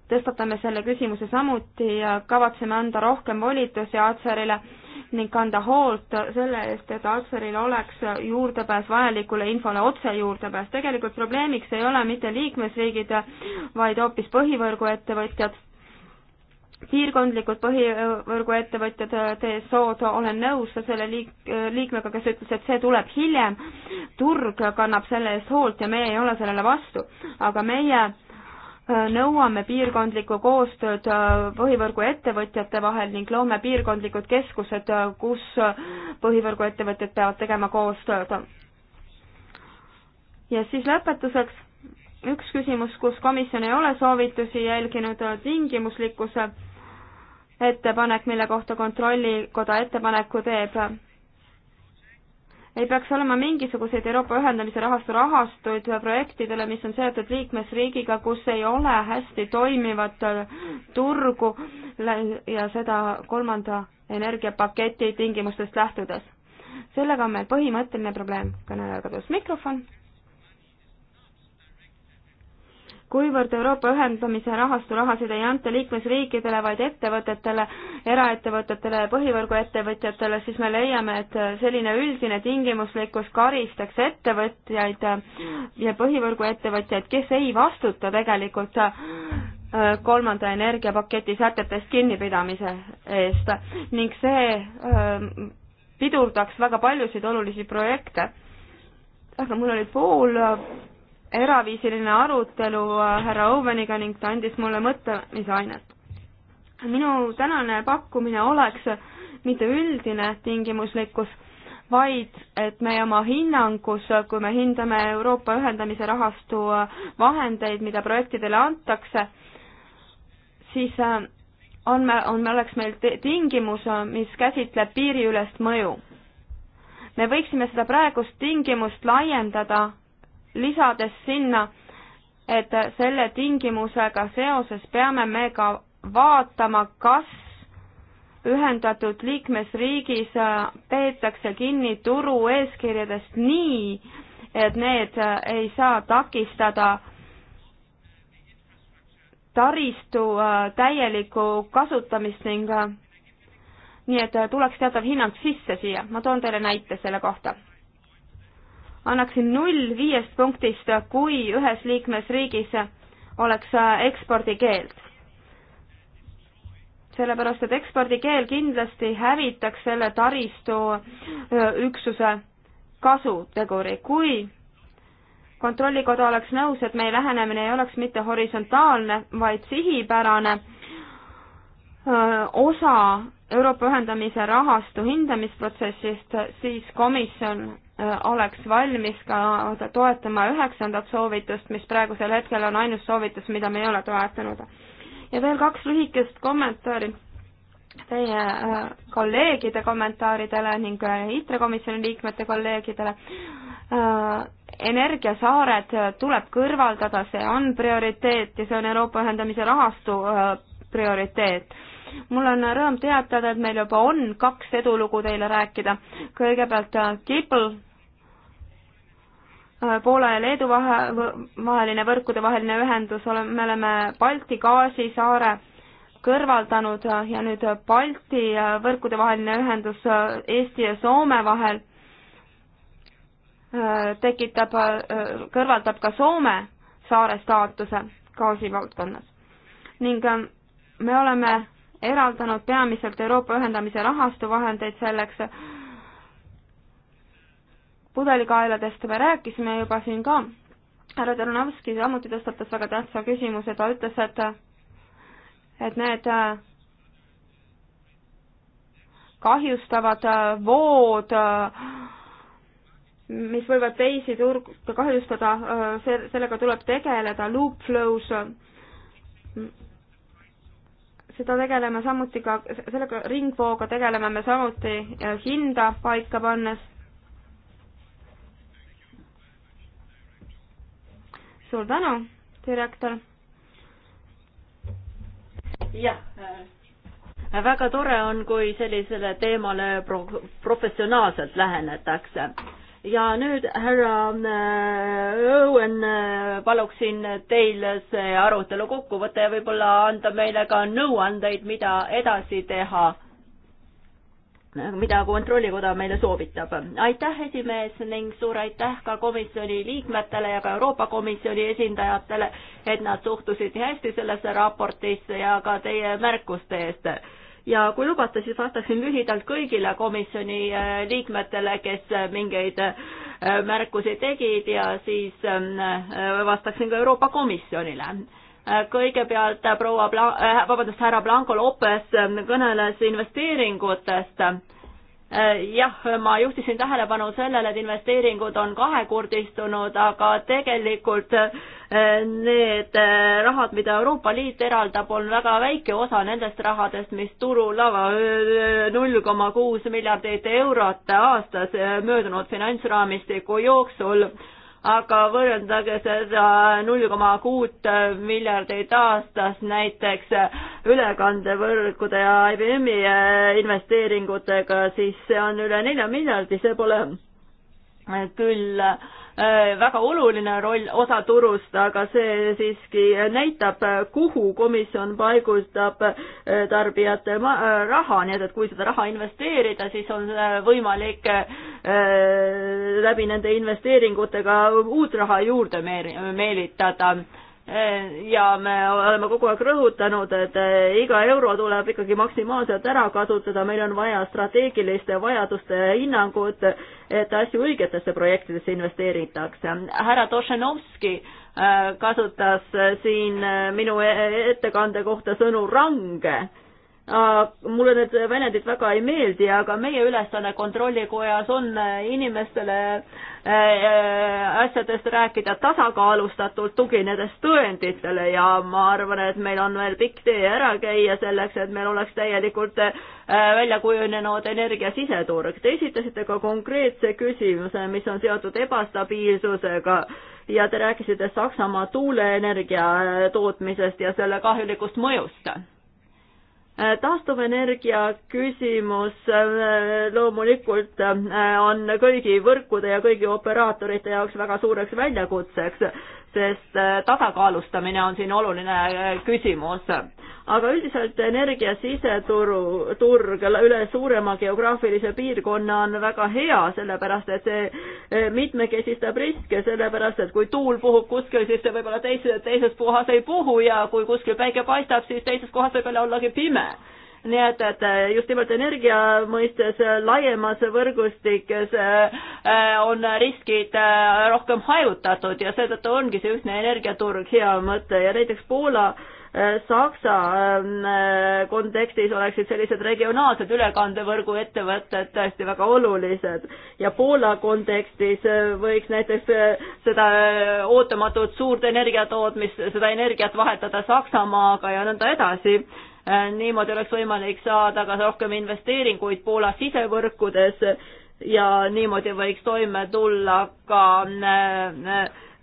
tõstatame selle küsimuse samuti ja kavatseme anda rohkem volitusi Atserile ning kanda hoolt selle eest, et Atseril oleks juurdepääs vajalikule infole, otse juurdepääs. tegelikult probleemiks ei ole mitte liikmesriigid, vaid hoopis põhivõrguettevõtjad piirkondlikud põhivõrguettevõtjad, TSO-d, olen nõus selle liik-, liikmega, kes ütles, et see tuleb hiljem, turg kannab selle eest hoolt ja meie ei ole sellele vastu, aga meie äh, nõuame piirkondlikku koostööd äh, põhivõrguettevõtjate vahel ning loome piirkondlikud keskused, äh, kus põhivõrguettevõtjad peavad tegema koostööd. ja siis lõpetuseks üks küsimus, kus komisjon ei ole soovitusi jälginud, tingimuslikkuse ettepanek, mille kohta Kontrollikoda ettepaneku teeb, ei peaks olema mingisuguseid Euroopa ühendamise rahastu rahastuid projektidele, mis on seotud liikmesriigiga, kus ei ole hästi toimivat turgu ja seda kolmanda energiapaketi tingimustest lähtudes. sellega on meil põhimõtteline probleem, kõneleja kadus mikrofon kuivõrd Euroopa ühendamise rahastu rahasid ei anta liikmesriikidele, vaid ettevõtetele, eraettevõtetele ja põhivõrguettevõtjatele, siis me leiame, et selline üldine tingimuslikkus karistaks ettevõtjaid ja põhivõrguettevõtjaid, kes ei vastuta tegelikult äh, kolmanda energiapaketi sätetest kinnipidamise eest ning see ähm, pidurdaks väga paljusid olulisi projekte. aga mul oli pool eraviisiline arutelu äh, härra Oweniga ning ta andis mulle mõtlemisainet. minu tänane pakkumine oleks mitte üldine tingimuslikkus, vaid et me oma hinnangus, kui me hindame Euroopa ühendamise rahastu äh, vahendeid, mida projektidele antakse, siis äh, on me, on, oleks meil tingimus, mis käsitleb piiriülest mõju. me võiksime seda praegust tingimust laiendada lisades sinna, et selle tingimusega seoses peame me ka vaatama, kas ühendatud liikmesriigis äh, peetakse kinni turu eeskirjadest nii, et need äh, ei saa takistada taristu äh, täielikku kasutamist ning nii et tuleks teatav hinnang sisse siia, ma toon teile näite selle kohta annaksin null viiest punktist, kui ühes liikmesriigis oleks ekspordikeeld. sellepärast, et ekspordikeel kindlasti hävitaks selle taristu üksuse kasuteguri, kui kontrollikoda oleks nõus, et meie lähenemine ei oleks mitte horisontaalne, vaid sihipärane öö, osa Euroopa ühendamise rahastu hindamisprotsessist, siis komisjon oleks valmis ka toetama üheksandat soovitust, mis praegusel hetkel on ainus soovitus, mida me ei ole toetanud. ja veel kaks lühikest kommentaari teie äh, kolleegide kommentaaridele ning äh, ITRE komisjoni liikmete kolleegidele. Äh, energiasaared tuleb kõrvaldada, see on prioriteet ja see on Euroopa ühendamise rahastu prioriteet mul on rõõm teatada, et meil juba on kaks edulugu teile rääkida. kõigepealt Kipl Äh, Poola ja Leedu vahe, vaheline võrkudevaheline ühendus, oleme, me oleme Balti gaasisaare kõrvaldanud äh, ja nüüd Balti äh, võrkudevaheline ühendus Eesti ja Soome vahel tekitab, kõrvaldab ka Soome saare staatuse gaasivaldkonnas. ning me oleme eraldanud peamiselt Euroopa ühendamise rahastu vahendeid selleks, pudelikaeladest me rääkisime juba siin ka. härra Tarnovski samuti tõstatas väga tähtsa küsimuse, ta ütles, et, et need äh, kahjustavad äh, vood, äh, mis võivad teisi turge kahjustada, see, sellega tuleb tegeleda, loop flows, seda tegeleme samuti ka, sellega ringvooga tegeleme me samuti hinda paika pannes suur tänu, direktor. jah äh, väga tore on, kui sellisele teemale pro-, professionaalselt lähenetakse. ja nüüd, härra äh, Õuen, äh, paluksin teil see arutelu kokku võtta ja võib-olla anda meile ka nõuandeid, mida edasi teha mida Kontrollikoda meile soovitab. aitäh, esimees, ning suur aitäh ka komisjoni liikmetele ja ka Euroopa Komisjoni esindajatele, et nad suhtusid hästi sellesse raportisse ja ka teie märkuste eest. ja kui lubate, siis vastaksin lühidalt kõigile komisjoni äh, liikmetele, kes äh, mingeid äh, märkusi tegid ja siis ähm, vastaksin ka Euroopa Komisjonile kõigepealt proua Bla-, äh, vabandust, härra Blanco Lopez ähm, kõneles investeeringutest. Äh, jah, ma juhtisin tähelepanu sellele, et investeeringud on kahekordistunud, aga tegelikult äh, need rahad, mida Euroopa Liit eraldab, on väga väike osa nendest rahadest, mis turul null koma kuus miljardit eurot aastas möödunud finantsraamistiku jooksul aga võrreldage seda null koma kuut miljardit aastas näiteks ülekandevõrkude ja IBM-i eh, investeeringutega, siis see on üle nelja miljardi, see pole küll äh, Äh, väga oluline roll, osa turust, aga see siiski näitab, kuhu komisjon paigutab äh, tarbijate äh, raha, nii et, et kui seda raha investeerida, siis on võimalik läbi nende investeeringutega uut raha juurde meelitada ja me oleme kogu aeg rõhutanud, et eh, iga euro tuleb ikkagi maksimaalselt ära kasutada, meil on vaja strateegiliste vajaduste hinnangut, et asju õigetesse projektidesse investeeritakse. härra Tošenovski eh, kasutas eh, siin minu e-, ettekande kohta sõnu range mulle need väljendid väga ei meeldi, aga meie ülesanne Kontrollikojas on äh, inimestele äh, äh, asjadest rääkida tasakaalustatult, tuginedes tõenditele ja ma arvan, et meil on veel pikk tee ära käia selleks, et meil oleks täielikult välja kujunenud energiasiseturg. Te esitasite ka konkreetse küsimuse, mis on seotud ebastabiilsusega ja te rääkisite Saksamaa tuuleenergia tootmisest ja selle kahjulikust mõjust Äh, taastuvenergia küsimus äh, loomulikult äh, on kõigi võrkude ja kõigi operaatorite jaoks väga suureks väljakutseks sest äh, tasakaalustamine on siin oluline äh, küsimus. aga üldiselt energia siseturu, turg üle suurema geograafilise piirkonna on väga hea, sellepärast et see äh, mitmekesistab riske, sellepärast et kui tuul puhub kuskil, siis see võib-olla teises, teises kohas ei puhu ja kui kuskil päike paistab, siis teises kohas võib jälle ollagi pime nii et, et äh, just nimelt energia mõistes äh, laiemas võrgustikes äh, on riskid rohkem hajutatud ja seetõttu ongi see ühtne energiaturg hea mõte ja näiteks Poola Saksa ähm, kontekstis oleksid sellised regionaalsed ülekandevõrgu ettevõtted tõesti väga olulised ja Poola kontekstis võiks näiteks seda ootamatut suurt energiatootmist, seda energiat vahetada Saksamaaga ja nõnda edasi Äh, niimoodi oleks võimalik saada ka rohkem investeeringuid Poola sisevõrkudes ja niimoodi võiks toime tulla ka äh, äh,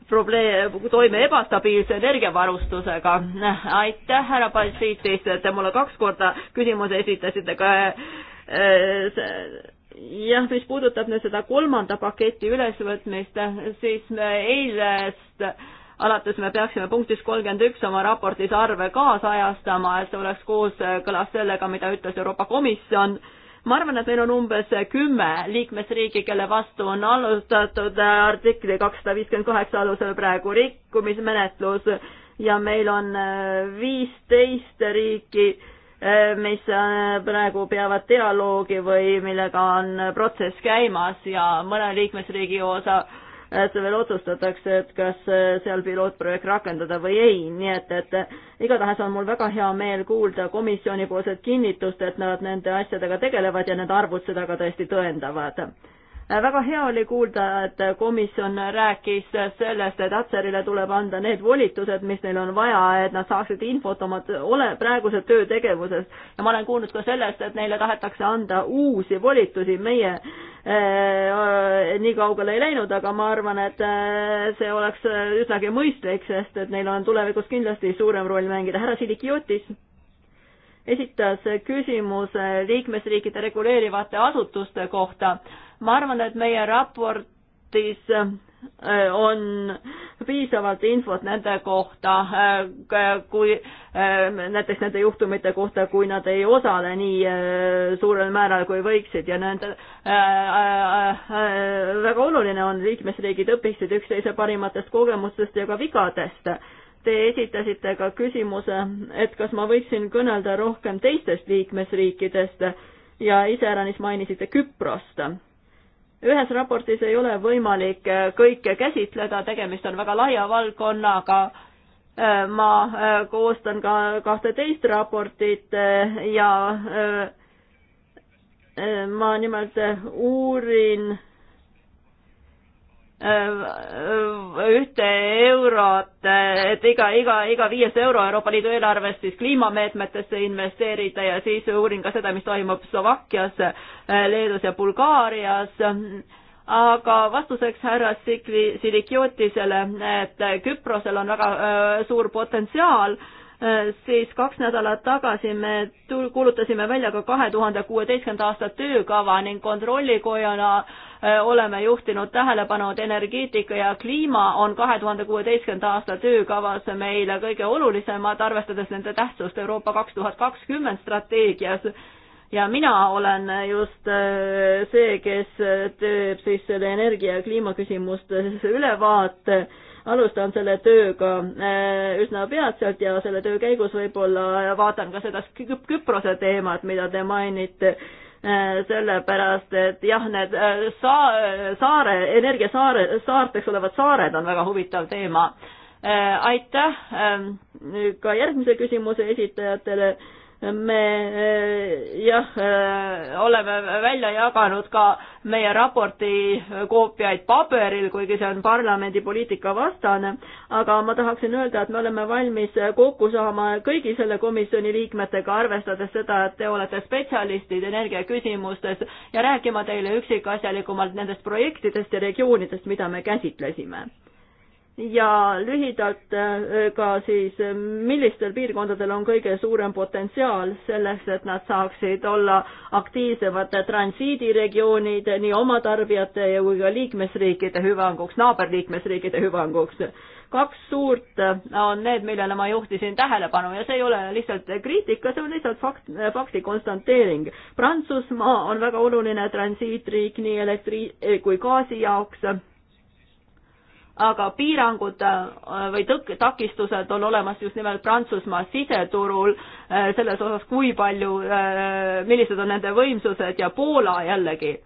probleem, toime ebastabiilse energiavarustusega. aitäh, härra Baltšiitis, et te mulle kaks korda küsimuse esitasite, ka jah, mis puudutab nüüd seda kolmanda paketi ülesvõtmist, siis eilest alates me peaksime punktis kolmkümmend üks oma raportis arve kaasajastama, et see oleks kooskõlas sellega, mida ütles Euroopa Komisjon. ma arvan, et meil on umbes kümme liikmesriigi, kelle vastu on alustatud artikli kakssada viiskümmend kaheksa alusel praegu rikkumismenetlus ja meil on viisteist riiki, mis praegu peavad dialoogi või millega on protsess käimas ja mõne liikmesriigi osa et veel otsustatakse, et kas seal pilootprojekt rakendada või ei, nii et, et igatahes on mul väga hea meel kuulda komisjonipoolset kinnitust, et nad nende asjadega tegelevad ja need arvud seda ka tõesti tõendavad Äh, väga hea oli kuulda, et komisjon rääkis sellest, et Atserile tuleb anda need volitused, mis neil on vaja, et nad saaksid infot oma ole, praeguse töö tegevusest. ja ma olen kuulnud ka sellest, et neile tahetakse anda uusi volitusi, meie äh, nii kaugele ei läinud, aga ma arvan, et äh, see oleks üsnagi mõistlik, sest et neil on tulevikus kindlasti suurem roll mängida. härra Silikiotis esitas küsimuse liikmesriikide reguleerivate asutuste kohta ma arvan, et meie raportis äh, on piisavalt infot nende kohta, äh, kui äh, näiteks nende juhtumite kohta, kui nad ei osale nii suurel määral, kui võiksid ja nende äh, äh, väga oluline on, liikmesriigid õpiksid üksteise parimatest kogemustest ja ka vigadest. Te esitasite ka küsimuse, et kas ma võiksin kõnelda rohkem teistest liikmesriikidest ja iseäranis mainisite Küprost ühes raportis ei ole võimalik äh, kõike käsitleda, tegemist on väga laia valdkonnaga. Äh, ma äh, koostan ka kahteteist raportit ja ma nimelt uurin Äh, äh, ühte eurot, äh, et iga, iga, iga viies euro Euroopa Liidu eelarvest siis kliimameetmetesse investeerida ja siis uurin ka seda, mis toimub Slovakkias, Leedus ja Bulgaarias aga vastuseks härra Sikli Silikiotisele, et Küprosel on väga öö, suur potentsiaal, siis kaks nädalat tagasi me kuulutasime välja ka kahe tuhande kuueteistkümnenda aasta töökava ning kontrollikojana Äh, oleme juhtinud tähelepanu, et energeetika ja kliima on kahe tuhande kuueteistkümnenda aasta töökavas meile kõige olulisemad, arvestades nende tähtsust Euroopa kaks tuhat kakskümmend strateegias. ja mina olen just äh, see, kes teeb siis selle energia ja kliimaküsimustes ülevaate alustan selle tööga äh, üsna peatselt ja selle töö käigus võib-olla vaatan ka seda Küprose teemat, mida te mainite Äh, sellepärast et jah, need äh, saa-, saare, energiasaare, saarteks olevad saared on väga huvitav teema. Äh, aitäh ähm, ka järgmise küsimuse esitajatele me eh, jah, eh, oleme välja jaganud ka meie raporti koopiaid paberil, kuigi see on parlamendi poliitika vastane, aga ma tahaksin öelda, et me oleme valmis kokku saama kõigi selle komisjoni liikmetega, arvestades seda, et te olete spetsialistid energiaküsimustes ja rääkima teile üksikasjalikumalt nendest projektidest ja regioonidest, mida me käsitlesime ja lühidalt äh, ka siis, millistel piirkondadel on kõige suurem potentsiaal selleks, et nad saaksid olla aktiivsemad transiidiregioonid nii oma tarbijate kui ka liikmesriikide hüvanguks, naaberliikmesriikide hüvanguks. kaks suurt äh, on need, millele ma juhtisin tähelepanu ja see ei ole lihtsalt kriitika, see on lihtsalt fakt, fakti konstanteering. Prantsusmaa on väga oluline transiitriik nii elektri kui gaasi jaoks aga piirangud äh, või tõk-, takistused on olemas just nimelt Prantsusmaa siseturul, äh, selles osas, kui palju, äh, millised on nende võimsused ja Poola jällegi.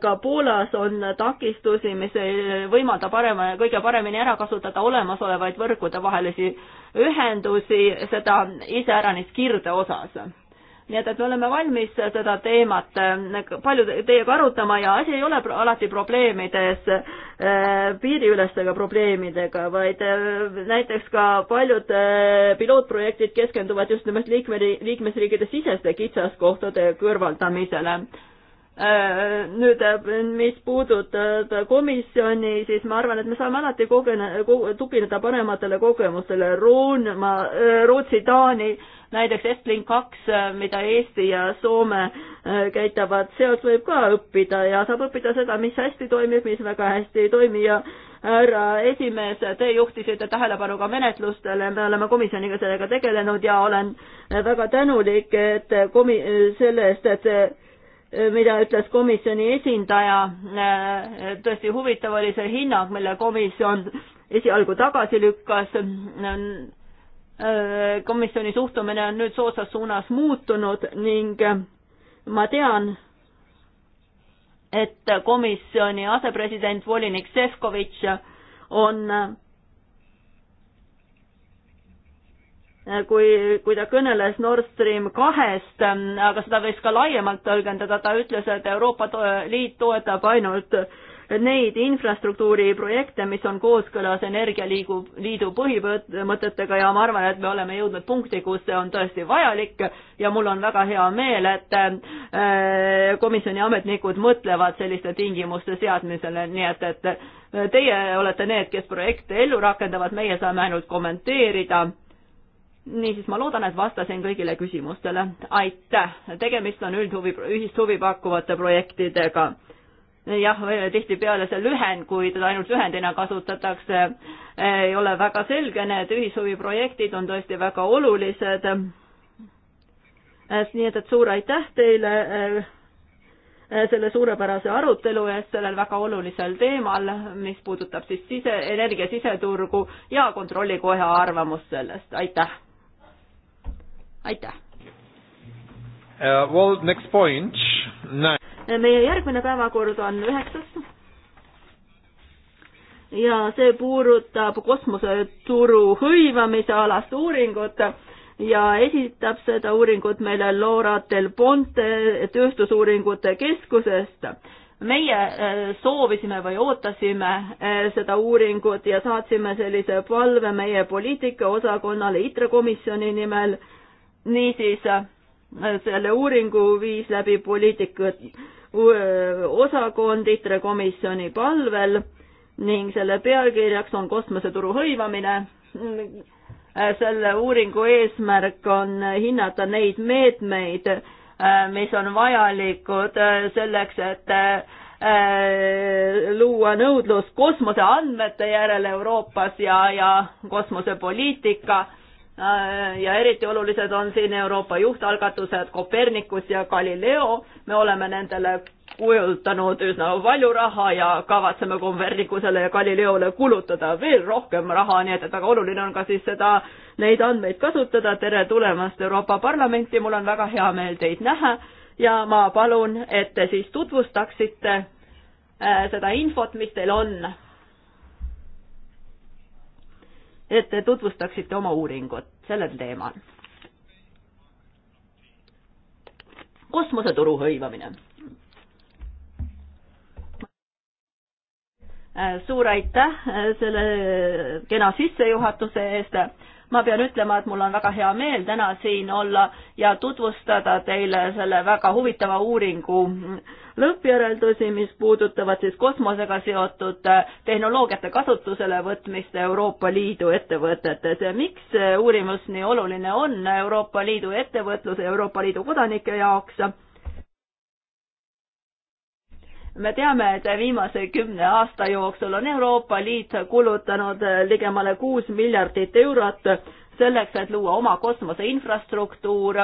ka Poolas on takistusi, mis ei võimalda parema, kõige paremini ära kasutada olemasolevaid võrkudevahelisi ühendusi, seda iseäranis kirde osas nii et, et me oleme valmis seda teemat äh, palju teiega arutama ja asi ei ole alati probleemides, äh, piiriülestega probleemidega, vaid äh, näiteks ka paljud pilootprojektid keskenduvad just nimelt liikmeri, liikmesriikide siseste kitsaskohtade kõrvaldamisele nüüd, mis puudutab komisjoni, siis ma arvan, et me saame alati kogene- kogu,, tugineda parematele kogemustele, Roon, ma, Rootsi, Taani näiteks Estlink kaks, äh, mida Eesti ja Soome äh, käitavad, sealt võib ka õppida ja saab õppida seda, mis hästi toimib, mis väga hästi ei toimi ja härra esimees, te juhtisite tähelepanu ka menetlustele, me oleme komisjoniga sellega tegelenud ja olen väga tänulik, et komi-, selle eest, et mida ütles komisjoni esindaja, äh, tõesti huvitav oli see hinnang, mille komisjon esialgu tagasi lükkas komisjoni suhtumine on nüüd soodsas suunas muutunud ning äh, ma tean, et komisjoni asepresident, volinik Sefkovitš on, äh, kui, kui ta kõneles Nord Stream kahest, äh, aga seda võiks ka laiemalt tõlgendada, ta ütles, et Euroopa Liit toetab ainult äh, neid infrastruktuuriprojekte, mis on kooskõlas Energialiidu liidu põhimõtetega ja ma arvan, et me oleme jõudnud punkti, kus see on tõesti vajalik ja mul on väga hea meel, et äh, komisjoni ametnikud mõtlevad selliste tingimuste seadmisele, nii et, et äh, teie olete need, kes projekte ellu rakendavad, meie saame ainult kommenteerida niisiis, ma loodan, et vastasin kõigile küsimustele. aitäh, tegemist on üldhuvi, ühist huvi pakkuvate projektidega jah, tihtipeale see lühend, kui teda ainult lühendina kasutatakse, ei ole väga selge, need ühishuviprojektid on tõesti väga olulised. nii et, et suur aitäh teile eh, selle suurepärase arutelu eest sellel väga olulisel teemal, mis puudutab siis sise, energia siseturgu ja Kontrollikoja arvamust sellest, aitäh! aitäh! Uh, well, next point. Nine meie järgmine päevakord on üheksas ja see puudutab kosmoseturu hõivamise alast uuringut ja esitab seda uuringut meile Laura Del Ponte Tööstusuuringute Keskusest. meie äh, soovisime või ootasime äh, seda uuringut ja saatsime sellise palve meie poliitikaosakonnale ITRE komisjoni nimel. niisiis äh, selle uuringu viis läbi poliitikud osakond ITRE komisjoni palvel ning selle pealkirjaks on kosmoseturu hõivamine. selle uuringu eesmärk on hinnata neid meetmeid, mis on vajalikud selleks, et äh, luua nõudlus kosmoseandmete järele Euroopas ja, ja kosmosepoliitika Äh, ja eriti olulised on siin Euroopa juhtalgatused Copernicus ja Galileo, me oleme nendele kujutanud üsna palju raha ja kavatseme Copernicusele ja Galileole kulutada veel rohkem raha, nii et, et väga oluline on ka siis seda, neid andmeid kasutada, tere tulemast Euroopa Parlamenti, mul on väga hea meel teid näha ja ma palun, et te siis tutvustaksite äh, seda infot, mis teil on et te tutvustaksite oma uuringut sellel teemal. kosmoseturu hõivamine. suur aitäh selle kena sissejuhatuse eest ma pean ütlema, et mul on väga hea meel täna siin olla ja tutvustada teile selle väga huvitava uuringu lõppjäreldusi, mis puudutavad siis kosmosega seotud tehnoloogiate kasutusele võtmist Euroopa Liidu ettevõtetes. miks see uurimus nii oluline on Euroopa Liidu ettevõtluse ja Euroopa Liidu kodanike jaoks? me teame, et viimase kümne aasta jooksul on Euroopa Liit kulutanud eh, ligemale kuus miljardit eurot selleks, et luua oma kosmoseinfrastruktuur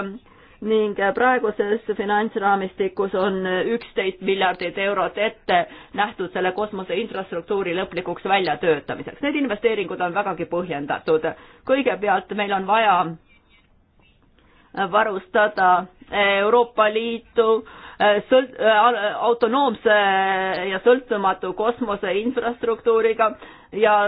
ning eh, praeguses finantsraamistikus on üksteist miljardit eurot ette nähtud selle kosmoseinfrastruktuuri lõplikuks väljatöötamiseks. Need investeeringud on vägagi põhjendatud. kõigepealt meil on vaja varustada Euroopa Liitu äh, sõlt-, äh, autonoomse ja sõltumatu kosmose infrastruktuuriga ja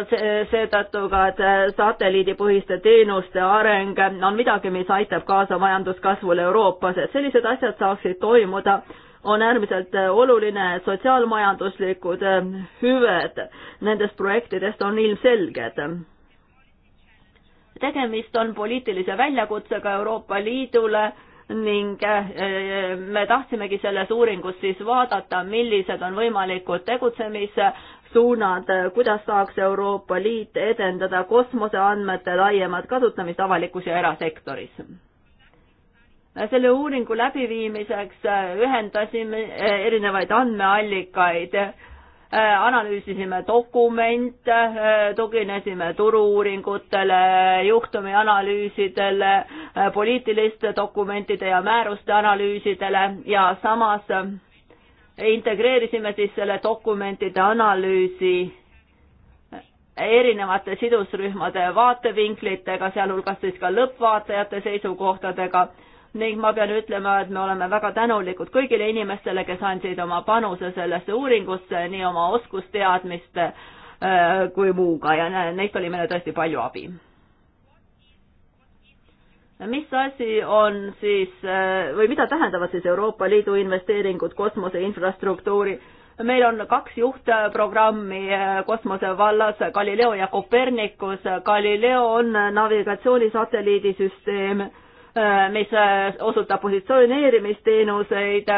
seetõttu ka, et äh, satelliidipõhiste teenuste areng on midagi, mis aitab kaasa majanduskasvule Euroopas, et sellised asjad saaksid toimuda, on äärmiselt äh, oluline, et sotsiaalmajanduslikud hüved nendest projektidest on ilmselged tegemist on poliitilise väljakutsega Euroopa Liidule ning äh, me tahtsimegi selles uuringus siis vaadata, millised on võimalikud tegutsemissuunad, kuidas saaks Euroopa Liit edendada kosmoseandmete laiemat kasutamist avalikus ja erasektoris. selle uuringu läbiviimiseks äh, ühendasime äh, erinevaid andmeallikaid Äh, analüüsisime dokumente, äh, tuginesime turu-uuringutele, juhtumianalüüsidele, äh, poliitiliste dokumentide ja määruste analüüsidele ja samas integreerisime siis selle dokumentide analüüsi erinevate sidusrühmade vaatevinklitega, sealhulgas siis ka lõppvaatajate seisukohtadega ning ma pean ütlema, et me oleme väga tänulikud kõigile inimestele, kes andsid oma panuse sellesse uuringusse, nii oma oskusteadmiste äh, kui muuga ja neist oli meile tõesti palju abi. mis asi on siis äh, või mida tähendavad siis Euroopa Liidu investeeringud kosmose infrastruktuuri? meil on kaks juhtprogrammi äh, kosmose vallas, Galileo ja Copernicus. Galileo on navigatsioonisatelliidisüsteem Äh, mis äh, osutab positsioneerimisteenuseid.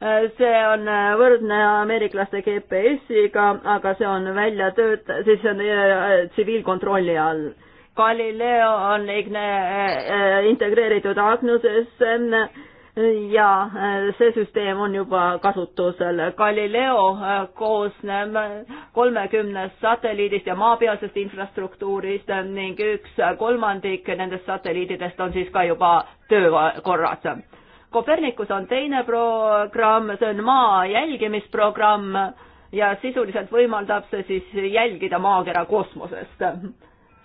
Äh, see on võrdne ameeriklaste GPS-iga, aga see on välja tööt-, siis on tsiviilkontrolli all. Galileo on integreeritud Agnusesse ja äh, see süsteem on juba kasutusel. Galileo äh, koosneb kolmekümnest satelliidist ja maapealsest infrastruktuurist ning üks kolmandik nendest satelliididest on siis ka juba töökorras. Copernicus on teine programm, see on maa jälgimisprogramm ja sisuliselt võimaldab see siis jälgida maakera kosmosest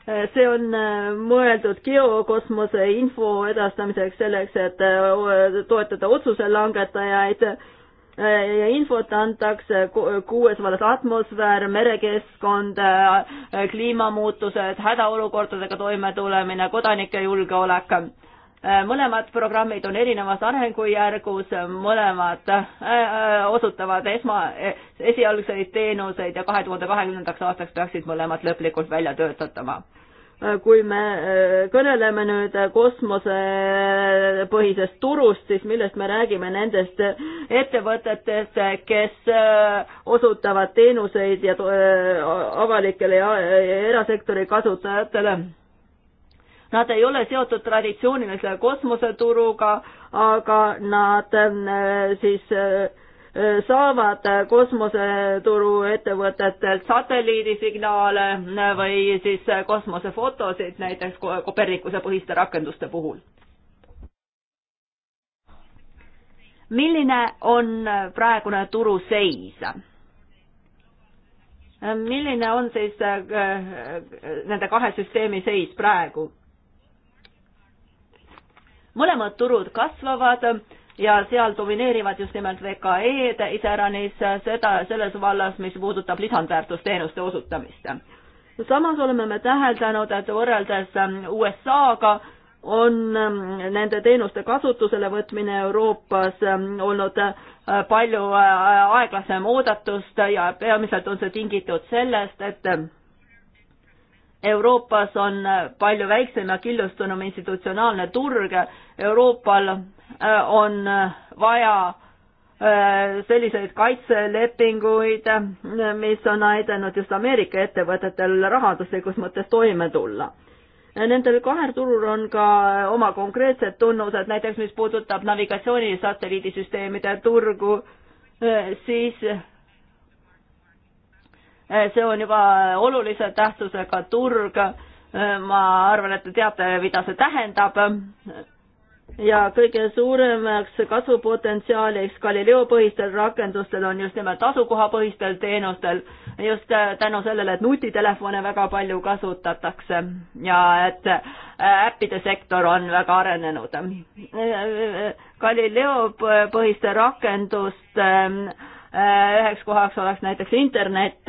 see on äh, mõeldud geokosmose info edastamiseks selleks, et äh, toetada otsuse langetajaid äh, ja infot antakse kuues vallas atmosfäär, merekeskkond, kliimamuutused, hädaolukordadega toimetulemine, kodanike julgeolek Äh, mõlemad programmid on erinevas arengujärgus, mõlemad äh, äh, osutavad esma, esialgseid teenuseid ja kahe tuhande kahekümnendaks aastaks peaksid mõlemad lõplikult välja töötatama. kui me kõneleme nüüd kosmosepõhisest turust, siis millest me räägime nendest ettevõtetest, kes osutavad teenuseid ja avalikele ja erasektori kasutajatele Nad ei ole seotud traditsioonilise kosmoseturuga, aga nad äh, siis äh, saavad kosmoseturu ettevõtetelt satelliidisignaale äh, või siis kosmosefotosid näiteks Kopernikuse põhiste rakenduste puhul. milline on praegune turu seis? milline on siis nende kahe süsteemi seis praegu? mõlemad turud kasvavad ja seal domineerivad just nimelt VKE-d, iseäranis seda, selles vallas, mis puudutab lisandväärtusteenuste osutamist. samas oleme me täheldanud, et võrreldes USA-ga on nende teenuste kasutusele võtmine Euroopas olnud palju aeglasem oodatust ja peamiselt on see tingitud sellest, et Euroopas on palju väiksem ja killustunum institutsionaalne turg, Euroopal äh, on äh, vaja äh, selliseid kaitselepinguid, mis on aidanud just Ameerika ettevõtetel rahanduslikus mõttes toime tulla. Nendel kahel turul on ka oma konkreetsed tunnused, näiteks mis puudutab navigatsiooni satelliidisüsteemide turgu, siis Eh, see on juba olulise tähtsusega turg, eh, ma arvan, et te teate, mida see tähendab. ja kõige suuremaks kasvupotentsiaaliks Galileo põhistel rakendustel on just nimelt asukohapõhistel teenustel, just eh, tänu sellele, et nutitelefone väga palju kasutatakse ja et äppide sektor on väga arenenud. Galileo põhiste rakenduste Äh, üheks kohaks oleks näiteks internet,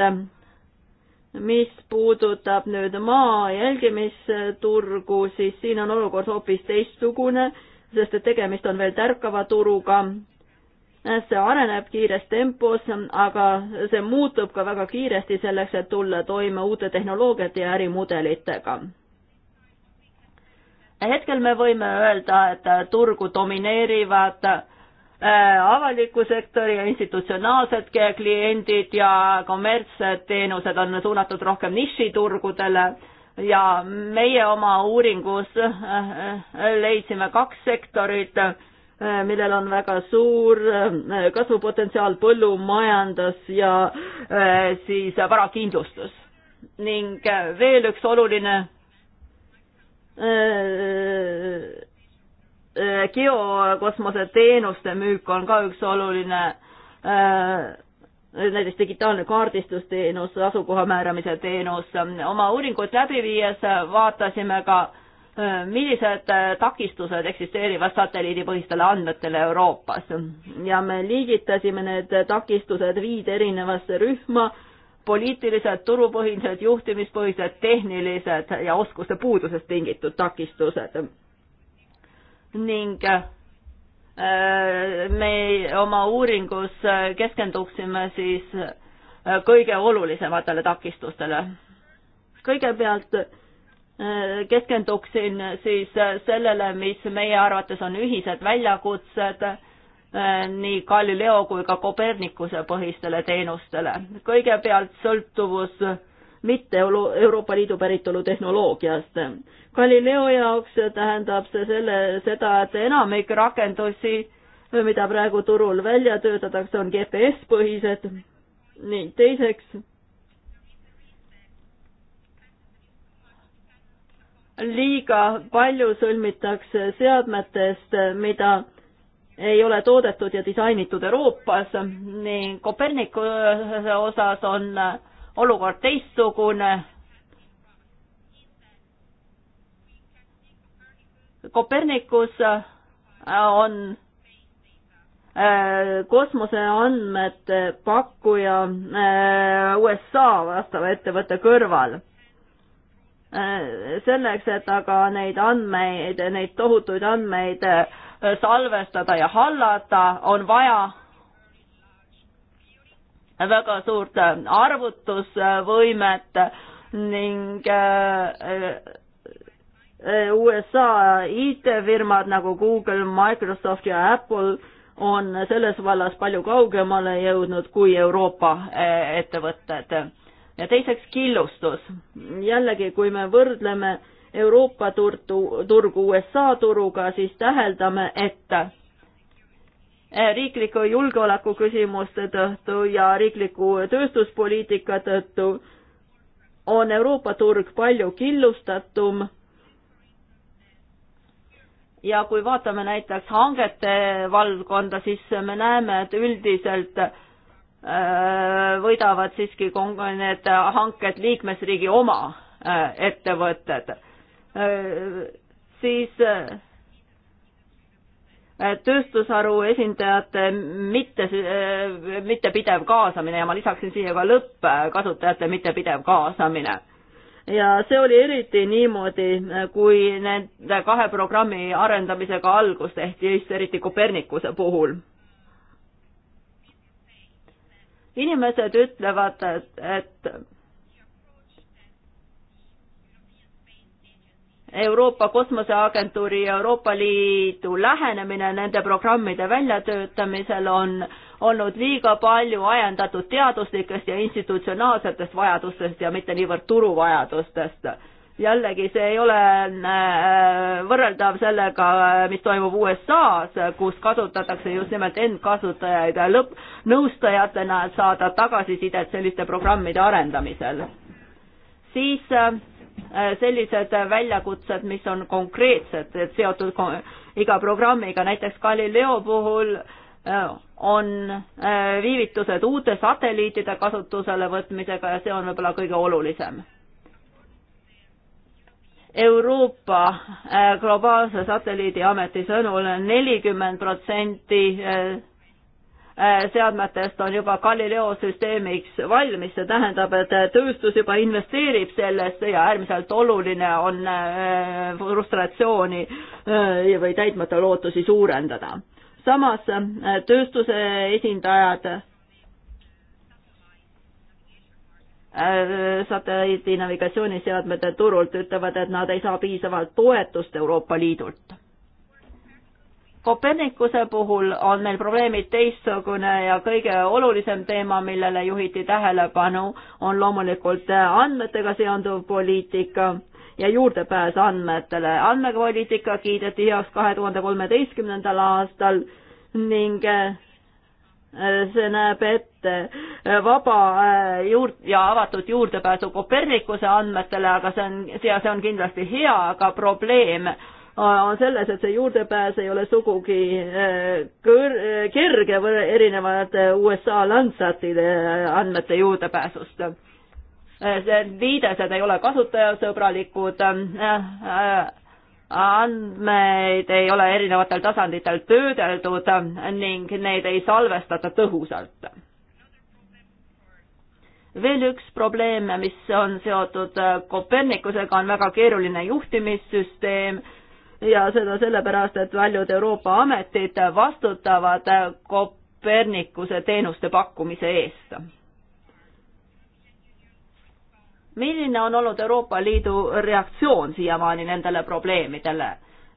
mis puudutab nüüd maa jälgimisturgu, siis siin on olukord hoopis teistsugune, sest et tegemist on veel tärkava turuga. see areneb kiires tempos, aga see muutub ka väga kiiresti selleks, et tulla toime uute tehnoloogiate ja ärimudelitega. hetkel me võime öelda, et turgu domineerivad Äh, avaliku sektori ja institutsionaalsed kliendid ja kommertsteenused on suunatud rohkem nišiturgudele ja meie oma uuringus äh, leidsime kaks sektorit, äh, millel on väga suur kasvupotentsiaal, põllumajandus ja siis varakindlustus. ning veel üks oluline Eh, geokosmoseteenuste müük on ka üks oluline eh, näiteks digitaalne kaardistusteenus, asukoha määramise teenus. oma uuringut läbi viies vaatasime ka, eh, millised takistused eksisteerivad satelliidipõhistele andmetele Euroopas ja me liigitasime need takistused viide erinevasse rühma, poliitilised, turupõhised, juhtimispõhised, tehnilised ja oskuste puudusest tingitud takistused ning äh, me oma uuringus äh, keskenduksime siis äh, kõige olulisematele takistustele. kõigepealt keskenduksin siis sellele, mis meie arvates on ühised väljakutsed nii Galileo kui ka Kopernikuse põhistele teenustele. kõigepealt sõltuvus mitte Euroopa Liidu päritolu tehnoloogiast. Galileo jaoks tähendab see selle, seda, et enamik rakendusi, mida praegu turul välja töötatakse, on GPS-põhised. nii, teiseks. liiga palju sõlmitakse seadmetest, mida ei ole toodetud ja disainitud Euroopas ning Copernicuse osas on olukord teistsugune Kopernikus äh, on äh, kosmoseandmete pakkuja äh, USA vastava ettevõtte kõrval. selleks, et aga neid andmeid, neid tohutuid andmeid salvestada ja hallata, on vaja väga suurt arvutusvõimet ning USA IT-firmad nagu Google, Microsoft ja Apple on selles vallas palju kaugemale jõudnud kui Euroopa e, ettevõtted. ja teiseks killustus. jällegi, kui me võrdleme Euroopa turgu, turgu USA turuga, siis täheldame, et e, riikliku julgeoleku küsimuste tõttu ja riikliku tööstuspoliitika tõttu on Euroopa turg palju killustatum ja kui vaatame näiteks hangete valdkonda, siis me näeme, et üldiselt äh, võidavad siiski need hanked liikmesriigi oma äh, ettevõtted. Äh, siis tööstusharu esindajate mitte, mittepidev kaasamine ja ma lisaksin siia ka lõppkasutajate mittepidev kaasamine ja see oli eriti niimoodi, äh, kui nende kahe programmi arendamisega algus tehti, just eriti Kopernikuse puhul. inimesed ütlevad, et, et Euroopa Kosmoseagentuuri ja Euroopa Liidu lähenemine nende programmide väljatöötamisel on äh, olnud liiga palju ajendatud teaduslikest ja institutsionaalsetest vajadustest ja mitte niivõrd turuvajadustest. jällegi, see ei ole äh, võrreldav sellega, mis toimub USA-s, kus kasutatakse just nimelt endkasutajaid lõpp, nõustajatena, et saada tagasisidet selliste programmide arendamisel. siis äh, sellised väljakutsed, mis on konkreetsed, seotud iga programmiga, näiteks Galileo puhul äh, Äh, on äh, viivitused uute satelliitide kasutusele võtmisega ja see on võib-olla kõige olulisem. Euroopa äh, globaalse satelliidiameti sõnul nelikümmend protsenti seadmetest on juba Galileo süsteemiks valmis, see tähendab, et tööstus juba investeerib sellesse ja äärmiselt oluline on frustratsiooni või täitmata lootusi suurendada samas äh, tööstuse esindajad äh, satelliidi navigatsiooniseadmete turult ütlevad, et nad ei saa piisavalt toetust Euroopa Liidult. Kopernikuse puhul on meil probleemid teistsugune ja kõige olulisem teema, millele juhiti tähelepanu, on loomulikult andmetega seonduv poliitika ja juurdepääs andmetele. andmepoliitika kiideti heaks kahe tuhande kolmeteistkümnendal aastal ning äh, see näeb ette äh, vaba äh, juur- ja avatud juurdepääsu Kopernikuse andmetele, aga see on, see on kindlasti hea, aga probleem on selles, et see juurdepääs ei ole sugugi kõr-, kerge erinevate USA Landsatide andmete juurdepääsust liidesed ei ole kasutajasõbralikud, äh, äh, andmeid ei ole erinevatel tasanditel töödeldud ning neid ei salvestata tõhusalt. veel üks probleem, mis on seotud äh, Kopernikusega, on väga keeruline juhtimissüsteem ja seda sellepärast, et paljud Euroopa ametid vastutavad Kopernikuse teenuste pakkumise eest milline on olnud Euroopa Liidu reaktsioon siiamaani nendele probleemidele?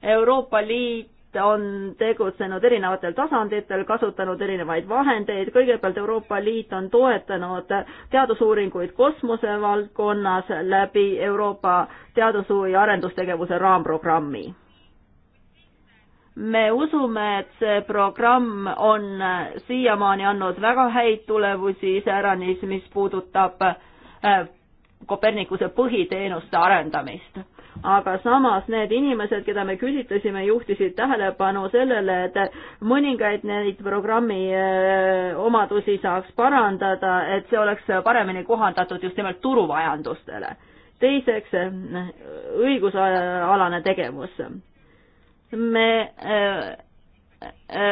Euroopa Liit on tegutsenud erinevatel tasanditel, kasutanud erinevaid vahendeid, kõigepealt Euroopa Liit on toetanud teadusuuringuid kosmosevaldkonnas läbi Euroopa teadus- ja arendustegevuse raamprogrammi. me usume, et see programm on siiamaani andnud väga häid tulemusi, iseäranis, mis puudutab äh, Kopernikuse põhiteenuste arendamist. aga samas need inimesed, keda me küsitlesime, juhtisid tähelepanu sellele, et mõningaid neid programmi eh, omadusi saaks parandada, et see oleks paremini kohandatud just nimelt turuvajandustele. teiseks, eh, õigusalane tegevus. me eh,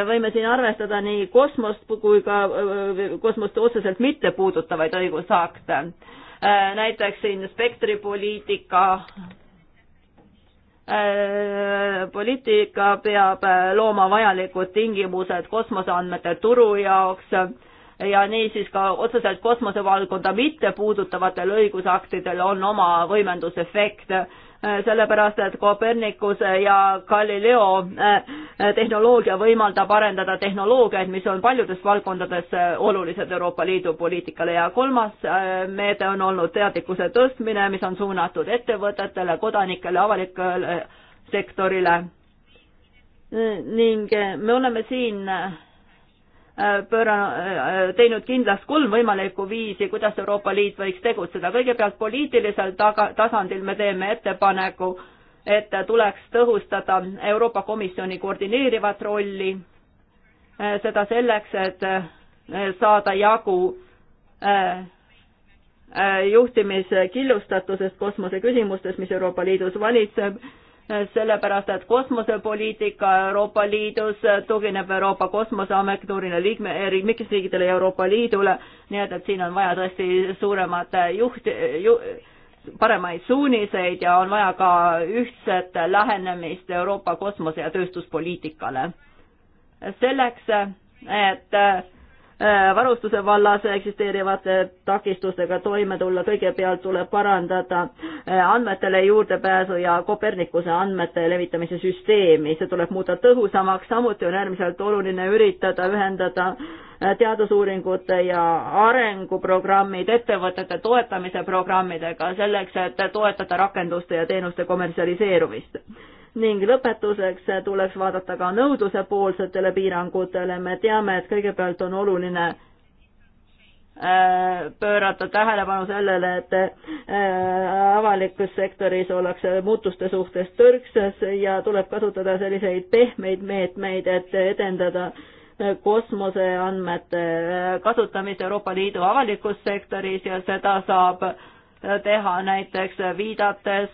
võime siin arvestada nii kosmost kui ka kosmost otseselt mitte puudutavaid õigusakte Äh, näiteks inspektoripoliitika äh, poliitika peab äh, looma vajalikud tingimused kosmoseandmete turu jaoks ja niisiis ka otseselt kosmosevaldkonda mitte puudutavatel õigusaktidel on oma võimendusefekt Äh, sellepärast et Copernicuse ja Galileo äh, äh, tehnoloogia võimaldab arendada tehnoloogiaid, mis on paljudes valdkondades olulised Euroopa Liidu poliitikale ja kolmas meede on olnud teadlikkuse tõstmine, mis on suunatud ettevõtetele, kodanikele, avalikele sektorile. ning me oleme siin pööra-, teinud kindlaks kolm võimalikku viisi, kuidas Euroopa Liit võiks tegutseda. kõigepealt poliitilisel taga, tasandil me teeme ettepaneku, et tuleks tõhustada Euroopa Komisjoni koordineerivat rolli, eh, seda selleks, et eh, saada jagu eh, juhtimiskillustatusest kosmoseküsimustes, mis Euroopa Liidus valitseb sellepärast et kosmosepoliitika Euroopa Liidus tugineb Euroopa Kosmoseagentuurile liikme, liikmesriigidele ja Euroopa Liidule, nii et, et siin on vaja tõesti suuremat juht ju,, paremaid suuniseid ja on vaja ka ühtset lähenemist Euroopa kosmose- ja tööstuspoliitikale. selleks, et Äh, varustuse vallas eksisteerivate takistustega toime tulla, kõigepealt tuleb parandada äh, andmetele juurdepääsu ja Kopernikuse andmete levitamise süsteemi, see tuleb muuta tõhusamaks, samuti on äärmiselt oluline üritada ühendada äh, teadusuuringute ja arenguprogrammid ettevõtete toetamise programmidega selleks, et toetada rakenduste ja teenuste kommertsialiseerumist ning lõpetuseks tuleks vaadata ka nõudlusepoolsetele piirangutele, me teame, et kõigepealt on oluline äh, pöörata tähelepanu sellele, et äh, avalikus sektoris ollakse muutuste suhtes tõrkses ja tuleb kasutada selliseid pehmeid meetmeid, et edendada äh, kosmoseandmete kasutamist Euroopa Liidu avalikus sektoris ja seda saab äh, teha, näiteks viidates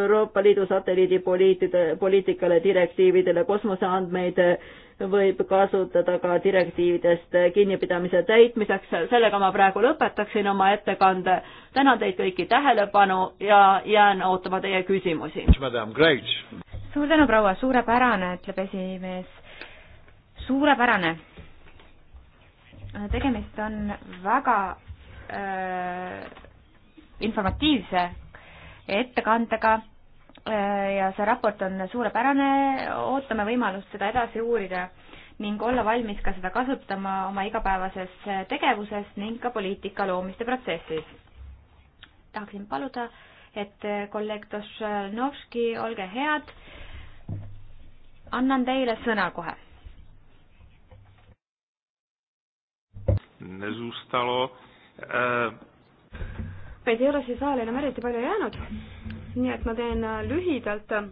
Euroopa Liidu satelliidipoliitikale, direktiividele, kosmoseandmeid võib kasutada ka direktiividest kinnipidamise täitmiseks. sellega ma praegu lõpetaksin oma ettekande. tänan teid kõiki tähelepanu ja jään ootama teie küsimusi. suur tänu, proua, suurepärane, ütleb esimees. suurepärane. tegemist on väga öö äh, informatiivse ettekandega äh, ja see raport on suurepärane, ootame võimalust seda edasi uurida ning olla valmis ka seda kasutama oma igapäevases tegevuses ning ka poliitika loomiste protsessis. tahaksin paluda, et kolleeg Došnovski, olge head, annan teile sõna kohe. Nezůstalo. Eh meid ei ole siia saali enam eriti palju jäänud, nii et ma teen äh, lühidalt äh,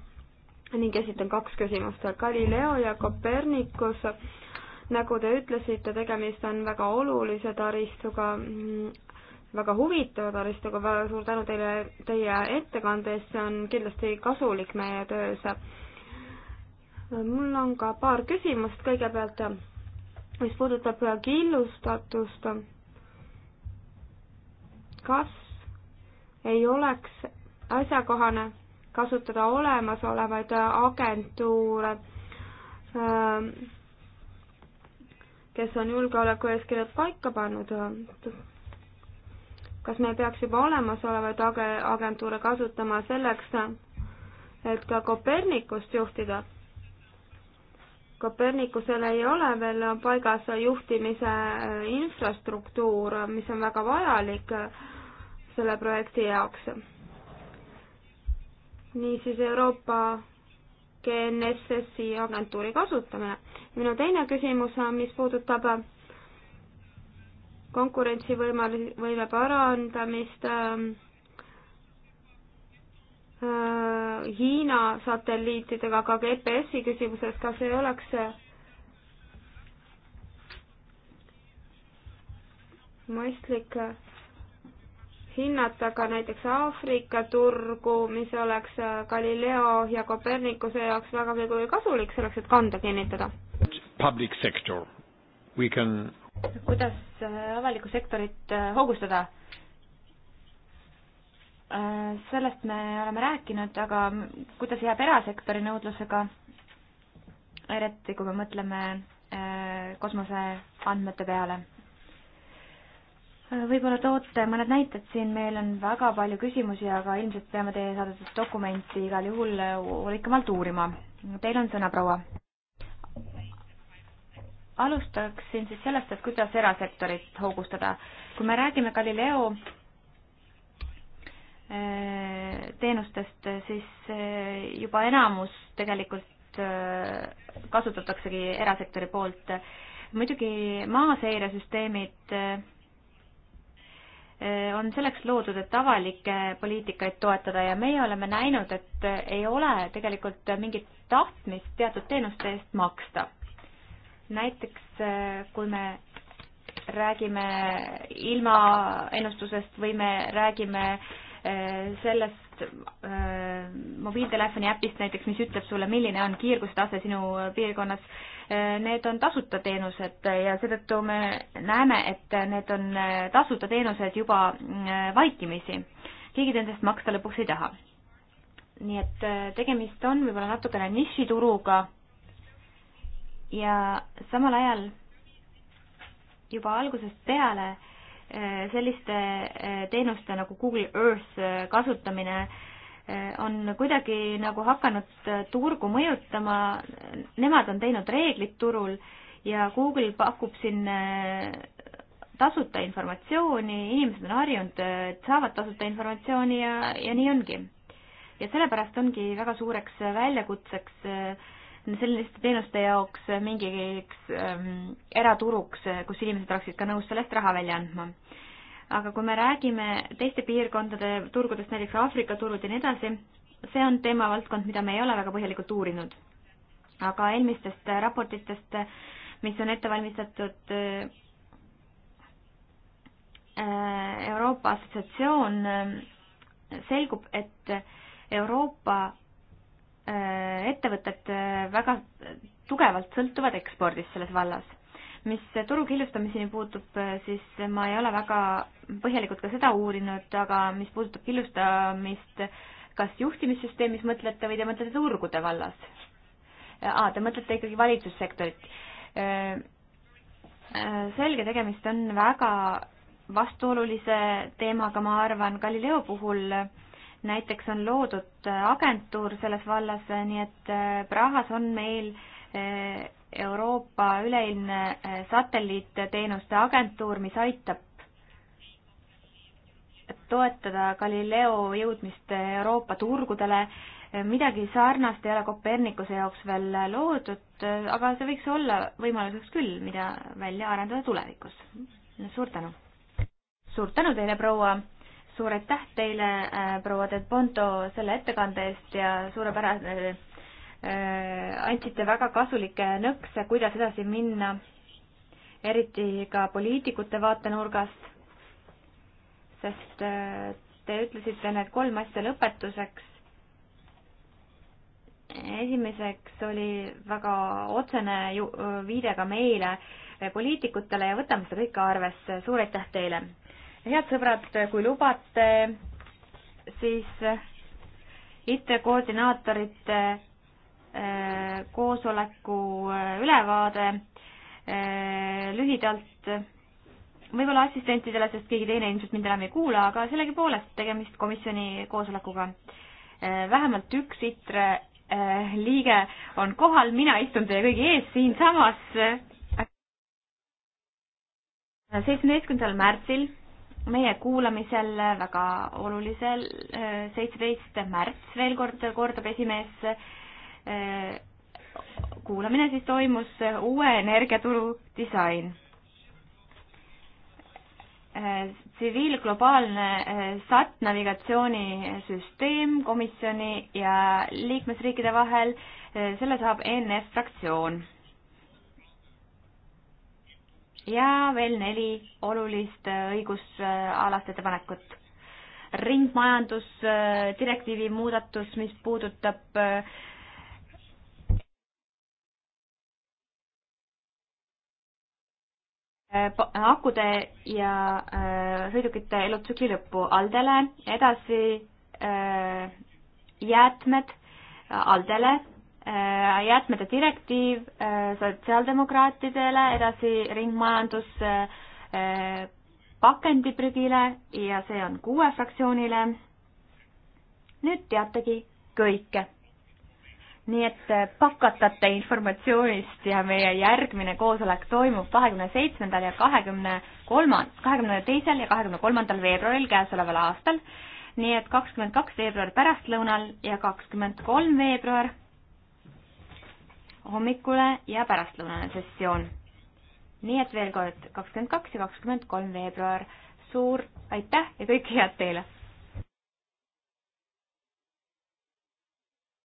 ning esitan kaks küsimust. Galileo ja Copernicus, nagu te ütlesite, tegemist on väga olulise taristuga, mm, väga huvitava taristuga, väga suur tänu teile, teie ettekande eest, see on kindlasti kasulik meie töös. mul on ka paar küsimust, kõigepealt mis puudutab killustatust, kas ei oleks asjakohane kasutada olemasolevaid agentuure, ähm, kes on julgeolekueeskirjad paika pannud. kas me peaks juba olemasolevaid age-, agentuure kasutama selleks, et ka Kopernikust juhtida? Kopernikusel ei ole veel paigas juhtimise äh, infrastruktuur, mis on väga vajalik äh, selle projekti jaoks. niisiis Euroopa GNSS-i agentuuri kasutamine. minu teine küsimus, mis puudutab konkurentsivõimal-, võime parandamist ähm, äh, Hiina satelliitidega, aga GPS-i küsimuses, kas ei oleks mõistlik hinnata ka näiteks Aafrika turgu, mis oleks äh, Galileo ja Copernicuse jaoks vägagi kui kasulik selleks, et kanda kinnitada. Public sector, we can. kuidas äh, avalikku sektorit äh, hoogustada? sellest me oleme rääkinud, aga kuidas jääb erasektori nõudlusega? eriti kui me mõtleme kosmoseandmete peale võib-olla toote mõned näited siin, meil on väga palju küsimusi, aga ilmselt peame teie saadetud dokumenti igal juhul äh, hoolikavalt uurima. Teil on sõna, proua. alustaksin siis sellest, et kuidas erasektorit hoogustada. kui me räägime Galileo äh, teenustest, siis äh, juba enamus tegelikult kasutataksegi erasektori poolt. muidugi maaseiresüsteemid Äh, on selleks loodud, et avalikke poliitikaid toetada ja meie oleme näinud, et äh, ei ole tegelikult mingit tahtmist teatud teenuste eest maksta. näiteks äh, kui me räägime ilmaennustusest või me räägime äh, Äh, sellest äh, mobiiltelefoni äpist näiteks, mis ütleb sulle, milline on kiirgustase sinu piirkonnas. Äh, need on tasuta teenused ja seetõttu me näeme, et need on tasuta teenused juba vaikimisi. keegi nendest maksta lõpuks ei taha. nii et tegemist on võib-olla natukene nišituruga ja samal ajal juba algusest peale äh, Äh, selliste äh, teenuste nagu Google Earth äh, kasutamine on kuidagi nagu hakanud turgu mõjutama, nemad on teinud reeglid turul ja Google pakub siin tasuta informatsiooni, inimesed on harjunud, et saavad tasuta informatsiooni ja, ja nii ongi. ja sellepärast ongi väga suureks väljakutseks äh, selliste teenuste jaoks mingiks ähm, eraturuks, kus inimesed oleksid ka nõus sellest raha välja andma. aga kui me räägime teiste piirkondade turgudest, näiteks Aafrika turud ja nii edasi, see on teemavaldkond, mida me ei ole väga põhjalikult uurinud. aga eelmistest raportitest, mis on ette valmistatud äh, Euroopa Assotsiatsioon, äh, selgub, et Euroopa Äh, ettevõtted äh, väga tugevalt sõltuvad ekspordist selles vallas. mis turu killustamiseni puutub, äh, siis ma ei ole väga põhjalikult ka seda uurinud, aga mis puudutab killustamist, kas juhtimissüsteemis mõtlete või te mõtlete turgude vallas? aa, te mõtlete ikkagi valitsussektorit. selge, tegemist on väga vastuolulise teemaga, ma arvan, Galileo puhul äh, näiteks on loodud äh, agentuur selles vallas, äh, nii et äh, Prahas on meil Euroopa üleilmne satelliitteenuste agentuur, mis aitab toetada Galileo jõudmist Euroopa turgudele. midagi sarnast ei ole Kopernikuse jaoks veel loodud, aga see võiks olla võimaluseks küll, mida välja arendada tulevikus. suur tänu! suur tänu teile, proua! suur aitäh teile, äh, proua Del Ponto, selle ettekande eest ja suurepärane äh,, andsite väga kasulikke nõkse, kuidas edasi minna, eriti ka poliitikute vaatenurgast, sest äh, te ütlesite need kolm asja lõpetuseks. esimeseks oli väga otsene ju, äh, viide ka meile, äh, poliitikutele ja võtame seda kõike arvesse, suur aitäh teile! head sõbrad, kui lubate, siis IT koordinaatorite äh, koosoleku äh, ülevaade äh, lühidalt, võib-olla assistentidele, sest keegi teine ilmselt mind enam ei kuula, aga sellegipoolest tegemist komisjoni koosolekuga. vähemalt üks ITRE liige on kohal, mina istun teie kõigi ees siinsamas. seitsmeteistkümnendal märtsil meie kuulamisel väga olulisel, äh, seitseteist märts, veel kord kordab esimees, äh, kuulamine siis toimus äh, uue energiaturu disain. tsiviilglobaalne SAT-navigatsioonisüsteem komisjoni ja liikmesriikide vahel, selle saab ENF fraktsioon ja veel neli olulist äh, õigusalast ettepanekut. ringmajandusdirektiivi äh, muudatus, mis puudutab äh, akude ja sõidukite elutsükli lõppu Aldele, edasi jäätmed Aldele Äh, jäätmete direktiiv äh, sotsiaaldemokraatidele, edasi ringmajandus äh, pakendiprügile ja see on kuue fraktsioonile. nüüd teategi kõike. nii et pakatate informatsioonist ja meie järgmine koosolek toimub kahekümne seitsmendal ja kahekümne kolma, kahekümne teisel ja kahekümne kolmandal veebruaril käesoleval aastal. nii et kakskümmend kaks veebruar pärastlõunal ja kakskümmend kolm veebruar hommikule ja pärastlõunane sessioon. nii et veel kord kakskümmend kaks ja kakskümmend kolm veebruar. suur aitäh ja kõike head teile!